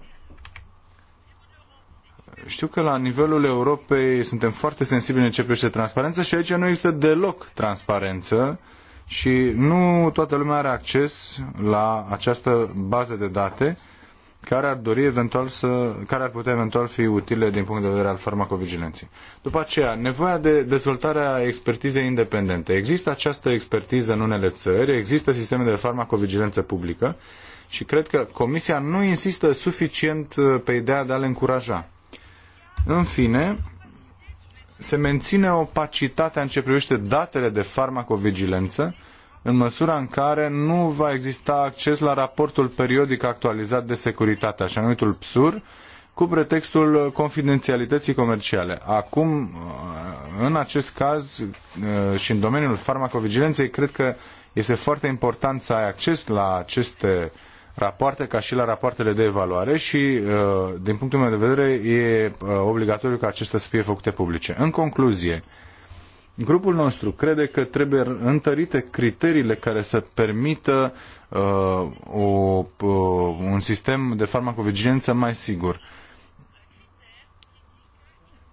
Știu că la nivelul Europei suntem foarte sensibili în ce privește transparență și aici nu există deloc transparență uh, și nu toată lumea are acces la această bază de date care ar dori eventual să, care ar putea eventual fi utile din punct de vedere al farmacovigilenței. După aceea, nevoia de a expertizei independente. Există această expertiză în unele țări, există sisteme de farmacovigilență publică și cred că Comisia nu insistă suficient uh, pe ideea de a le încuraja. În fine, se menține opacitatea în ce privește datele de farmacovigilență, în măsura în care nu va exista acces la raportul periodic actualizat de securitate, așa numitul PSUR, cu pretextul confidențialității comerciale. Acum, în acest caz și în domeniul farmacovigilenței, cred că este foarte important să ai acces la aceste rapoarte ca și la rapoartele de evaluare și, uh, din punctul meu de vedere, e uh, obligatoriu ca acestea să fie făcute publice. În concluzie, grupul nostru crede că trebuie întărite criteriile care să permită uh, o, uh, un sistem de farmacovigilență mai sigur.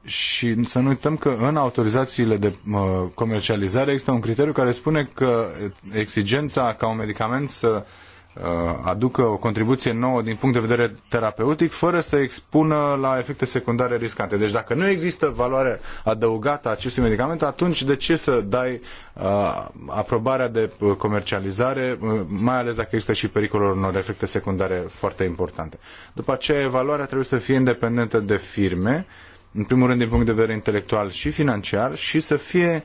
Și să nu uităm că în autorizațiile de uh, comercializare există un criteriu care spune că exigența ca un medicament să uh, Uh, aducă o contribuție nouă din punct de vedere terapeutic, fără să expună la efecte secundare riscante. Deci dacă nu există valoare adăugată a acestui medicament, atunci de ce să dai uh, aprobarea de uh, comercializare, uh, mai ales dacă există și pericolul unor efecte secundare foarte importante. După aceea, evaluarea trebuie să fie independentă de firme, în primul rând din punct de vedere intelectual și financiar, și să fie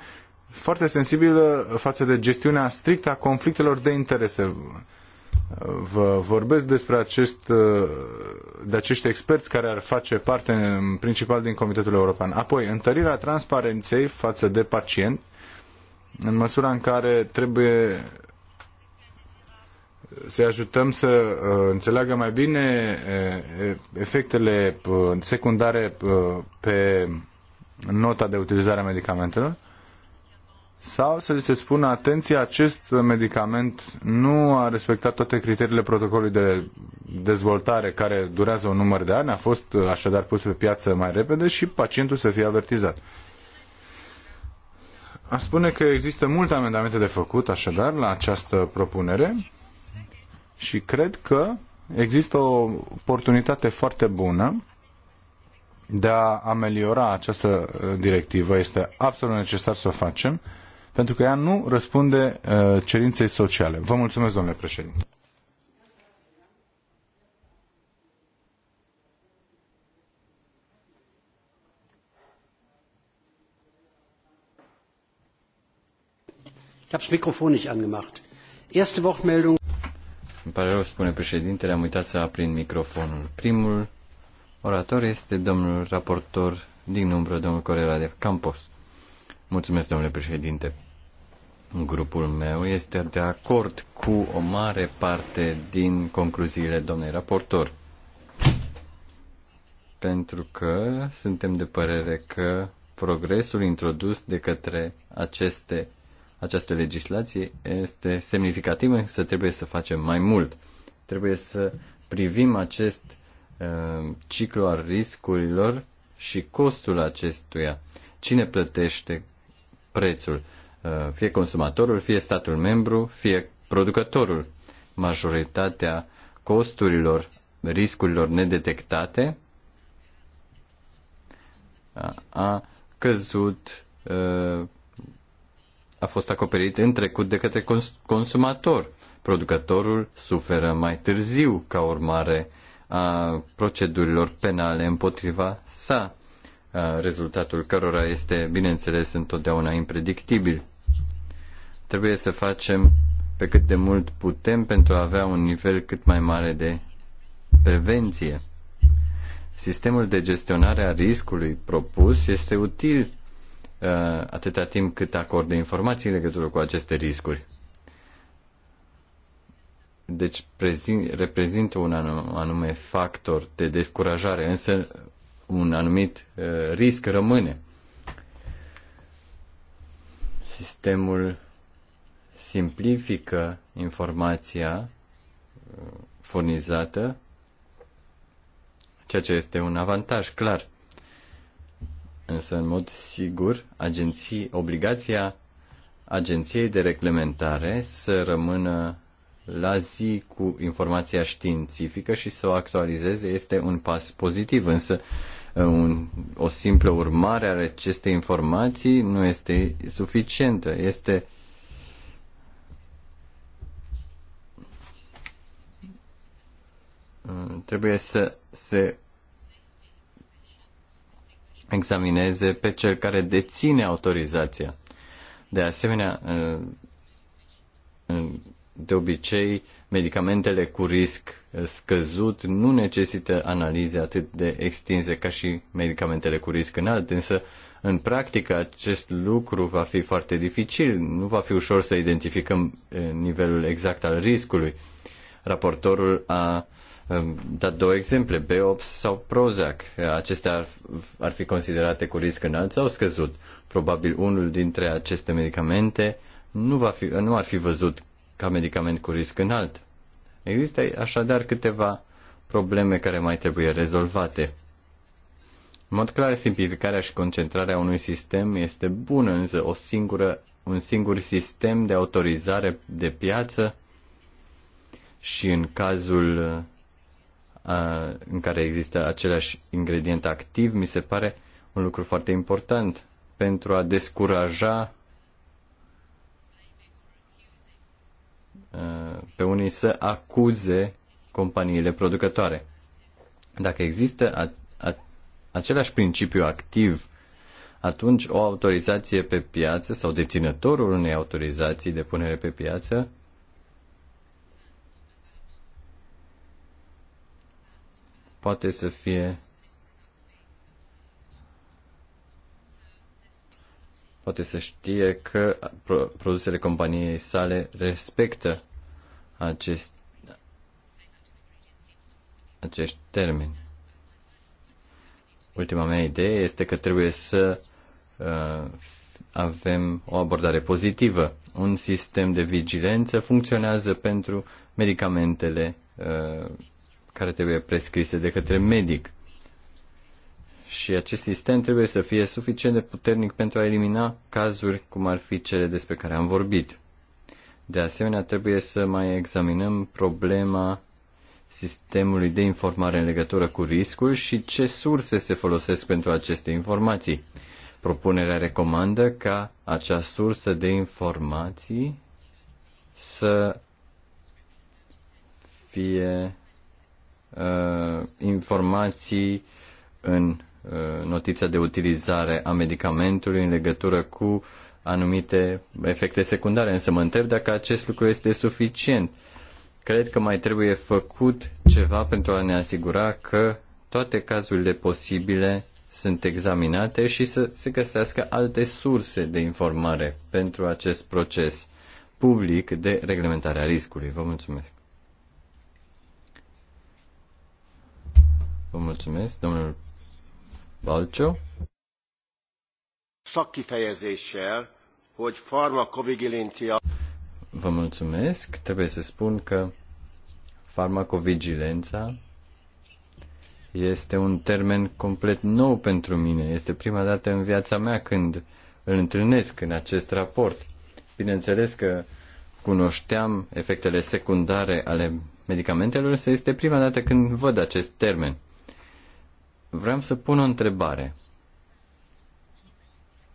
foarte sensibilă față de gestiunea strictă a conflictelor de interese Vă vorbesc despre acest, uh, de acești experți care ar face parte în principal din Comitetul European. Apoi, întărirea transparenței față de pacient, în măsura în care trebuie să ajutăm să uh, înțeleagă mai bine uh, efectele secundare pe nota de utilizare a medicamentelor sau să li se spună, atenție, acest medicament nu a respectat toate criteriile protocolului de dezvoltare care durează un număr de ani, a fost așadar pus pe piață mai repede și pacientul să fie avertizat. A spune că există multe amendamente de făcut, așadar, la această propunere și cred că există o oportunitate foarte bună de a ameliora această directivă. Este absolut necesar să o facem pentru că ea nu răspunde uh, cerinței sociale. Vă mulțumesc, domnule președinte. Îmi pare rău, spune președintele, am uitat să aprind microfonul. Primul orator este domnul raportor din umbră, domnul Corera de Campos. Mulțumesc, domnule președinte. Grupul meu este de acord cu o mare parte din concluziile domnului raportor. Pentru că suntem de părere că progresul introdus de către aceste, această legislație este semnificativ, însă trebuie să facem mai mult. Trebuie să privim acest uh, ciclu al riscurilor și costul acestuia. Cine plătește prețul, uh, fie consumatorul, fie statul membru, fie producătorul. Majoritatea costurilor, riscurilor nedetectate uh, a căzut, uh, a fost acoperit în trecut de către consumator. Producătorul suferă mai târziu ca urmare a procedurilor penale împotriva sa rezultatul cărora este, bineînțeles, întotdeauna impredictibil. Trebuie să facem pe cât de mult putem pentru a avea un nivel cât mai mare de prevenție. Sistemul de gestionare a riscului propus este util atâta timp cât acordă informații în legătură cu aceste riscuri. Deci prezint, reprezintă un anume factor de descurajare, însă un anumit uh, risc rămâne. Sistemul simplifică informația uh, furnizată, ceea ce este un avantaj clar. Însă, în mod sigur, agenții, obligația agenției de reglementare să rămână la zi cu informația științifică și să o actualizeze este un pas pozitiv, însă Uh, un, o simplă urmare a acestei informații nu este suficientă. Este uh, trebuie să se examineze pe cel care deține autorizația. De asemenea, uh, de obicei, medicamentele cu risc scăzut nu necesită analize atât de extinse ca și medicamentele cu risc înalt, însă în practică acest lucru va fi foarte dificil, nu va fi ușor să identificăm eh, nivelul exact al riscului. Raportorul a eh, dat două exemple, Beops sau Prozac. Acestea ar, ar fi considerate cu risc înalt sau scăzut. Probabil unul dintre aceste medicamente nu, va fi, nu ar fi văzut ca medicament cu risc înalt. Există așadar câteva probleme care mai trebuie rezolvate. În mod clar, simplificarea și concentrarea unui sistem este bună, însă o singură, un singur sistem de autorizare de piață și în cazul a, în care există același ingredient activ, mi se pare un lucru foarte important pentru a descuraja Uh, pe unii să acuze companiile producătoare. Dacă există a, a, același principiu activ, atunci o autorizație pe piață sau deținătorul unei autorizații de punere pe piață poate să fie poate să știe că produsele companiei sale respectă acest, acești termeni. Ultima mea idee este că trebuie să uh, avem o abordare pozitivă. Un sistem de vigilență funcționează pentru medicamentele uh, care trebuie prescrise de către medic și acest sistem trebuie să fie suficient de puternic pentru a elimina cazuri cum ar fi cele despre care am vorbit. De asemenea, trebuie să mai examinăm problema sistemului de informare în legătură cu riscul și ce surse se folosesc pentru aceste informații. Propunerea recomandă ca acea sursă de informații să fie uh, informații în Uh, notița de utilizare a medicamentului în legătură cu anumite efecte secundare, însă mă întreb dacă acest lucru este suficient. Cred că mai trebuie făcut ceva pentru a ne asigura că toate cazurile posibile sunt examinate și să se găsească alte surse de informare pentru acest proces public de reglementare a riscului. Vă mulțumesc. Vă mulțumesc, domnul Balcio. Szakkifejezéssel, hogy farmakovigilancia... Vă mulțumesc. Trebuie să spun că farmacovigilența este un termen complet nou pentru mine. Este prima dată în viața mea când îl întâlnesc în acest raport. Bineînțeles că cunoșteam efectele secundare ale medicamentelor, însă este prima dată când văd acest termen. Vreau să pun o întrebare.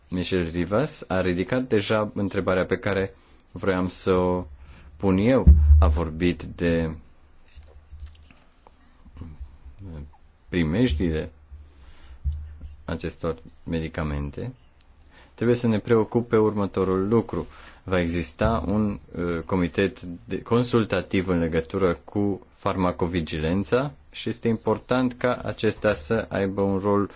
Michel Rivas a ridicat deja întrebarea pe care vreau să o pun eu. A vorbit de primejdile acestor medicamente. Trebuie să ne preocupe următorul lucru. Va exista un uh, comitet de, consultativ în legătură cu farmacovigilența și este important ca acestea să aibă un rol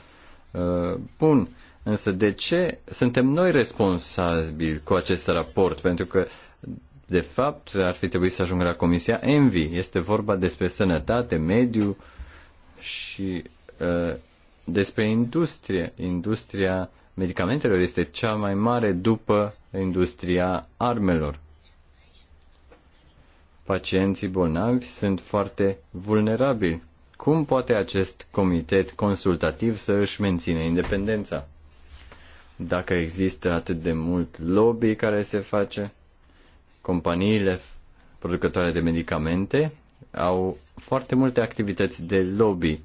uh, bun. Însă de ce suntem noi responsabili cu acest raport? Pentru că, de fapt, ar fi trebuit să ajungă la Comisia Envi. Este vorba despre sănătate, mediu și uh, despre industrie. Industria medicamentelor este cea mai mare după industria armelor. Pacienții bolnavi sunt foarte vulnerabili cum poate acest comitet consultativ să își menține independența? Dacă există atât de mult lobby care se face, companiile producătoare de medicamente au foarte multe activități de lobby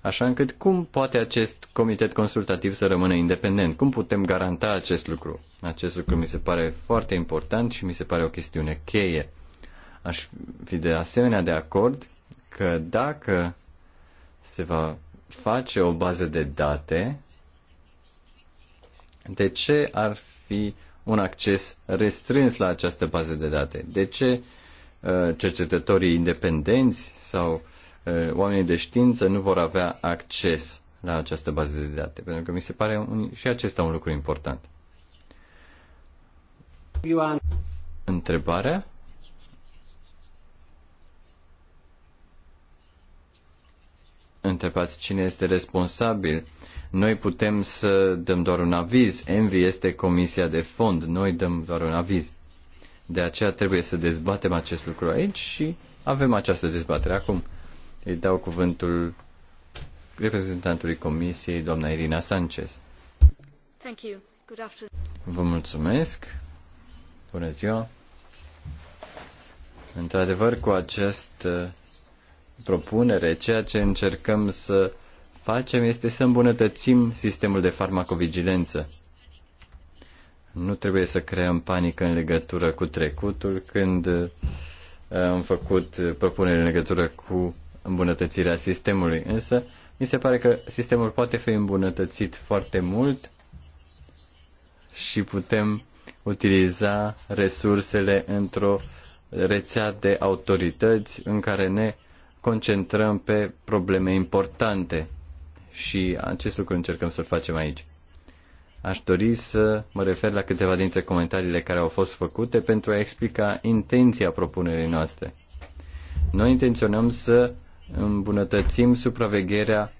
așa încât cum poate acest comitet consultativ să rămână independent? Cum putem garanta acest lucru? Acest lucru mi se pare foarte important și mi se pare o chestiune cheie. Aș fi de asemenea de acord că dacă se va face o bază de date, de ce ar fi un acces restrâns la această bază de date? De ce uh, cercetătorii independenți sau uh, oamenii de știință nu vor avea acces la această bază de date? Pentru că mi se pare un, și acesta un lucru important. Întrebarea? întrebați cine este responsabil. Noi putem să dăm doar un aviz. Envi este comisia de fond. Noi dăm doar un aviz. De aceea trebuie să dezbatem acest lucru aici și avem această dezbatere. Acum îi dau cuvântul reprezentantului comisiei, doamna Irina Sanchez. Thank you. Good afternoon. Vă mulțumesc. Bună ziua. Într-adevăr, cu acest propunere, ceea ce încercăm să facem este să îmbunătățim sistemul de farmacovigilență. Nu trebuie să creăm panică în legătură cu trecutul când uh, am făcut propunerea în legătură cu îmbunătățirea sistemului, însă mi se pare că sistemul poate fi îmbunătățit foarte mult și putem utiliza resursele într-o rețea de autorități în care ne concentrăm pe probleme importante și acest lucru încercăm să-l facem aici. Aș dori să mă refer la câteva dintre comentariile care au fost făcute pentru a explica intenția propunerii noastre. Noi intenționăm să îmbunătățim supravegherea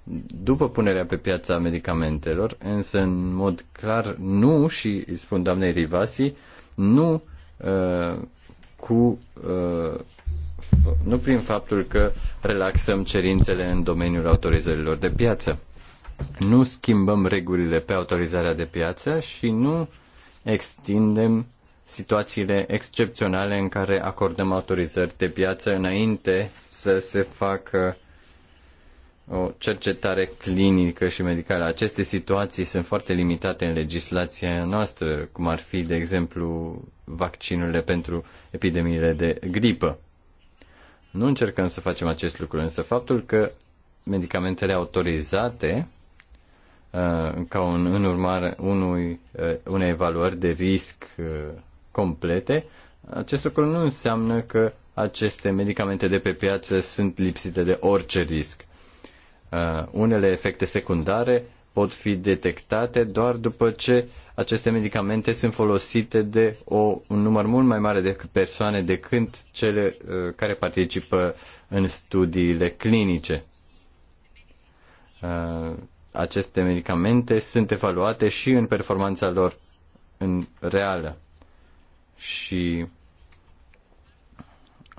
după punerea pe piața medicamentelor, însă în mod clar nu, și spun doamnei Rivasi, nu uh, cu uh, nu prin faptul că relaxăm cerințele în domeniul autorizărilor de piață. Nu schimbăm regulile pe autorizarea de piață și nu extindem situațiile excepționale în care acordăm autorizări de piață înainte să se facă o cercetare clinică și medicală. Aceste situații sunt foarte limitate în legislația noastră, cum ar fi, de exemplu, vaccinurile pentru epidemiile de gripă. Nu încercăm să facem acest lucru, însă faptul că medicamentele autorizate uh, ca un, în urmare unui, uh, unei evaluări de risc uh, complete, acest lucru nu înseamnă că aceste medicamente de pe piață sunt lipsite de orice risc. Unele efecte secundare pot fi detectate doar după ce aceste medicamente sunt folosite de o, un număr mult mai mare de persoane decât cele uh, care participă în studiile clinice. Uh, aceste medicamente sunt evaluate și în performanța lor în reală. Și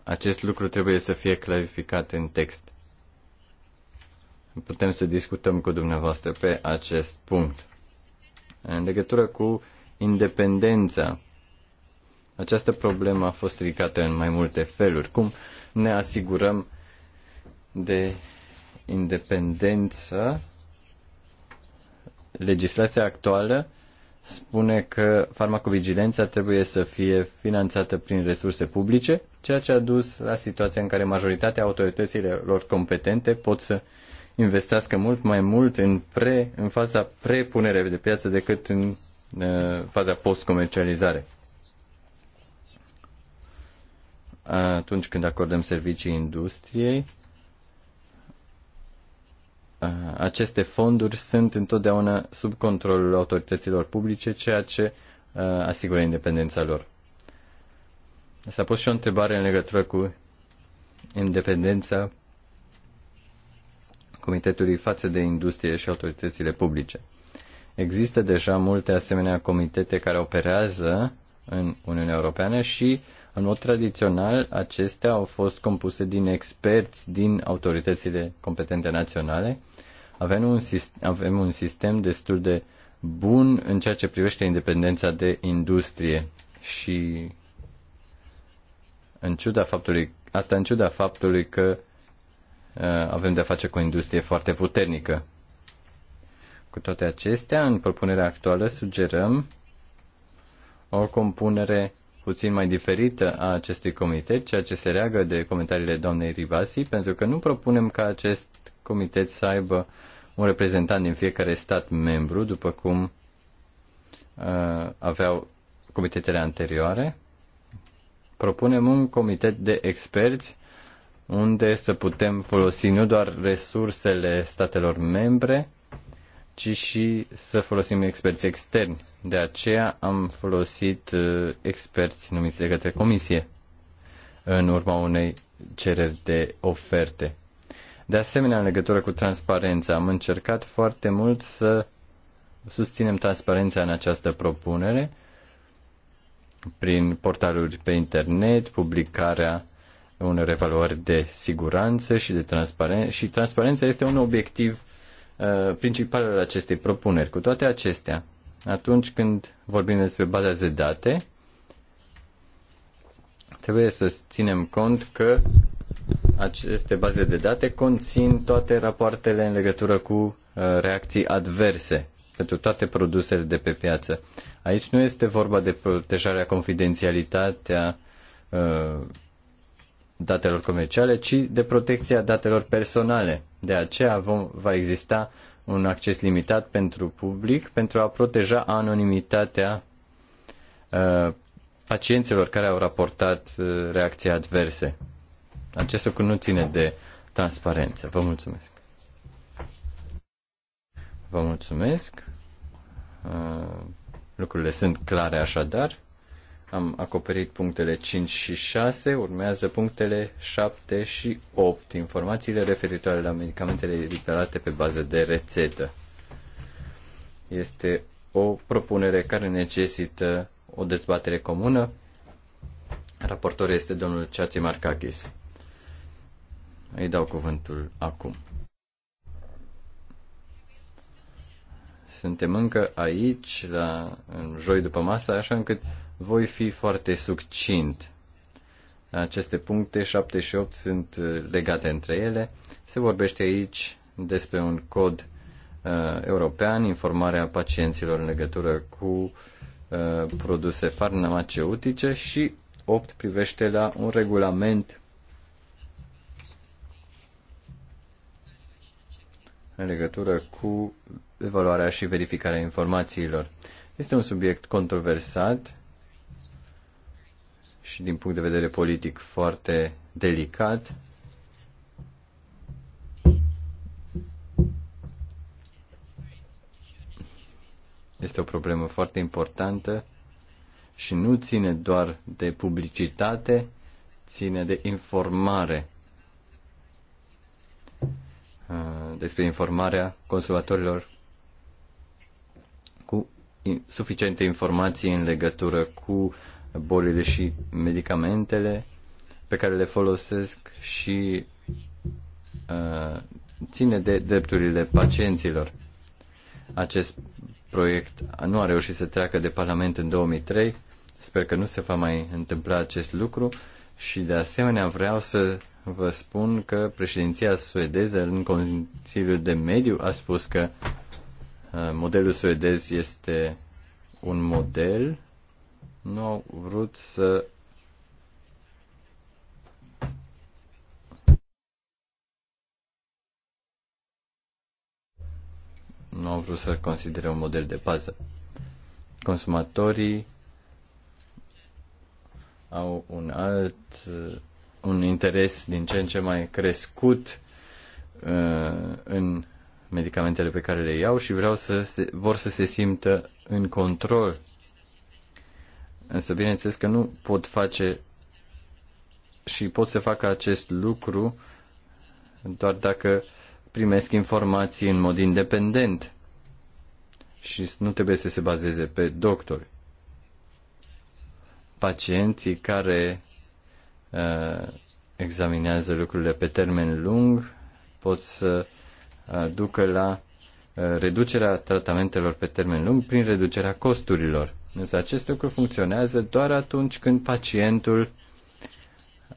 acest lucru trebuie să fie clarificat în text. Putem să discutăm cu dumneavoastră pe acest punct. În legătură cu independența, această problemă a fost ridicată în mai multe feluri. Cum ne asigurăm de independență? Legislația actuală spune că farmacovigilența trebuie să fie finanțată prin resurse publice, ceea ce a dus la situația în care majoritatea autorităților competente pot să investească mult mai mult în, pre, în faza prepunere de piață decât în uh, faza post-comercializare. Atunci când acordăm servicii industriei, uh, aceste fonduri sunt întotdeauna sub controlul autorităților publice, ceea ce uh, asigură independența lor. S-a pus și o întrebare în legătură cu independența Comitetului față de industrie și autoritățile publice. Există deja multe asemenea comitete care operează în Uniunea Europeană și, în mod tradițional, acestea au fost compuse din experți din autoritățile competente naționale. Avem un, sistem, avem un sistem destul de bun în ceea ce privește independența de industrie și în ciuda faptului, asta în ciuda faptului că Uh, avem de-a face cu o industrie foarte puternică. Cu toate acestea, în propunerea actuală sugerăm o compunere puțin mai diferită a acestui comitet, ceea ce se leagă de comentariile doamnei Rivasi, pentru că nu propunem ca acest comitet să aibă un reprezentant din fiecare stat membru, după cum uh, aveau comitetele anterioare. Propunem un comitet de experți unde să putem folosi nu doar resursele statelor membre, ci și să folosim experți externi. De aceea am folosit uh, experți numiți de către comisie în urma unei cereri de oferte. De asemenea, în legătură cu transparența, am încercat foarte mult să susținem transparența în această propunere prin portaluri pe internet, publicarea unor evaluări de siguranță și de transparență și transparența este un obiectiv uh, principal al acestei propuneri. Cu toate acestea, atunci când vorbim despre baza de date, trebuie să ținem cont că aceste baze de date conțin toate rapoartele în legătură cu uh, reacții adverse pentru toate produsele de pe piață. Aici nu este vorba de protejarea confidențialitatea uh, datelor comerciale, ci de protecția datelor personale. De aceea vom, va exista un acces limitat pentru public pentru a proteja anonimitatea uh, pacienților care au raportat uh, reacții adverse. Acest lucru nu ține de transparență. Vă mulțumesc. Vă mulțumesc. Uh, lucrurile sunt clare așadar. Am acoperit punctele 5 și 6, urmează punctele 7 și 8, informațiile referitoare la medicamentele eliberate pe bază de rețetă. Este o propunere care necesită o dezbatere comună. Raportor este domnul Ceații Marcachis. Îi dau cuvântul acum. Suntem încă aici, la, în joi după masă, așa încât voi fi foarte succint. Aceste puncte 7 și 8 sunt uh, legate între ele. Se vorbește aici despre un cod uh, european, informarea pacienților în legătură cu uh, produse farmaceutice și 8 privește la un regulament în legătură cu evaluarea și verificarea informațiilor. Este un subiect controversat și din punct de vedere politic foarte delicat. Este o problemă foarte importantă și nu ține doar de publicitate, ține de informare. Uh, despre informarea consumatorilor cu suficiente informații în legătură cu bolile și medicamentele pe care le folosesc și uh, ține de drepturile pacienților. Acest proiect nu a reușit să treacă de Parlament în 2003. Sper că nu se va mai întâmpla acest lucru și de asemenea vreau să vă spun că președinția suedeză în Consiliul de Mediu a spus că uh, modelul suedez este un model nu au vrut să nu au vrut să-l considere un model de bază. Consumatorii au un alt, un interes din ce în ce mai crescut uh, în medicamentele pe care le iau și vreau să se, vor să se simtă în control Însă, bineînțeles că nu pot face și pot să facă acest lucru doar dacă primesc informații în mod independent și nu trebuie să se bazeze pe doctori. Pacienții care uh, examinează lucrurile pe termen lung pot să uh, ducă la uh, reducerea tratamentelor pe termen lung prin reducerea costurilor. Însă acest lucru funcționează doar atunci când pacientul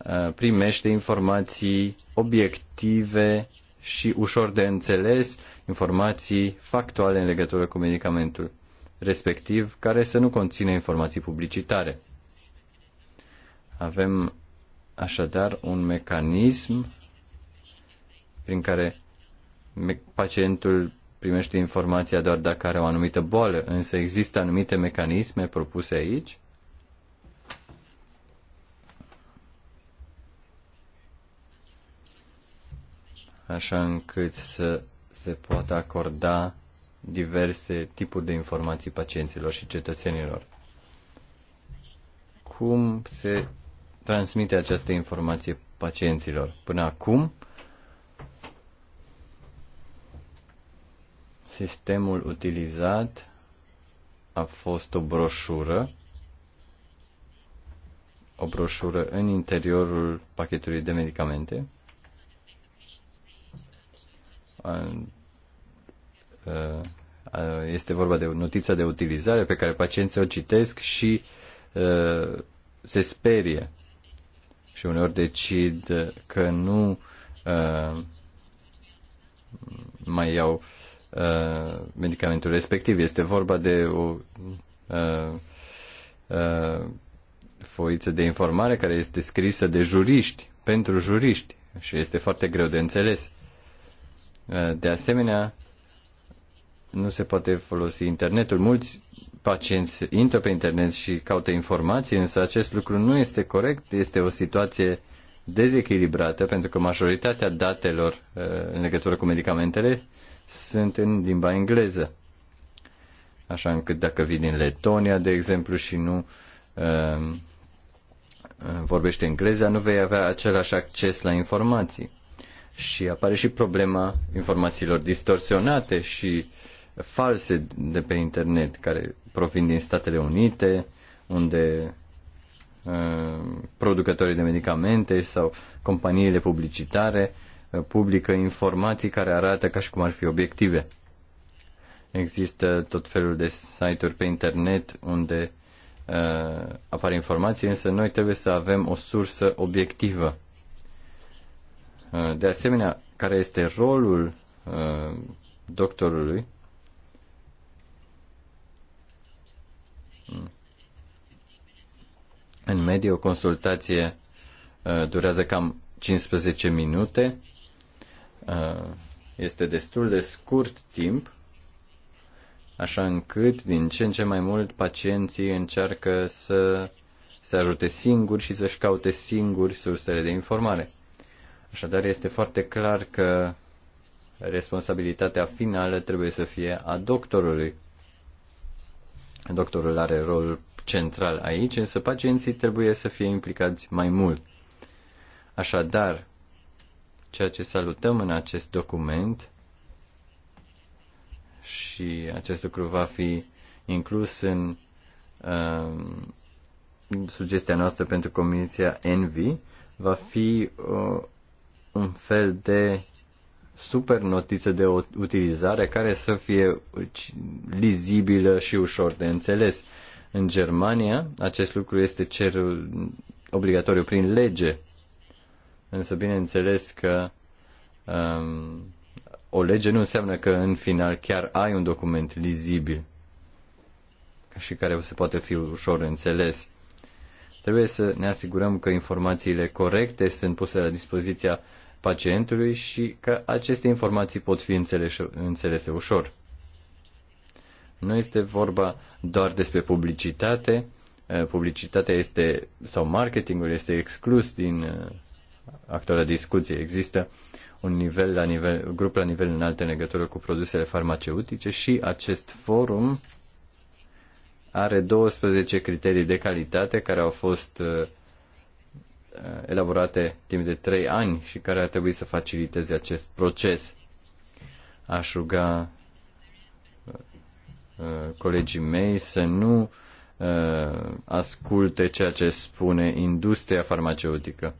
uh, primește informații obiective și ușor de înțeles, informații factuale în legătură cu medicamentul respectiv, care să nu conțină informații publicitare. Avem așadar un mecanism prin care pacientul primește informația doar dacă are o anumită boală, însă există anumite mecanisme propuse aici așa încât să se poată acorda diverse tipuri de informații pacienților și cetățenilor. Cum se transmite această informație pacienților? Până acum, Sistemul utilizat a fost o broșură, o broșură în interiorul pachetului de medicamente. Uh, este vorba de notița de utilizare pe care pacienții o citesc și uh, se sperie și uneori decid că nu uh, mai iau Uh, medicamentul respectiv. Este vorba de o uh, uh, foiță de informare care este scrisă de juriști, pentru juriști și este foarte greu de înțeles. Uh, de asemenea, nu se poate folosi internetul. Mulți pacienți intră pe internet și caută informații, însă acest lucru nu este corect. Este o situație dezechilibrată pentru că majoritatea datelor uh, în legătură cu medicamentele sunt în limba engleză. Așa încât dacă vii din Letonia, de exemplu, și nu uh, um, vorbește engleza, nu vei avea același acces la informații. Și apare și problema informațiilor distorsionate și false de pe internet, care provin din Statele Unite, unde um, producătorii de medicamente sau companiile publicitare uh, publică informații care arată ca și cum ar fi obiective. Există tot felul de site-uri pe internet unde uh, apar informații, însă noi trebuie să avem o sursă obiectivă. Uh, de asemenea, care este rolul uh, doctorului? Hmm. În medie, o consultație uh, durează cam 15 minute este destul de scurt timp, așa încât din ce în ce mai mult pacienții încearcă să se ajute singuri și să-și caute singuri sursele de informare. Așadar, este foarte clar că responsabilitatea finală trebuie să fie a doctorului. Doctorul are rolul central aici, însă pacienții trebuie să fie implicați mai mult. Așadar, Ceea ce salutăm în acest document și acest lucru va fi inclus în uh, sugestia noastră pentru Comisia Envy, va fi uh, un fel de super notiță de utilizare care să fie lizibilă și ușor de înțeles. În Germania, acest lucru este cer obligatoriu prin lege însă bineînțeles că um, o lege nu înseamnă că în final chiar ai un document lizibil și care se poate fi ușor înțeles. Trebuie să ne asigurăm că informațiile corecte sunt puse la dispoziția pacientului și că aceste informații pot fi înțelese, înțelese ușor. Nu este vorba doar despre publicitate. Publicitatea este, sau marketingul este exclus din actuala discuție. Există un nivel la nivel, grup la nivel înalt în legătură cu produsele farmaceutice și acest forum are 12 criterii de calitate care au fost uh, uh, elaborate timp de 3 ani și care ar trebui să faciliteze acest proces. Aș ruga uh, colegii mei să nu asculte ceea ce spune industria farmaceutică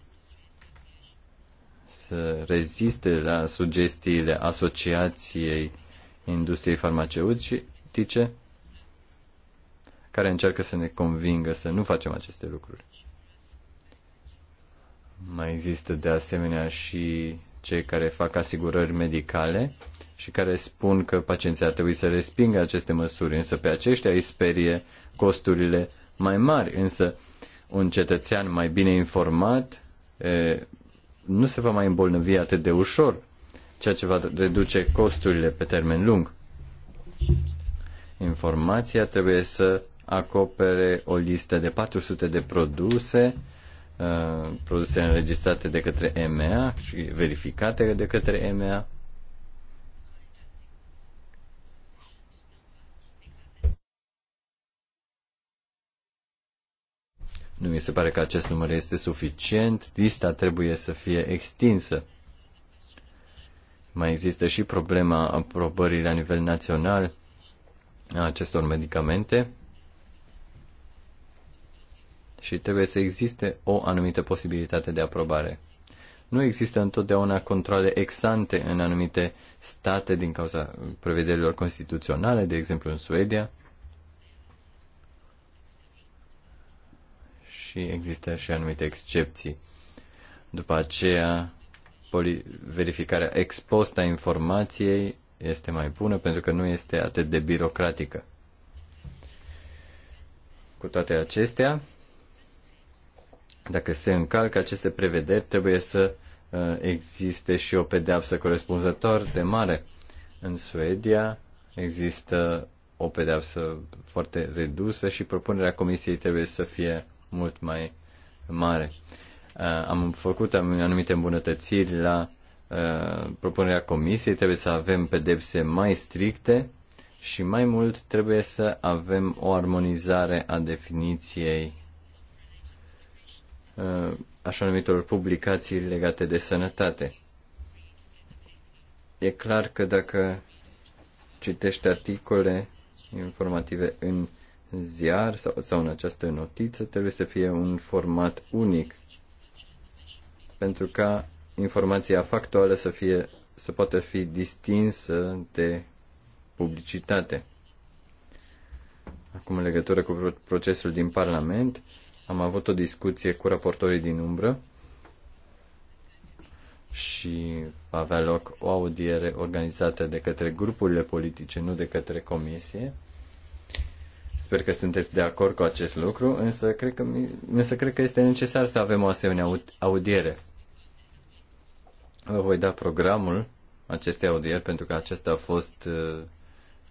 să reziste la sugestiile Asociației Industriei Farmaceutice, care încearcă să ne convingă să nu facem aceste lucruri. Mai există de asemenea și cei care fac asigurări medicale și care spun că pacienții ar trebui să respingă aceste măsuri, însă pe aceștia îi sperie costurile mai mari, însă un cetățean mai bine informat nu se va mai îmbolnăvi atât de ușor, ceea ce va reduce costurile pe termen lung. Informația trebuie să acopere o listă de 400 de produse, uh, produse înregistrate de către EMEA și verificate de către EMEA, Nu mi se pare că acest număr este suficient. Lista trebuie să fie extinsă. Mai există și problema aprobării la nivel național a acestor medicamente și trebuie să existe o anumită posibilitate de aprobare. Nu există întotdeauna controle exante în anumite state din cauza prevederilor constituționale, de exemplu în Suedia, și există și anumite excepții. După aceea, verificarea ex post a informației este mai bună pentru că nu este atât de birocratică. Cu toate acestea, dacă se încalcă aceste prevederi, trebuie să uh, existe și o pedeapsă corespunzător de mare. În Suedia există o pedeapsă foarte redusă și propunerea comisiei trebuie să fie mult mai mare. Uh, am făcut anumite îmbunătățiri la uh, propunerea comisiei, trebuie să avem pedepse mai stricte și mai mult trebuie să avem o armonizare a definiției uh, așa numitor publicații legate de sănătate. E clar că dacă citești articole informative în ziar sau, sau în această notiță trebuie să fie un format unic pentru ca informația factuală să, fie, să poată fi distinsă de publicitate. Acum, în legătură cu procesul din Parlament, am avut o discuție cu raportorii din umbră și va avea loc o audiere organizată de către grupurile politice, nu de către comisie. Sper că sunteți de acord cu acest lucru, însă cred că, însă cred că este necesar să avem o asemenea audiere. Vă voi da programul acestei audieri pentru că acesta a fost uh,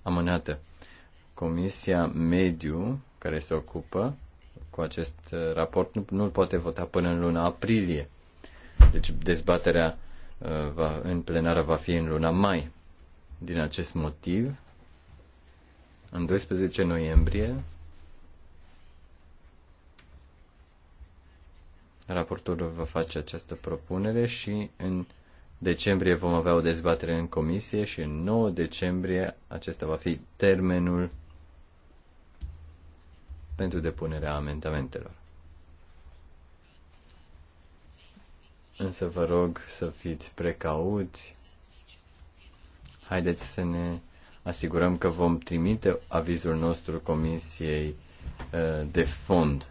amânată. Comisia Mediu, care se ocupă cu acest uh, raport, nu, nu poate vota până în luna aprilie. Deci dezbaterea uh, va, în plenară va fi în luna mai. Din acest motiv, în 12 noiembrie, raportorul va face această propunere și în decembrie vom avea o dezbatere în comisie și în 9 decembrie acesta va fi termenul pentru depunerea amendamentelor. Însă vă rog să fiți precauți. Haideți să ne asigurăm că vom trimite avizul nostru Comisiei uh, de fond.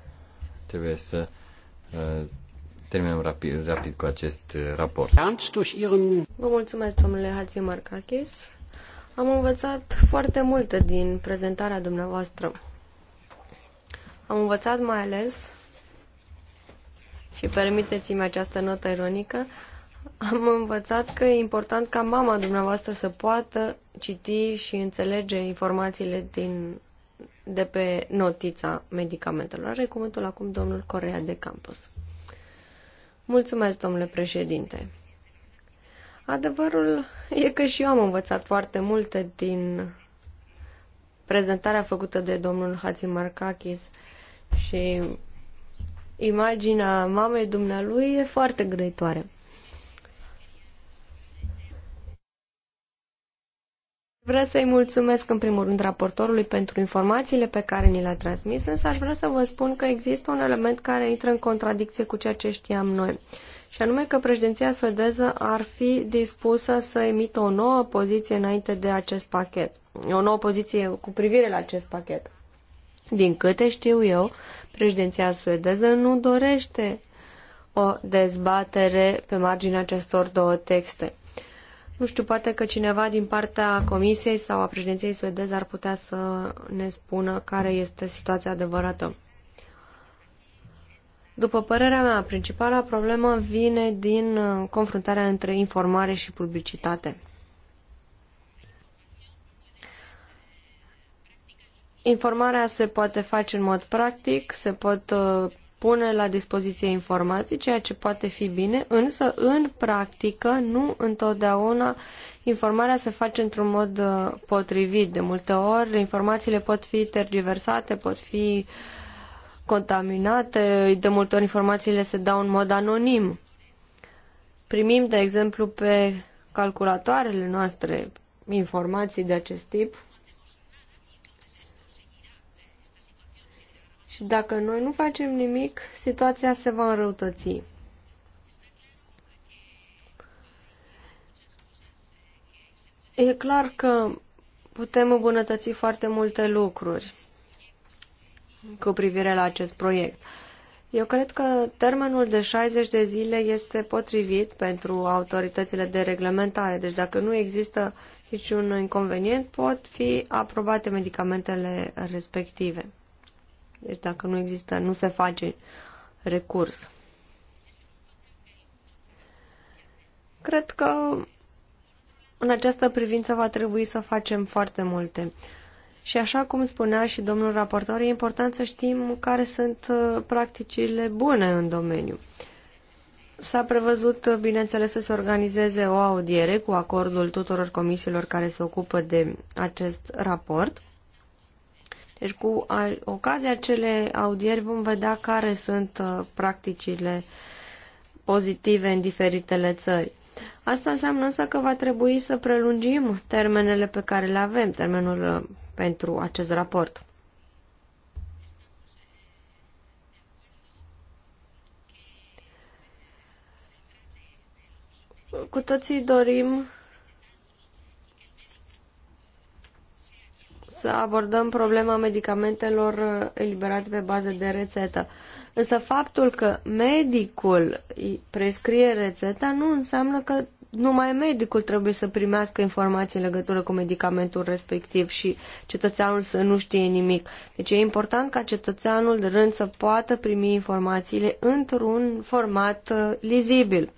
Trebuie să uh, terminăm rapid, rapid cu acest uh, raport. Vă mulțumesc, domnule Hatzimarkakis. Am învățat foarte multe din prezentarea dumneavoastră. Am învățat mai ales, și permiteți-mi această notă ironică, am învățat că e important ca mama dumneavoastră să poată citi și înțelege informațiile din, de pe notița medicamentelor. Are cuvântul acum domnul Corea de Campus. Mulțumesc, domnule președinte. Adevărul e că și eu am învățat foarte multe din prezentarea făcută de domnul Markakis și imaginea mamei dumnealui e foarte grăitoare. vrea să-i mulțumesc în primul rând raportorului pentru informațiile pe care ni le-a transmis, însă aș vrea să vă spun că există un element care intră în contradicție cu ceea ce știam noi, și anume că președinția suedeză ar fi dispusă să emită o nouă poziție înainte de acest pachet, o nouă poziție cu privire la acest pachet. Din câte știu eu, președinția suedeză nu dorește o dezbatere pe marginea acestor două texte. Nu știu, poate că cineva din partea Comisiei sau a președinției suedeze ar putea să ne spună care este situația adevărată. După părerea mea, principala problemă vine din uh, confruntarea între informare și publicitate. Informarea se poate face în mod practic, se pot uh, pune la dispoziție informații, ceea ce poate fi bine, însă în practică nu întotdeauna informarea se face într-un mod uh, potrivit. De multe ori informațiile pot fi tergiversate, pot fi contaminate, de multe ori informațiile se dau în mod anonim. Primim, de exemplu, pe calculatoarele noastre informații de acest tip, Și dacă noi nu facem nimic, situația se va înrăutăți. E clar că putem îmbunătăți foarte multe lucruri cu privire la acest proiect. Eu cred că termenul de 60 de zile este potrivit pentru autoritățile de reglementare. Deci dacă nu există niciun inconvenient, pot fi aprobate medicamentele respective. Deci dacă nu există, nu se face recurs. Cred că în această privință va trebui să facem foarte multe. Și așa cum spunea și domnul raportor, e important să știm care sunt uh, practicile bune în domeniu. S-a prevăzut, uh, bineînțeles, să se organizeze o audiere cu acordul tuturor comisiilor care se ocupă de acest raport. Deci cu ocazia acelei audieri vom vedea care sunt uh, practicile pozitive în diferitele țări. Asta înseamnă însă că va trebui să prelungim termenele pe care le avem, termenul uh, pentru acest raport. Cu toții dorim să abordăm problema medicamentelor uh, eliberate pe bază de rețetă. Însă faptul că medicul prescrie rețeta nu înseamnă că numai medicul trebuie să primească informații în legătură cu medicamentul respectiv și cetățeanul să nu știe nimic. Deci e important ca cetățeanul de rând să poată primi informațiile într-un format uh, lizibil.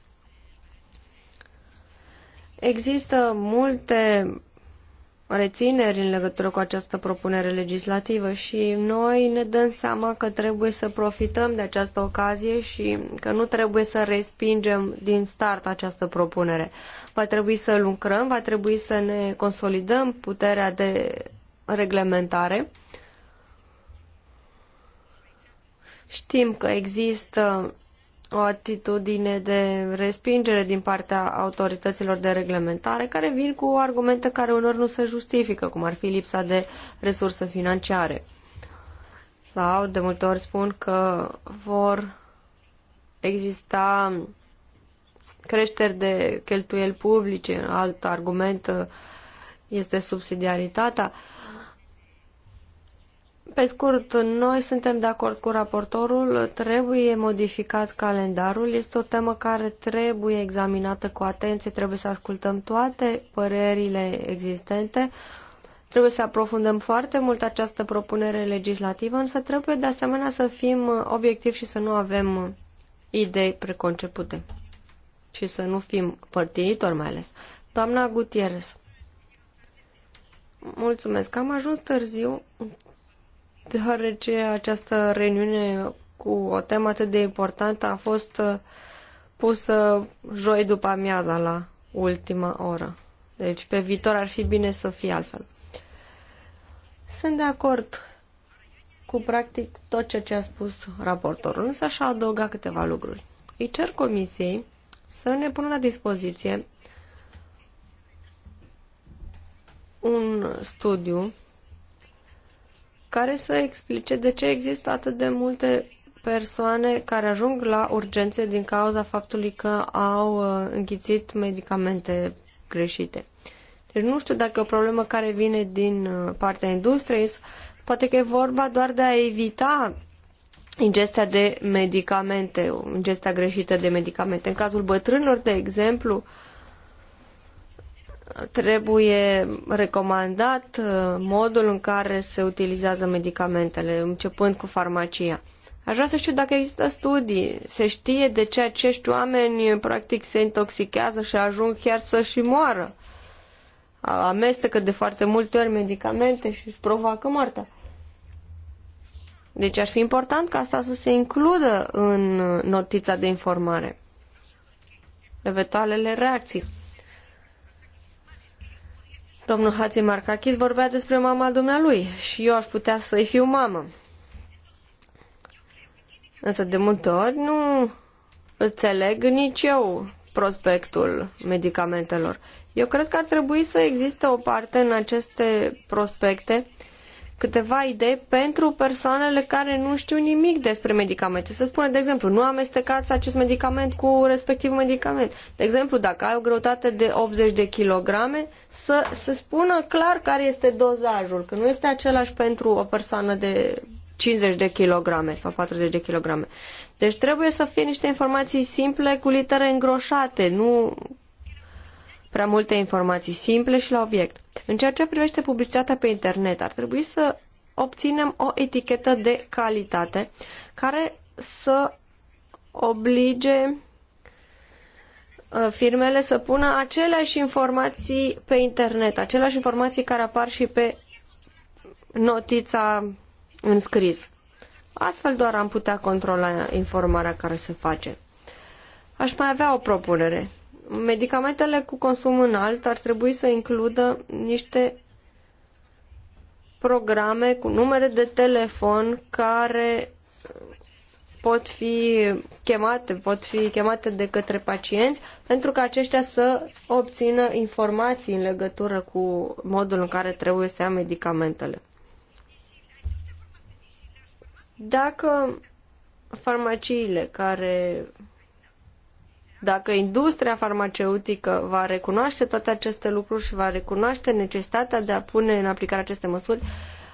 Există multe rețineri în legătură cu această propunere legislativă și noi ne dăm seama că trebuie să profităm de această ocazie și că nu trebuie să respingem din start această propunere. Va trebui să lucrăm, va trebui să ne consolidăm puterea de reglementare. Știm că există o atitudine de respingere din partea autorităților de reglementare care vin cu argumente care unor nu se justifică, cum ar fi lipsa de resurse financiare. Sau de multe ori spun că vor exista creșteri de cheltuieli publice, alt argument este subsidiaritatea. Uh, pe scurt, noi suntem de acord cu raportorul, trebuie modificat calendarul, este o temă care trebuie examinată cu atenție, trebuie să ascultăm toate părerile existente, trebuie să aprofundăm foarte mult această propunere legislativă, însă trebuie de asemenea să fim obiectivi și să nu avem idei preconcepute și să nu fim părtinitori mai ales. Doamna Gutierrez. Mulțumesc, am ajuns târziu, deoarece această reuniune cu o temă atât de importantă a fost uh, pusă joi după amiaza la ultima oră. Deci pe viitor ar fi bine să fie altfel. Sunt de acord cu practic tot ceea ce a spus raportorul, însă și-a câteva lucruri. Îi cer comisiei să ne pună la dispoziție un studiu care să explice de ce există atât de multe persoane care ajung la urgențe din cauza faptului că au uh, înghițit medicamente greșite. Deci nu știu dacă e o problemă care vine din uh, partea industriei, poate că e vorba doar de a evita ingestia de medicamente, ingestia greșită de medicamente. În cazul bătrânilor, de exemplu, trebuie recomandat uh, modul în care se utilizează medicamentele, începând cu farmacia. Aș vrea să știu dacă există studii, se știe de ce acești oameni practic se intoxichează și ajung chiar să și moară. Amestecă de foarte multe ori medicamente și își provoacă moartea. Deci ar fi important ca asta să se includă în notița de informare. Eventualele reacții. Domnul Hați Marcachis vorbea despre mama dumnealui și eu aș putea să-i fiu mamă. Însă de multe ori nu înțeleg nici eu prospectul medicamentelor. Eu cred că ar trebui să existe o parte în aceste prospecte uh, câteva idei pentru persoanele care nu știu nimic despre medicamente. Să spunem, de exemplu, nu amestecați acest medicament cu respectivul medicament. De exemplu, dacă ai o greutate de 80 de kilograme, să se spună clar care este dozajul, că nu este același pentru o persoană de 50 de kilograme sau 40 de kilograme. Deci trebuie să fie niște informații simple cu litere îngroșate, nu prea multe informații simple și la obiect. În ceea ce privește publicitatea pe internet, ar trebui să obținem o etichetă de calitate care să oblige uh, firmele să pună aceleași informații pe internet, aceleași informații care apar și pe notița în scris. Astfel doar am putea controla informarea care se face. Aș mai avea o propunere medicamentele cu consum înalt ar trebui să includă niște programe cu numere de telefon care pot fi chemate, pot fi chemate de către pacienți pentru ca aceștia să obțină informații în legătură cu modul în care trebuie să ia medicamentele. Dacă farmaciile care dacă industria farmaceutică va recunoaște toate aceste lucruri și va recunoaște necesitatea de a pune în aplicare aceste măsuri,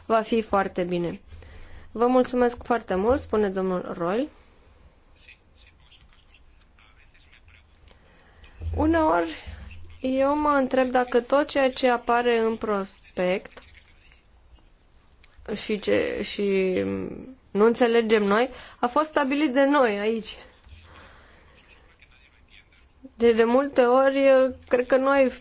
va fi foarte bine. Vă mulțumesc foarte mult, spune domnul Roy. Uneori eu mă întreb dacă tot ceea ce apare în prospect și, ce, și nu înțelegem noi a fost stabilit de noi aici de de multe ori, eh, cred că noi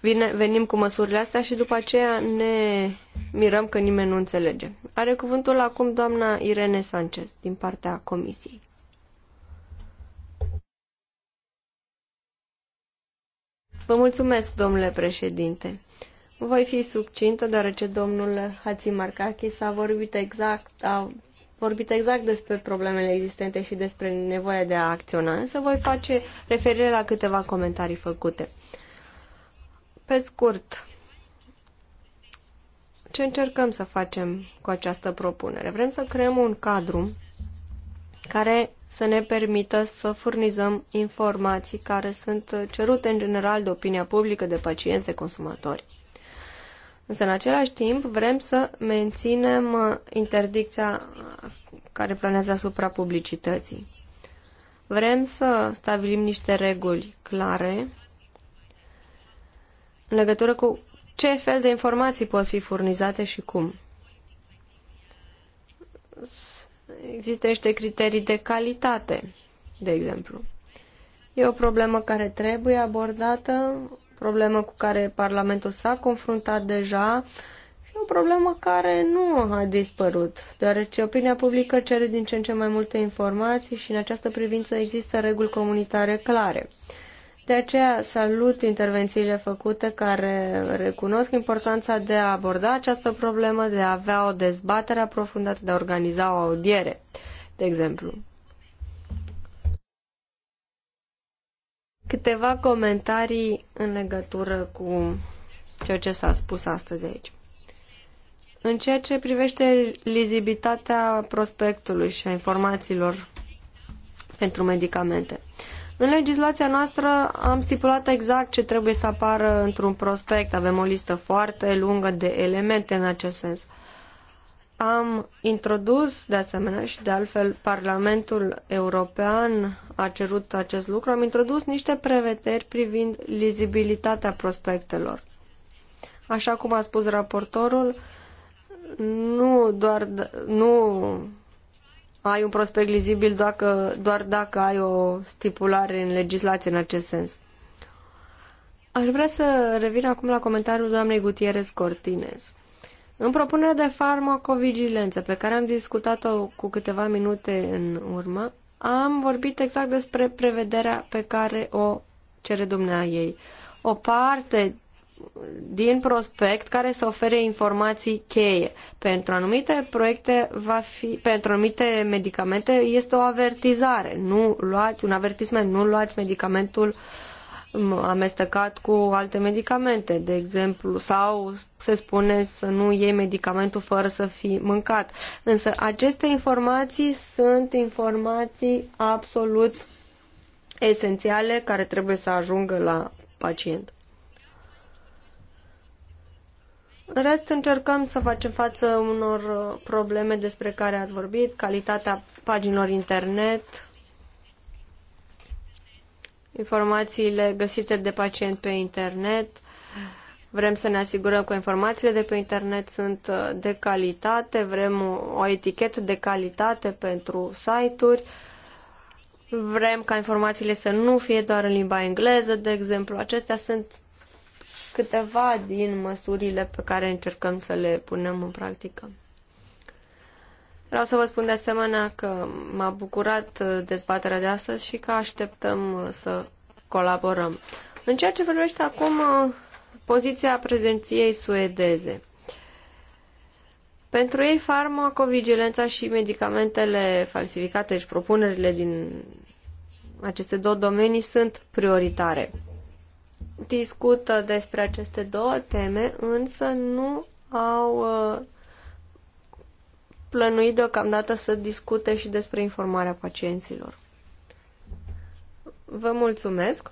vine, venim cu măsurile astea și după aceea ne mirăm că nimeni nu înțelege. Are cuvântul acum doamna Irene Sanchez din partea comisiei. Vă mulțumesc, domnule președinte. Voi fi succintă, deoarece domnul Hatzimarkakis a vorbit exact, a vorbit exact despre problemele existente și despre nevoia de a acționa, însă voi face referire la câteva comentarii făcute. Pe scurt, ce încercăm să facem cu această propunere? Vrem să creăm un cadru care să ne permită să furnizăm informații care sunt cerute în general de opinia publică, de pacienți, de consumatori. Însă, în același timp, vrem să menținem uh, interdicția care planează asupra publicității. Vrem să stabilim niște reguli clare în legătură cu ce fel de informații pot fi furnizate și cum. Există niște criterii de calitate, de exemplu. E o problemă care trebuie abordată, problemă cu care Parlamentul s-a confruntat deja și o problemă care nu a dispărut, deoarece opinia publică cere din ce în ce mai multe informații și în această privință există reguli comunitare clare. De aceea salut intervențiile făcute care recunosc importanța de a aborda această problemă, de a avea o dezbatere aprofundată, de a organiza o audiere, de exemplu. Câteva comentarii în legătură cu ceea ce s-a spus astăzi aici. În ceea ce privește lizibilitatea prospectului și a informațiilor pentru medicamente. În legislația noastră am stipulat exact ce trebuie să apară într-un prospect. Avem o listă foarte lungă de elemente în acest sens. Am introdus, de asemenea, și de altfel Parlamentul European a cerut acest lucru, am introdus niște prevederi privind lizibilitatea prospectelor. Așa cum a spus raportorul, nu doar nu ai un prospect lizibil dacă, doar dacă ai o stipulare în legislație în acest sens. Aș vrea să revin acum la comentariul doamnei Gutierrez Cortines. În propunerea de farmacovigilență, pe care am discutat-o cu câteva minute în urmă, am vorbit exact despre prevederea pe care o cere dumnea ei. O parte din prospect care să ofere informații cheie. Pentru anumite proiecte va fi, pentru anumite medicamente este o avertizare. Nu luați un avertisment, nu luați medicamentul uh, amestecat cu alte medicamente, de exemplu, sau se spune să nu iei medicamentul fără să fii mâncat. Însă aceste informații sunt informații absolut esențiale care trebuie să ajungă la pacient. În rest, încercăm să facem față unor probleme despre care ați vorbit, calitatea paginilor internet, informațiile găsite de pacient pe internet. Vrem să ne asigurăm că informațiile de pe internet sunt uh, de calitate, vrem o etichetă de calitate pentru site-uri, vrem ca informațiile să nu fie doar în limba engleză, de exemplu. Acestea sunt câteva din măsurile pe care încercăm să le punem în practică. Vreau să vă spun de asemenea că m-a bucurat uh, dezbaterea de astăzi și că așteptăm uh, să colaborăm. În ceea ce vorbește acum uh, poziția prezenției suedeze. Pentru ei, farmacovigilența și medicamentele falsificate, deci propunerile din aceste două domenii sunt prioritare. Discută despre aceste două teme, însă nu au uh, plănuit deocamdată să discute și despre informarea pacienților. Vă mulțumesc.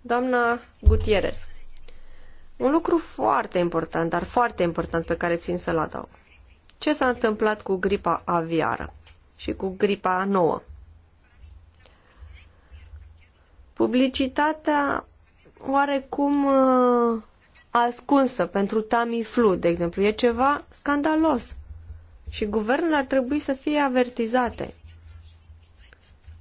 Doamna Gutierrez, un lucru foarte important, dar foarte important pe care țin să-l adaug. Ce s-a întâmplat cu gripa aviară și cu gripa nouă? Publicitatea oarecum uh, ascunsă pentru Tamiflu, de exemplu. E ceva scandalos. Și guvernul ar trebui să fie avertizate.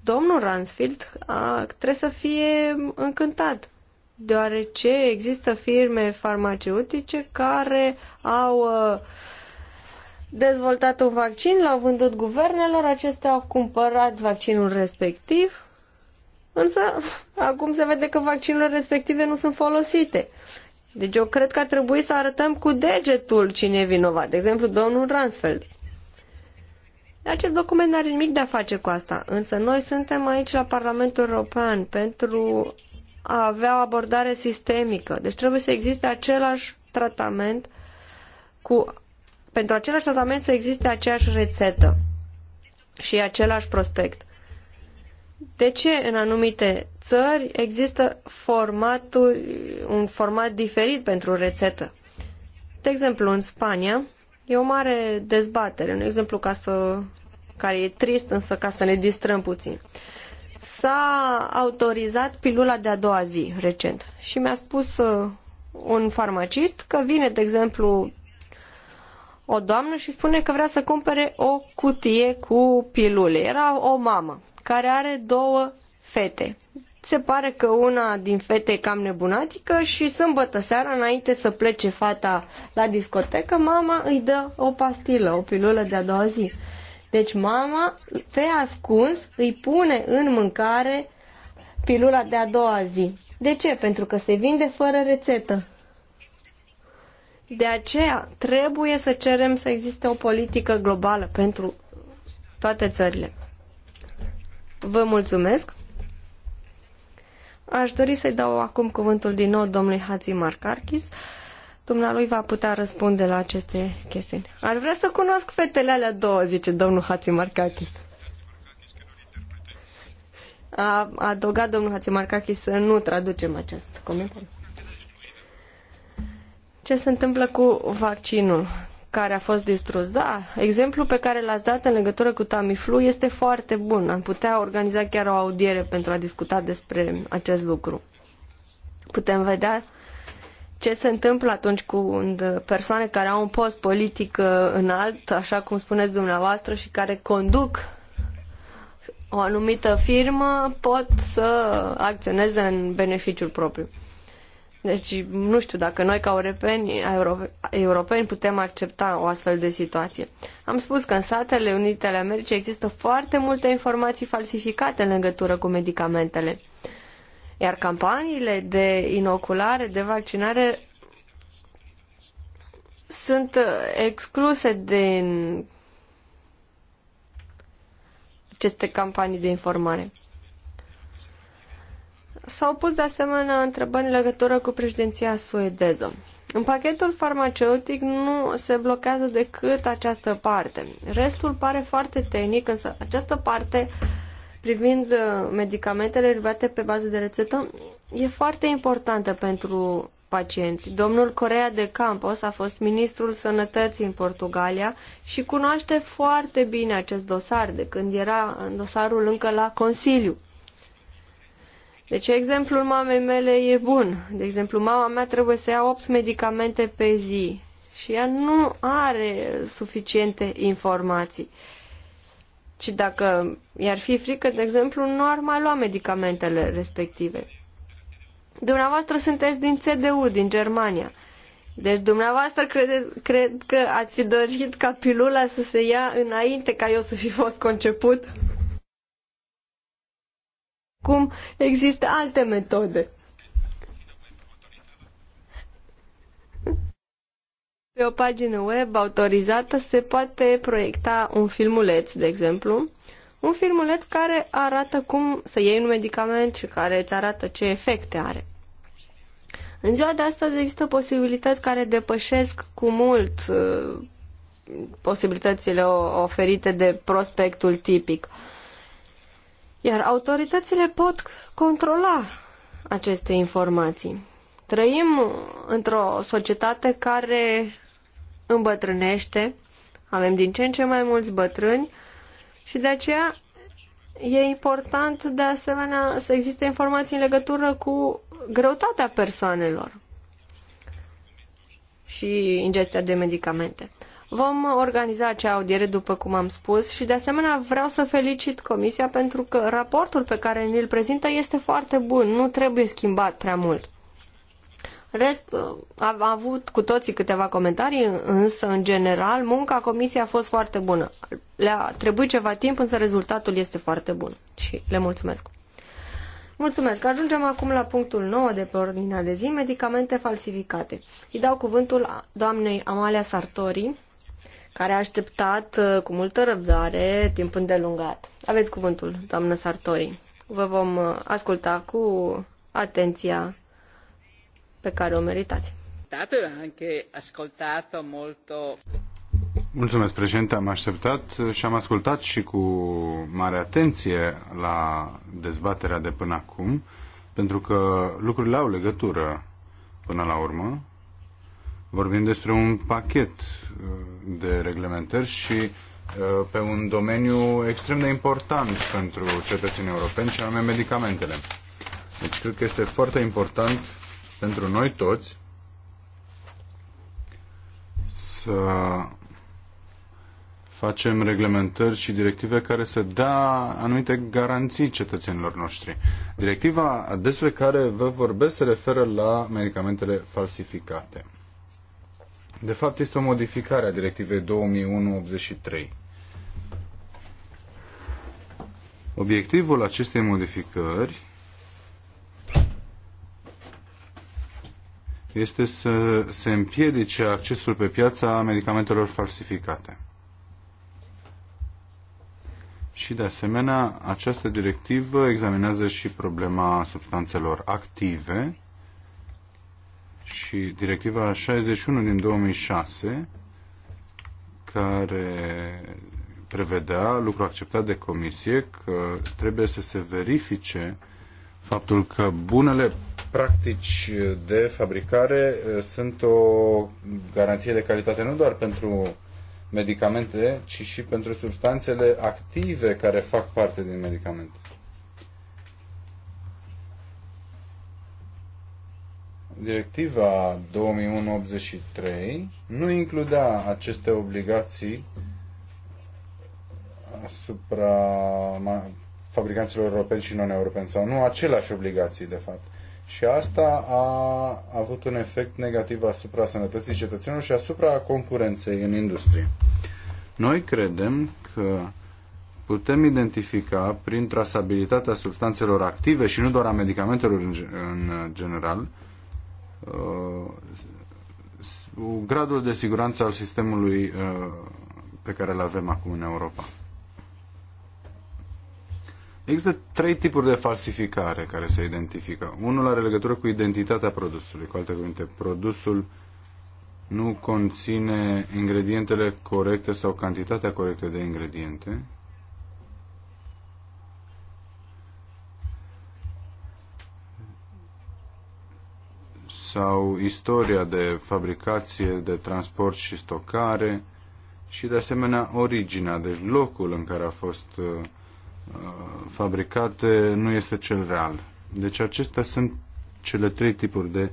Domnul Ransfield a, trebuie să fie încântat, deoarece există firme farmaceutice care au a, dezvoltat un vaccin, l-au vândut guvernelor, acestea au cumpărat vaccinul respectiv, însă (laughs) acum se vede că vaccinurile respective nu sunt folosite. Deci eu cred că ar trebui să arătăm cu degetul cine e vinovat. De exemplu, domnul Ransfeld. Acest document nu are nimic de a face cu asta, însă noi suntem aici la Parlamentul European pentru a avea o abordare sistemică. Deci trebuie să existe același tratament cu pentru același tratament să existe aceeași rețetă și același prospect de ce în anumite țări există formatul, un format diferit pentru rețetă. De exemplu, în Spania e o mare dezbatere, un exemplu ca să, care e trist, însă ca să ne distrăm puțin. S-a autorizat pilula de-a doua zi recent și mi-a spus uh, un farmacist că vine, de exemplu, o doamnă și spune că vrea să cumpere o cutie cu pilule. Era o mamă care are două fete. Se pare că una din fete e cam nebunatică și sâmbătă seara, înainte să plece fata la discotecă, mama îi dă o pastilă, o pilulă de-a doua zi. Deci mama, pe ascuns, îi pune în mâncare pilula de-a doua zi. De ce? Pentru că se vinde fără rețetă. De aceea trebuie să cerem să existe o politică globală pentru toate țările. Vă mulțumesc. Aș dori să-i dau acum cuvântul din nou domnului Hatzi Marcarchis. Dumnealui va putea răspunde la aceste chestiuni. Ar vrea să cunosc fetele alea două, zice domnul Hatzi Marcarchis. A adăugat domnul Hatzi Marcarchis să nu traducem acest comentariu. Ce se întâmplă cu vaccinul? care a fost distrus. Da, exemplul pe care l-ați dat în legătură cu Tamiflu este foarte bun. Am putea organiza chiar o audiere pentru a discuta despre acest lucru. Putem vedea ce se întâmplă atunci când persoane care au un post politic uh, înalt, așa cum spuneți dumneavoastră, și care conduc o anumită firmă, pot să acționeze în beneficiul propriu. Deci nu știu dacă noi ca europeni, europeni putem accepta o astfel de situație. Am spus că în Statele Unite ale Americii există foarte multe informații falsificate în legătură cu medicamentele. Iar campaniile de inoculare, de vaccinare sunt uh, excluse din aceste campanii de informare. S-au pus de asemenea întrebări în legătură cu președinția suedeză. În pachetul farmaceutic nu se blochează decât această parte. Restul pare foarte tehnic, însă această parte privind uh, medicamentele derivate pe bază de rețetă e foarte importantă pentru pacienți. Domnul Corea de Campos a fost ministrul sănătății în Portugalia și cunoaște foarte bine acest dosar de când era în dosarul încă la Consiliu. Deci exemplul mamei mele e bun. De exemplu, mama mea trebuie să ia 8 medicamente pe zi și ea nu are suficiente informații. Și dacă i-ar fi frică, de exemplu, nu ar mai lua medicamentele respective. Dumneavoastră sunteți din CDU, din Germania. Deci dumneavoastră credeți cred că ați fi dorit ca pilula să se ia înainte ca eu să fi fost conceput? Cum există alte metode. Pe o pagină web autorizată se poate proiecta un filmuleț, de exemplu, un filmuleț care arată cum să iei un medicament și care îți arată ce efecte are. În ziua de astăzi există posibilități care depășesc cu mult uh, posibilitățile oferite de prospectul tipic. Uh, iar autoritățile pot controla aceste informații. Trăim într-o societate care îmbătrânește, avem din ce în ce mai mulți bătrâni și de aceea e important de asemenea să existe informații în legătură cu greutatea persoanelor și ingestia de medicamente. Vom organiza acea audiere, după cum am spus, și de asemenea vreau să felicit Comisia pentru că raportul pe care ni-l prezintă este foarte bun, nu trebuie schimbat prea mult. Rest, am avut cu toții câteva comentarii, însă, în general, munca comisiei a fost foarte bună. Le-a trebuit ceva timp, însă rezultatul este foarte bun și le mulțumesc. Mulțumesc. Ajungem acum la punctul 9 de pe ordinea de zi, medicamente falsificate. Îi dau cuvântul doamnei Amalia Sartori, care a așteptat uh, cu multă răbdare timp îndelungat. Aveți cuvântul, doamnă Sartori. Vă vom uh, asculta cu atenția pe care o meritați. Mulțumesc, președinte. Am așteptat uh, și am ascultat și cu mare atenție la dezbaterea de până acum, pentru că lucrurile au legătură până la urmă vorbim despre un pachet uh, de reglementări și uh, pe un domeniu extrem de important pentru cetățenii europeni și anume medicamentele. Deci cred că este foarte important pentru noi toți să facem reglementări și directive care să dea anumite garanții cetățenilor noștri. Directiva despre care vă vorbesc se referă la medicamentele falsificate. De fapt, este o modificare a directivei 2001-83. Obiectivul acestei modificări este să se împiedice accesul pe piața medicamentelor falsificate. Și, de asemenea, această directivă examinează și problema substanțelor active, și directiva 61 din 2006 care prevedea, lucru acceptat de comisie, că trebuie să se verifice faptul că bunele practici de fabricare eh, sunt o garanție de calitate nu doar pentru medicamente, ci și pentru substanțele active care fac parte din medicamente. Directiva 2183 nu includea aceste obligații asupra fabricanților europeni și non-europeni sau nu aceleași obligații, de fapt. Și asta a avut un efect negativ asupra sănătății cetățenilor și asupra concurenței în industrie. Noi credem că putem identifica prin trasabilitatea substanțelor active și nu doar a medicamentelor în general, Uh, gradul de siguranță al sistemului uh, pe care îl avem acum în Europa. Există trei tipuri de falsificare care se identifică. Unul are legătură cu identitatea produsului. Cu alte cuvinte, produsul nu conține ingredientele corecte sau cantitatea corectă de ingrediente. sau istoria de fabricație, de transport și stocare și de asemenea originea, deci locul în care a fost uh, fabricate nu este cel real. Deci acestea sunt cele trei tipuri de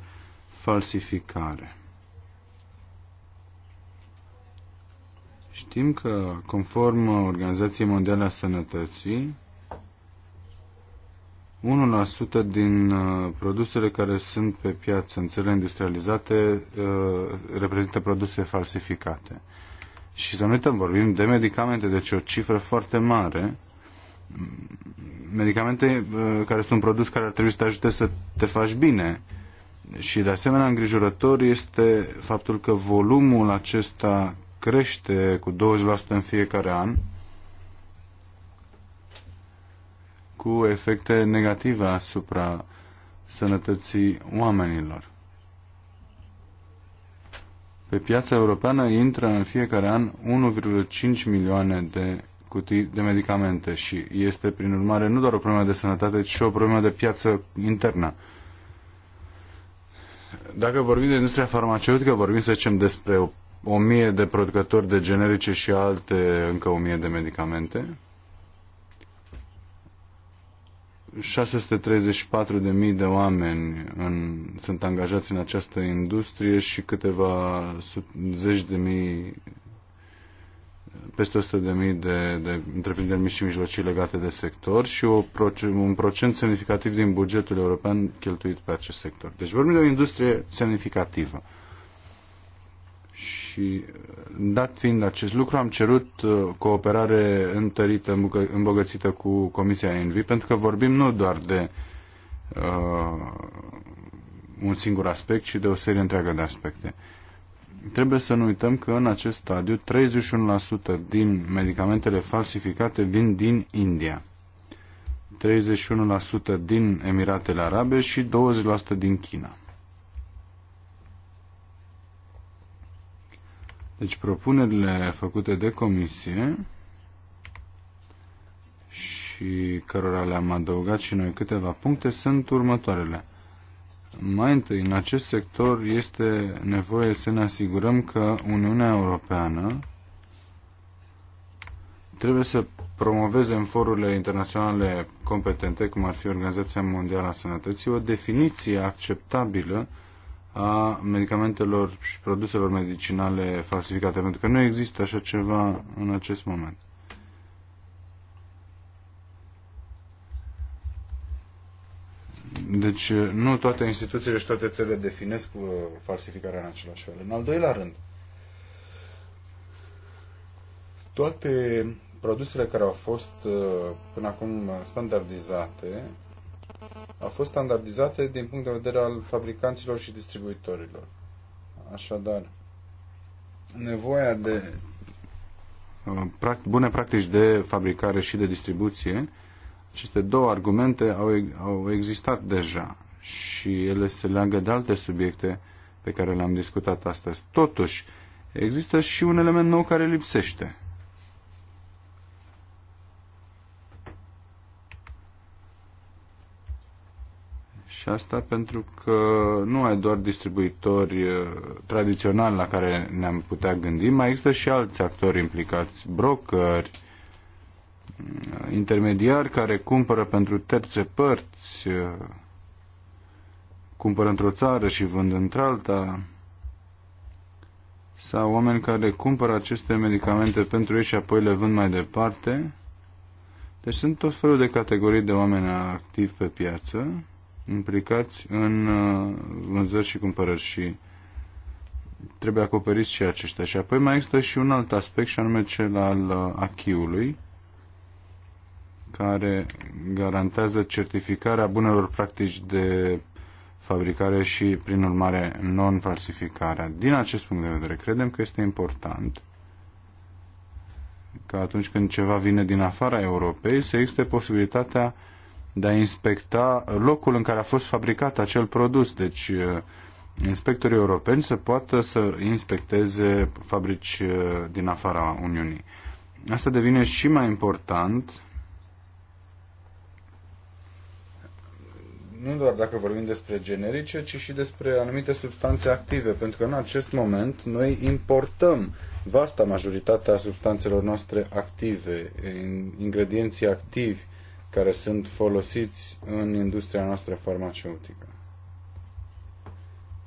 falsificare. Știm că, conform Organizației Mondiale a Sănătății, 1% din uh, produsele care sunt pe piață în țările industrializate uh, reprezintă produse falsificate. Și să nu uităm, vorbim de medicamente, deci o cifră foarte mare. Medicamente uh, care sunt un produs care ar trebui să te ajute să te faci bine. Și de asemenea îngrijorător este faptul că volumul acesta crește cu 20% în fiecare an, cu efecte negative asupra sănătății oamenilor. Pe piața europeană intră în fiecare an 1,5 milioane de cutii de medicamente și este, prin urmare, nu doar o problemă de sănătate, ci și o problemă de piață internă. Dacă vorbim de industria farmaceutică, vorbim, să zicem, despre o, o mie de producători de generice și alte încă o mie de medicamente, 634.000 de de oameni în, sunt angajați în această industrie și câteva zeci de mii, peste 100 de mii de, de întreprinderi mici și mijlocii legate de sector și o, un procent semnificativ din bugetul european cheltuit pe acest sector. Deci vorbim de o industrie semnificativă. Și dat fiind acest lucru, am cerut uh, cooperare întărită, îmbogățită cu Comisia Envi, pentru că vorbim nu doar de uh, un singur aspect, ci de o serie întreagă de aspecte. Trebuie să nu uităm că în acest stadiu 31% din medicamentele falsificate vin din India. 31% din Emiratele Arabe și 20% din China. Deci propunerile făcute de comisie și cărora le-am adăugat și noi câteva puncte sunt următoarele. Mai întâi, în acest sector este nevoie să ne asigurăm că Uniunea Europeană trebuie să promoveze în forurile internaționale competente, cum ar fi Organizația Mondială a Sănătății, o definiție acceptabilă a medicamentelor și produselor medicinale falsificate, pentru că nu există așa ceva în acest moment. Deci nu toate instituțiile și toate țările definesc uh, falsificarea în același fel. În al doilea rând, toate produsele care au fost uh, până acum standardizate au fost standardizate din punct de vedere al fabricanților și distribuitorilor. Așadar, nevoia de uh, bune practici de fabricare și de distribuție, aceste două argumente au, au existat deja și ele se leagă de alte subiecte pe care le-am discutat astăzi. Totuși, există și un element nou care lipsește. Și asta pentru că nu ai doar distribuitori eh, tradiționali la care ne-am putea gândi, mai există și alți actori implicați, brokeri, mm, intermediari care cumpără pentru terțe părți, eh, cumpără într-o țară și vând într-alta, sau oameni care cumpără aceste medicamente pentru ei și apoi le vând mai departe. Deci sunt tot felul de categorii de oameni activi pe piață implicați în uh, vânzări și cumpărări și trebuie acoperiți și aceștia. Și apoi mai există și un alt aspect și anume cel al uh, achiului care garantează certificarea bunelor practici de fabricare și, prin urmare, non-falsificarea. Din acest punct de vedere, credem că este important că atunci când ceva vine din afara Europei, să existe posibilitatea de a inspecta locul în care a fost fabricat acel produs. Deci eh, inspectorii europeni să poată să inspecteze fabrici eh, din afara Uniunii. Asta devine și mai important nu doar dacă vorbim despre generice, ci și despre anumite substanțe active, pentru că în acest moment noi importăm vasta majoritatea substanțelor noastre active, eh, ingredienții activi, care sunt folosiți în industria noastră farmaceutică.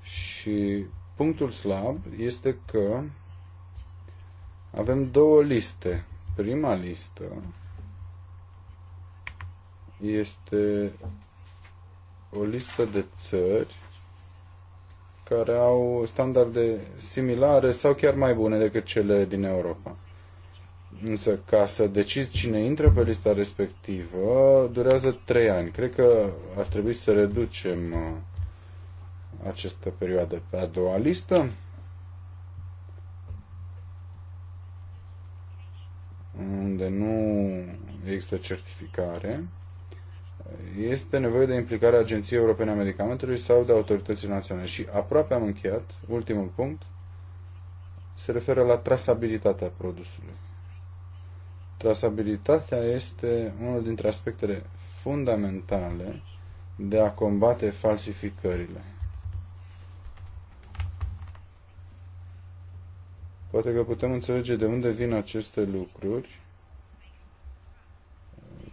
Și punctul slab este că avem două liste. Prima listă este o listă de țări care au standarde similare sau chiar mai bune decât cele din Europa. Însă ca să decizi cine intră pe lista respectivă durează 3 ani. Cred că ar trebui să reducem uh, această perioadă pe a doua listă. unde nu există certificare, este nevoie de implicarea Agenției Europene a Medicamentului sau de autorității naționale. Și aproape am încheiat, ultimul punct, se referă la trasabilitatea produsului. Trasabilitatea este unul dintre aspectele fundamentale de a combate falsificările. Poate că putem înțelege de unde vin aceste lucruri,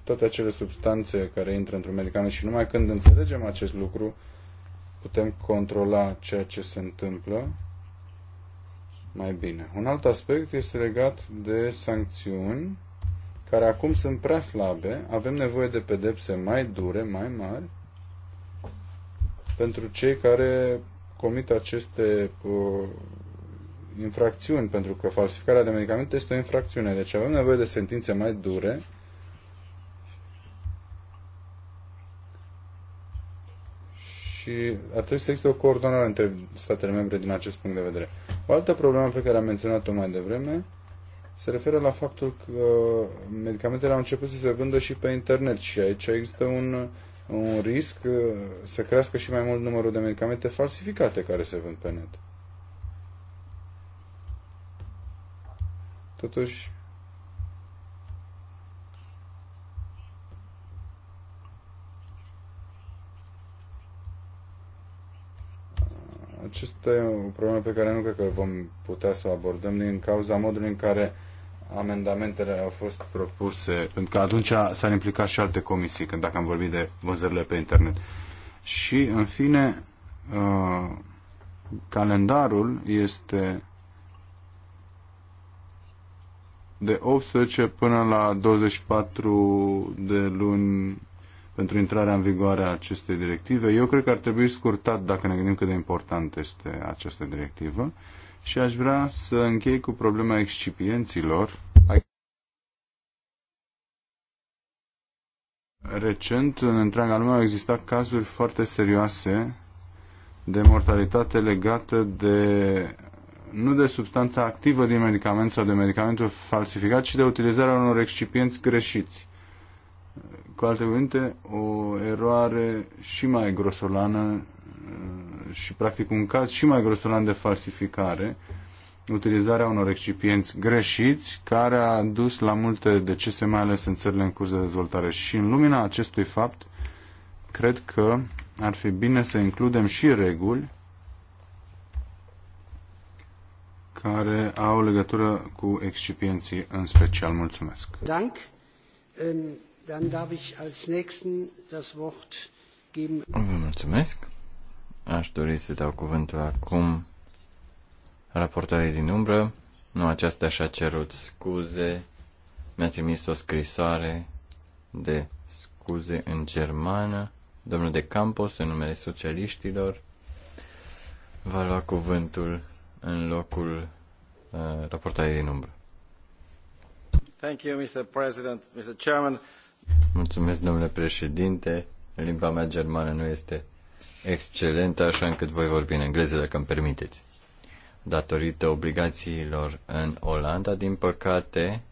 toate acele substanțe care intră într-un medicament și numai când înțelegem acest lucru, putem controla ceea ce se întâmplă mai bine. Un alt aspect este legat de sancțiuni care acum sunt prea slabe, avem nevoie de pedepse mai dure, mai mari, pentru cei care comit aceste uh, infracțiuni, pentru că falsificarea de medicamente este o infracțiune. Deci avem nevoie de sentințe mai dure. Și ar trebui să existe o coordonare între statele membre din acest punct de vedere. O altă problemă pe care am menționat-o mai devreme se referă la faptul că uh, medicamentele au început să se vândă și pe internet și aici există un, un risc uh, să crească și mai mult numărul de medicamente falsificate care se vând pe net. Totuși, acesta e o problemă pe care nu cred că vom putea să o abordăm din cauza modului în care uh, amendamentele au fost propuse, pentru că atunci s-ar implica și alte comisii, când dacă am vorbit de vânzările pe internet. Și, în fine, uh, calendarul este de 18 până la 24 de luni pentru intrarea în vigoare a acestei directive. Eu cred că ar trebui scurtat dacă ne gândim cât de important este această directivă. Uh, și aș vrea să închei cu problema excipienților. Recent, în întreaga lume, au existat cazuri foarte serioase de mortalitate legată de nu de substanța activă din medicament sau de medicamentul falsificat, ci de utilizarea unor excipienți greșiți. Cu alte cuvinte, o eroare și mai grosolană și practic un caz și mai grosolan de falsificare, utilizarea unor excipienți greșiți, care a dus la multe decese, mai ales în țările în curs de dezvoltare. Și în lumina acestui fapt, cred că ar fi bine să includem și reguli care au legătură cu excipienții în special. Mulțumesc. Dank. Ähm, dann darf ich als nächsten das Wort geben. Vă mulțumesc. Aș dori să dau cuvântul acum raportării din umbră. Nu aceasta și-a cerut scuze. Mi-a trimis o scrisoare de scuze în germană. Domnul de Campos, în numele socialiștilor, va lua cuvântul în locul uh, raportării din umbră. Thank you, Mr. President, Mr. Chairman. Mulțumesc, domnule președinte. Limba mea germană nu este excelentă, așa încât voi vorbi în engleză, dacă îmi permiteți. Datorită obligațiilor în Olanda, din păcate,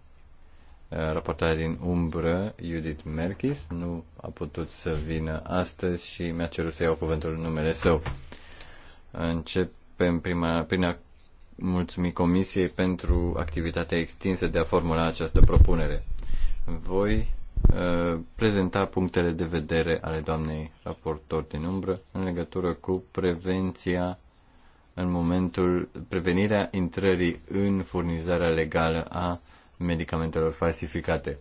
raportarea din umbră, Judith Merkis, nu a putut să vină astăzi și mi-a cerut să iau cuvântul în numele său. Începem prima, prin a mulțumi Comisiei pentru activitatea extinsă de a formula această propunere. Voi Uh, prezenta punctele de vedere ale doamnei raportor din umbră în legătură cu prevenția în momentul prevenirea intrării în furnizarea legală a medicamentelor falsificate.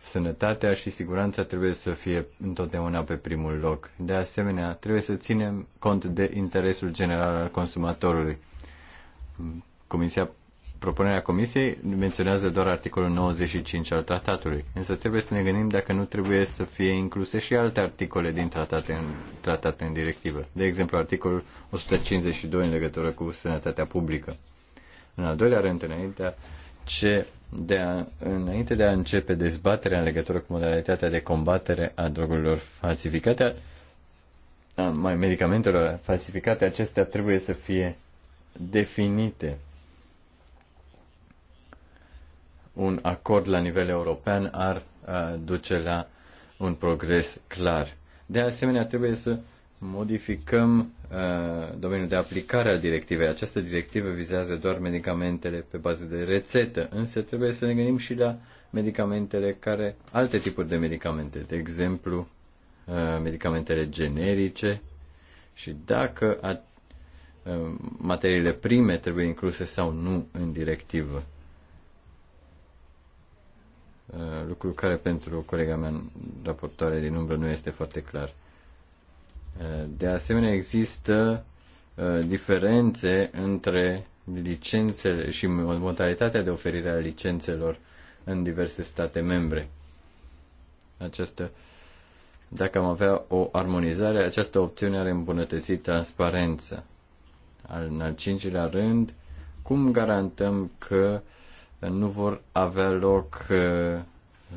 Sănătatea și siguranța trebuie să fie întotdeauna pe primul loc. De asemenea, trebuie să ținem cont de interesul general al consumatorului. Comisia propunerea Comisiei menționează doar articolul 95 al tratatului, însă trebuie să ne gândim dacă nu trebuie să fie incluse și alte articole din tratate în, tratate în directivă, de exemplu articolul 152 în legătură cu sănătatea publică. În al doilea rând, înainte, ce de a, înainte de a începe dezbaterea în legătură cu modalitatea de combatere a drogurilor falsificate, a, mai medicamentelor falsificate, acestea trebuie să fie definite un acord la nivel european ar duce la un progres clar. De asemenea, trebuie să modificăm uh, domeniul de aplicare al directivei. Această directivă vizează doar medicamentele pe bază de rețetă, însă trebuie să ne gândim și la medicamentele care, alte tipuri de medicamente, de exemplu, uh, medicamentele generice și dacă a, uh, materiile prime trebuie incluse sau nu în directivă. Uh, lucru care pentru colega mea raportoare din umbră nu este foarte clar. Uh, de asemenea, există uh, diferențe între licențele și modalitatea de oferire a licențelor în diverse state membre. Această, dacă am avea o armonizare, această opțiune ar îmbunătăți transparența. În al cincilea rând, cum garantăm că uh, nu vor avea loc uh,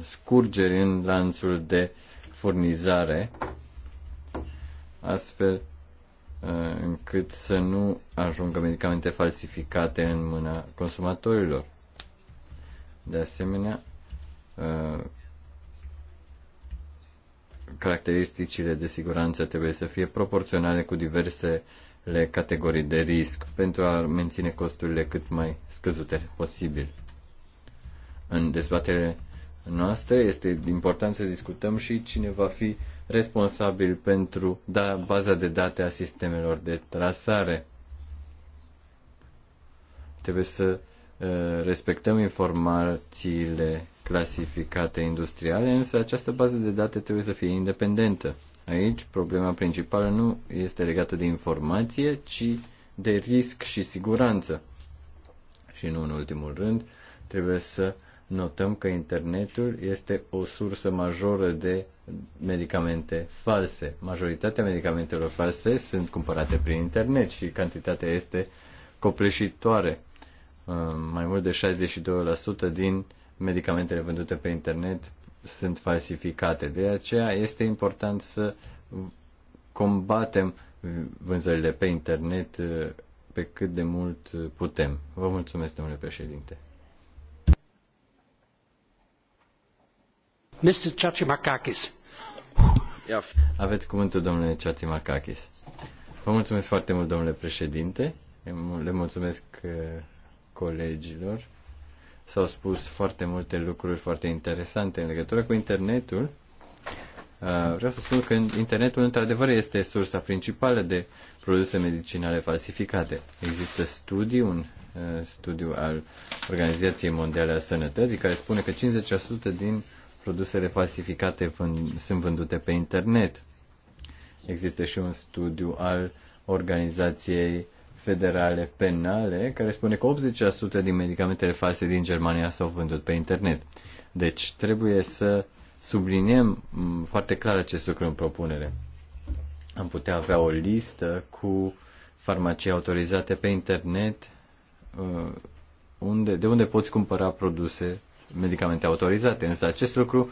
scurgeri în lanțul de furnizare, astfel uh, încât să nu ajungă medicamente falsificate în mâna consumatorilor. De asemenea, uh, caracteristicile de siguranță trebuie să fie proporționale cu diversele categorii de risc pentru a menține costurile cât mai scăzute posibil în dezbaterile noastră Este important să discutăm și cine va fi responsabil pentru da, baza de date a sistemelor de trasare. Trebuie să uh, respectăm informațiile clasificate industriale, însă această bază de date trebuie să fie independentă. Aici problema principală nu este legată de informație, ci de risc și siguranță. Și nu în ultimul rând, trebuie să notăm că internetul este o sursă majoră de medicamente false. Majoritatea medicamentelor false sunt cumpărate prin internet și cantitatea este copleșitoare. Uh, mai mult de 62% din medicamentele vândute pe internet sunt falsificate. De aceea este important să combatem vânzările pe internet uh, pe cât de mult putem. Vă mulțumesc, domnule președinte. Mr. Chachimakakis. Aveți cuvântul, domnule Chachimakakis. Vă mulțumesc foarte mult, domnule președinte. Le mulțumesc uh, colegilor. S-au spus foarte multe lucruri foarte interesante în legătură cu internetul. Uh, vreau să spun că internetul, într-adevăr, este sursa principală de produse medicinale falsificate. Există studii, un uh, studiu al Organizației Mondiale a Sănătății, care spune că 50% din produsele falsificate sunt vândute pe internet. Există și un studiu al Organizației Federale Penale care spune că 80% din medicamentele false din Germania s-au vândut pe internet. Deci trebuie să subliniem mm, foarte clar acest lucru în propunere. Am putea avea o listă cu farmacii autorizate pe internet uh, unde, de unde poți cumpăra produse medicamente autorizate, însă acest lucru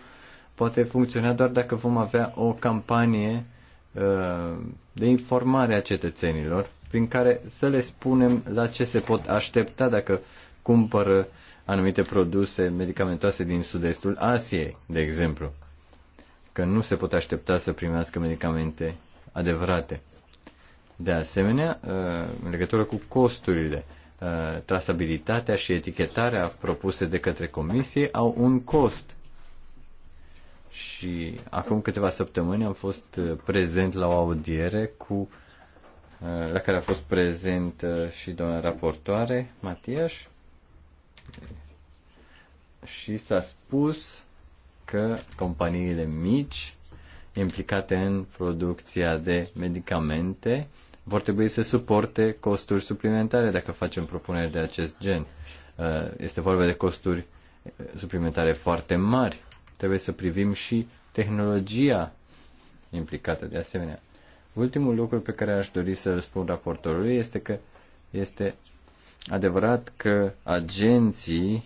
poate funcționa doar dacă vom avea o campanie uh, de informare a cetățenilor prin care să le spunem la ce se pot aștepta dacă cumpără anumite produse medicamentoase din sud-estul Asiei, de exemplu, că nu se pot aștepta să primească medicamente adevărate. De asemenea, uh, în legătură cu costurile, Uh, trasabilitatea și etichetarea propuse de către comisie au un cost. Și acum câteva săptămâni am fost uh, prezent la o audiere cu uh, la care a fost prezent și doamna raportoare, Matias și s-a spus că companiile mici implicate în producția de medicamente vor trebui să suporte costuri suplimentare dacă facem propuneri de acest gen. Uh, este vorba de costuri uh, suplimentare foarte mari. Trebuie să privim și tehnologia implicată de asemenea. Ultimul lucru pe care aș dori să răspund raportorului este că este adevărat că agenții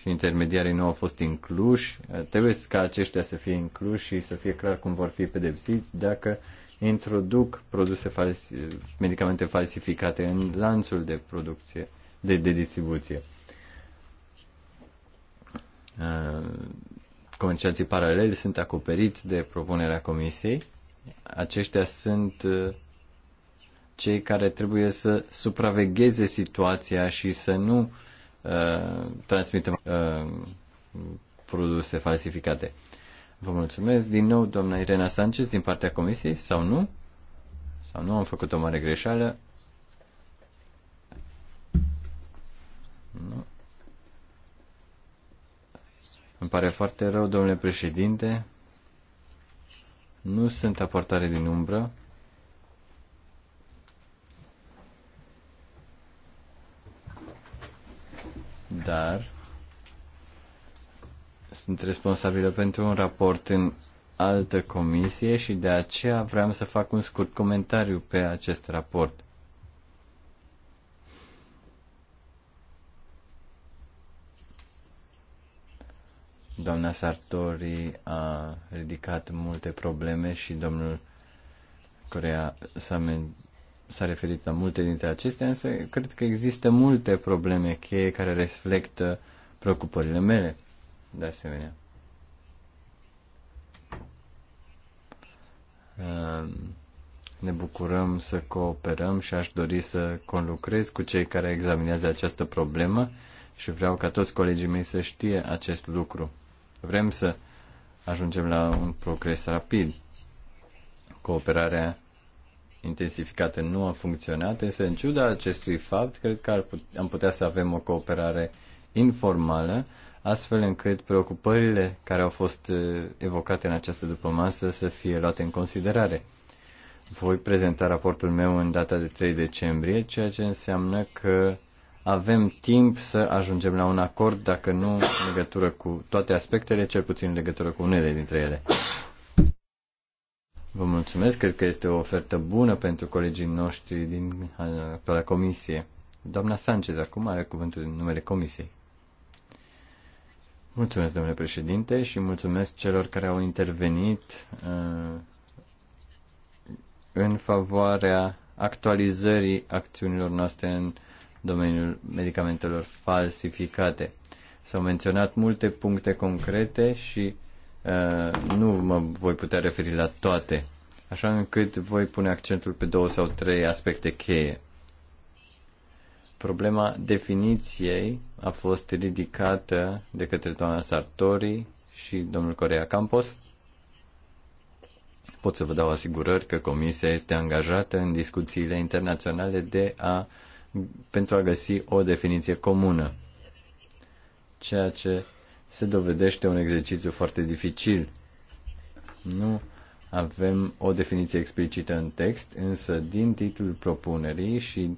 și intermediarii nu au fost incluși. Uh, trebuie ca aceștia să fie incluși și să fie clar cum vor fi pedepsiți dacă uh, introduc produse falsi, medicamente falsificate în lanțul de producție, de, de distribuție. Uh, Comerciații paraleli sunt acoperiți de propunerea comisiei. Aceștia sunt uh, cei care trebuie să supravegheze situația și să nu uh, transmitem uh, produse falsificate. Uh, Vă mulțumesc din nou, doamna Irena Sanchez, din partea comisiei, sau nu? Sau nu am făcut o mare greșeală? Nu. Îmi pare foarte rău, domnule președinte. Nu sunt aportare din umbră. Dar sunt responsabilă pentru un raport în altă comisie și de aceea vreau să fac un scurt comentariu pe acest raport. Doamna Sartori a ridicat multe probleme și domnul Corea s-a, men- s-a referit la multe dintre acestea, însă cred că există multe probleme cheie care reflectă preocupările mele de asemenea. Ehm, ne bucurăm să cooperăm și aș dori să conlucrez cu cei care examinează această problemă și vreau ca toți colegii mei să știe acest lucru. Vrem să ajungem la un progres rapid. Cooperarea intensificată nu a funcționat, însă în ciuda acestui fapt, cred că ar put- am putea să avem o cooperare informală astfel încât preocupările care au fost uh, evocate în această dupămasă să fie luate în considerare. Voi prezenta raportul meu în data de 3 decembrie, ceea ce înseamnă că avem timp să ajungem la un acord, dacă nu în legătură cu toate aspectele, cel puțin în legătură cu unele dintre ele. Vă mulțumesc, cred că este o ofertă bună pentru colegii noștri din actuala uh, comisie. Doamna Sanchez acum are cuvântul în numele comisiei. Mulțumesc, domnule președinte, și mulțumesc celor care au intervenit uh, în favoarea actualizării acțiunilor noastre în domeniul medicamentelor falsificate. S-au menționat multe puncte concrete și uh, nu mă voi putea referi la toate, așa încât voi pune accentul pe două sau trei aspecte cheie. Problema definiției a fost ridicată de către doamna Sartori și domnul Corea Campos. Pot să vă dau asigurări că Comisia este angajată în discuțiile internaționale de a, pentru a găsi o definiție comună, ceea ce se dovedește un exercițiu foarte dificil. Nu avem o definiție explicită în text, însă din titlul propunerii și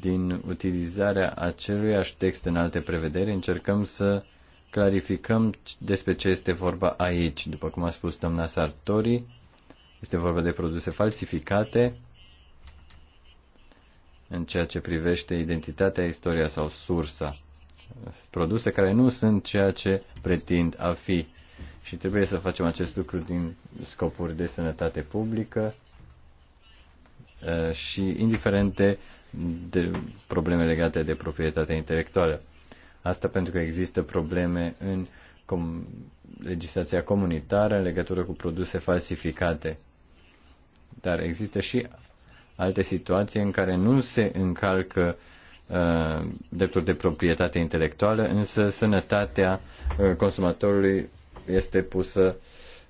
din utilizarea aceluiași text în alte prevederi, încercăm să clarificăm despre ce este vorba aici. După cum a spus doamna Sartori, este vorba de produse falsificate în ceea ce privește identitatea, istoria sau sursa. Produse care nu sunt ceea ce pretind a fi. Și trebuie să facem acest lucru din scopuri de sănătate publică eh, și indiferent de de probleme legate de proprietatea intelectuală. Asta pentru că există probleme în com- legislația comunitară în legătură cu produse falsificate. Dar există și alte situații în care nu se încalcă uh, drepturi de proprietate intelectuală, însă sănătatea uh, consumatorului este pusă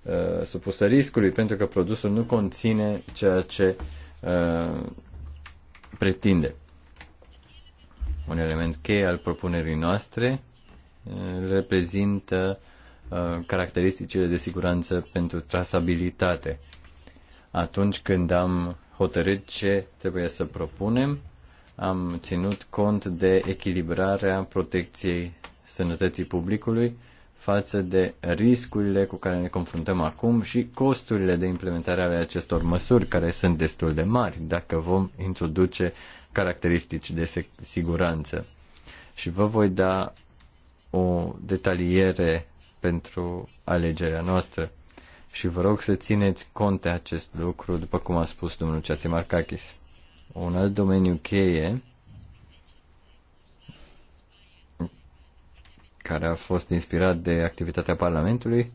uh, supusă riscului pentru că produsul nu conține ceea ce uh, pretinde. Un element cheie al propunerii noastre uh, reprezintă uh, caracteristicile de siguranță pentru trasabilitate. Atunci când am hotărât ce trebuie să propunem, am ținut cont de echilibrarea protecției sănătății publicului față de riscurile cu care ne confruntăm acum și costurile de implementare ale acestor măsuri, care sunt destul de mari dacă vom introduce caracteristici de siguranță. Și vă voi da o detaliere pentru alegerea noastră. Și vă rog să țineți cont de acest lucru, după cum a spus domnul Marcachis. Un alt domeniu cheie care a fost inspirat de activitatea Parlamentului,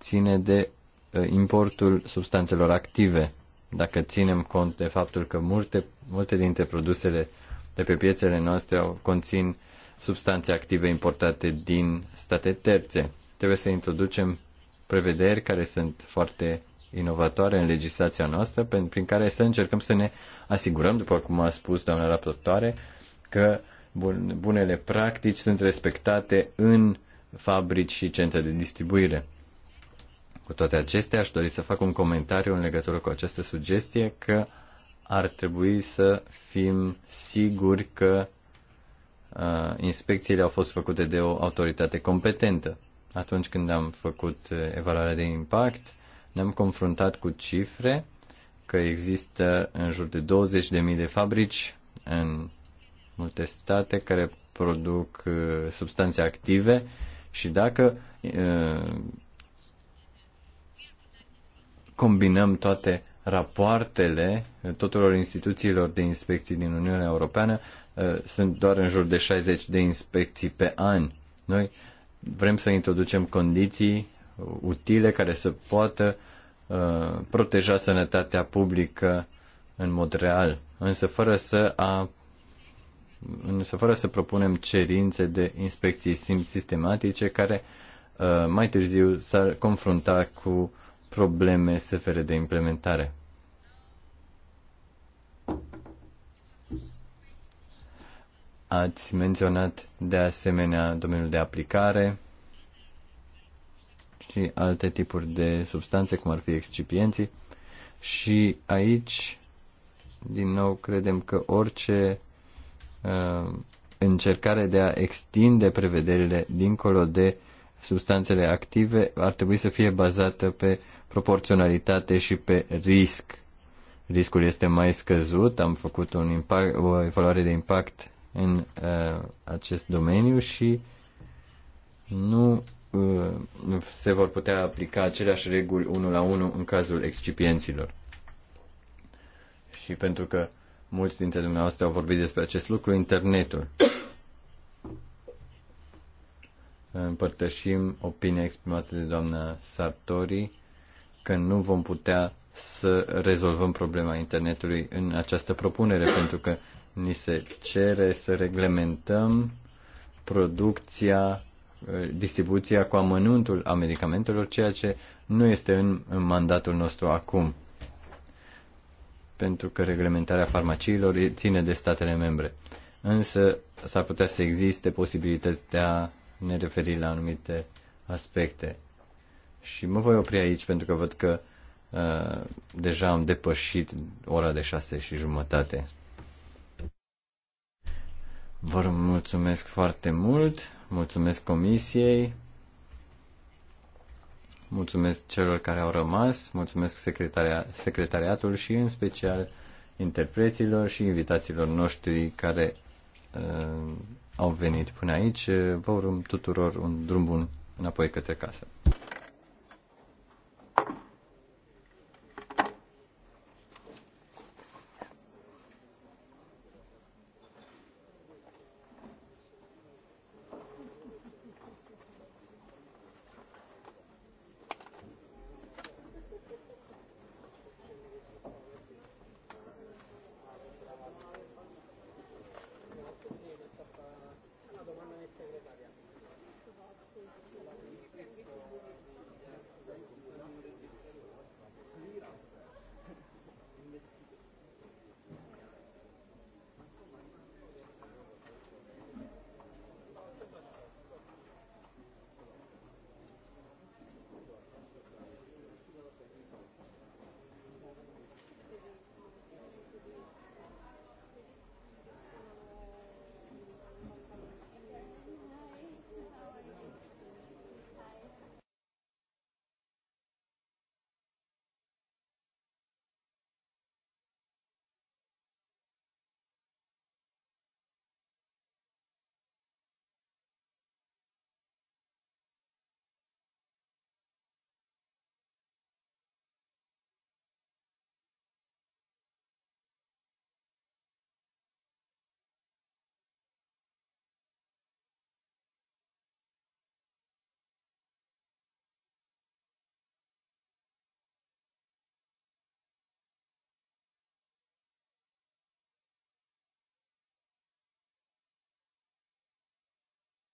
ține de uh, importul substanțelor active. Dacă ținem cont de faptul că multe, multe dintre produsele de pe piețele noastre au, conțin substanțe active importate din state terțe. Trebuie să introducem prevederi care sunt foarte inovatoare în legislația noastră, prin care să încercăm să ne asigurăm, după cum a spus doamna raportoare, că bunele practici sunt respectate în fabrici și centre de distribuire. Cu toate acestea, aș dori să fac un comentariu în legătură cu această sugestie că ar trebui să fim siguri că uh, inspecțiile au fost făcute de o autoritate competentă. Atunci când am făcut evaluarea de impact, ne-am confruntat cu cifre că există în jur de 20.000 de fabrici în multe state care produc uh, substanțe active și dacă uh, combinăm toate rapoartele tuturor instituțiilor de inspecții din Uniunea Europeană, uh, sunt doar în jur de 60 de inspecții pe an. Noi vrem să introducem condiții utile care să poată proteja sănătatea publică în mod real, însă fără să a însă fără să propunem cerințe de inspecții sistematice care uh, mai târziu s-ar confrunta cu probleme severe de implementare. Ați menționat de asemenea domeniul de aplicare și alte tipuri de substanțe, cum ar fi excipienții. Și aici, din nou, credem că orice Uh, încercare de a extinde prevederile dincolo de substanțele active ar trebui să fie bazată pe proporționalitate și pe risc. Riscul este mai scăzut, am făcut un impact, o evaluare de impact în uh, acest domeniu și nu uh, se vor putea aplica aceleași reguli unul la unul în cazul excipienților. Și pentru că uh, Mulți dintre dumneavoastră au vorbit despre acest lucru, internetul. Împărtășim opinia exprimată de doamna Sartori că nu vom putea să rezolvăm problema internetului în această propunere, pentru că ni se cere să reglementăm producția, distribuția cu amănuntul a medicamentelor, ceea ce nu este în, în mandatul nostru acum pentru că reglementarea farmaciilor ține de statele membre. Însă s-ar putea să existe posibilități de a ne referi la anumite aspecte. Și mă voi opri aici pentru că văd că uh, deja am depășit ora de șase și jumătate. Vă mulțumesc foarte mult, mulțumesc comisiei mulțumesc celor care au rămas, mulțumesc secretaria, secretariatul și în special interpreților și invitațiilor noștri care uh, au venit până aici. Vă urăm tuturor un drum bun înapoi către casă.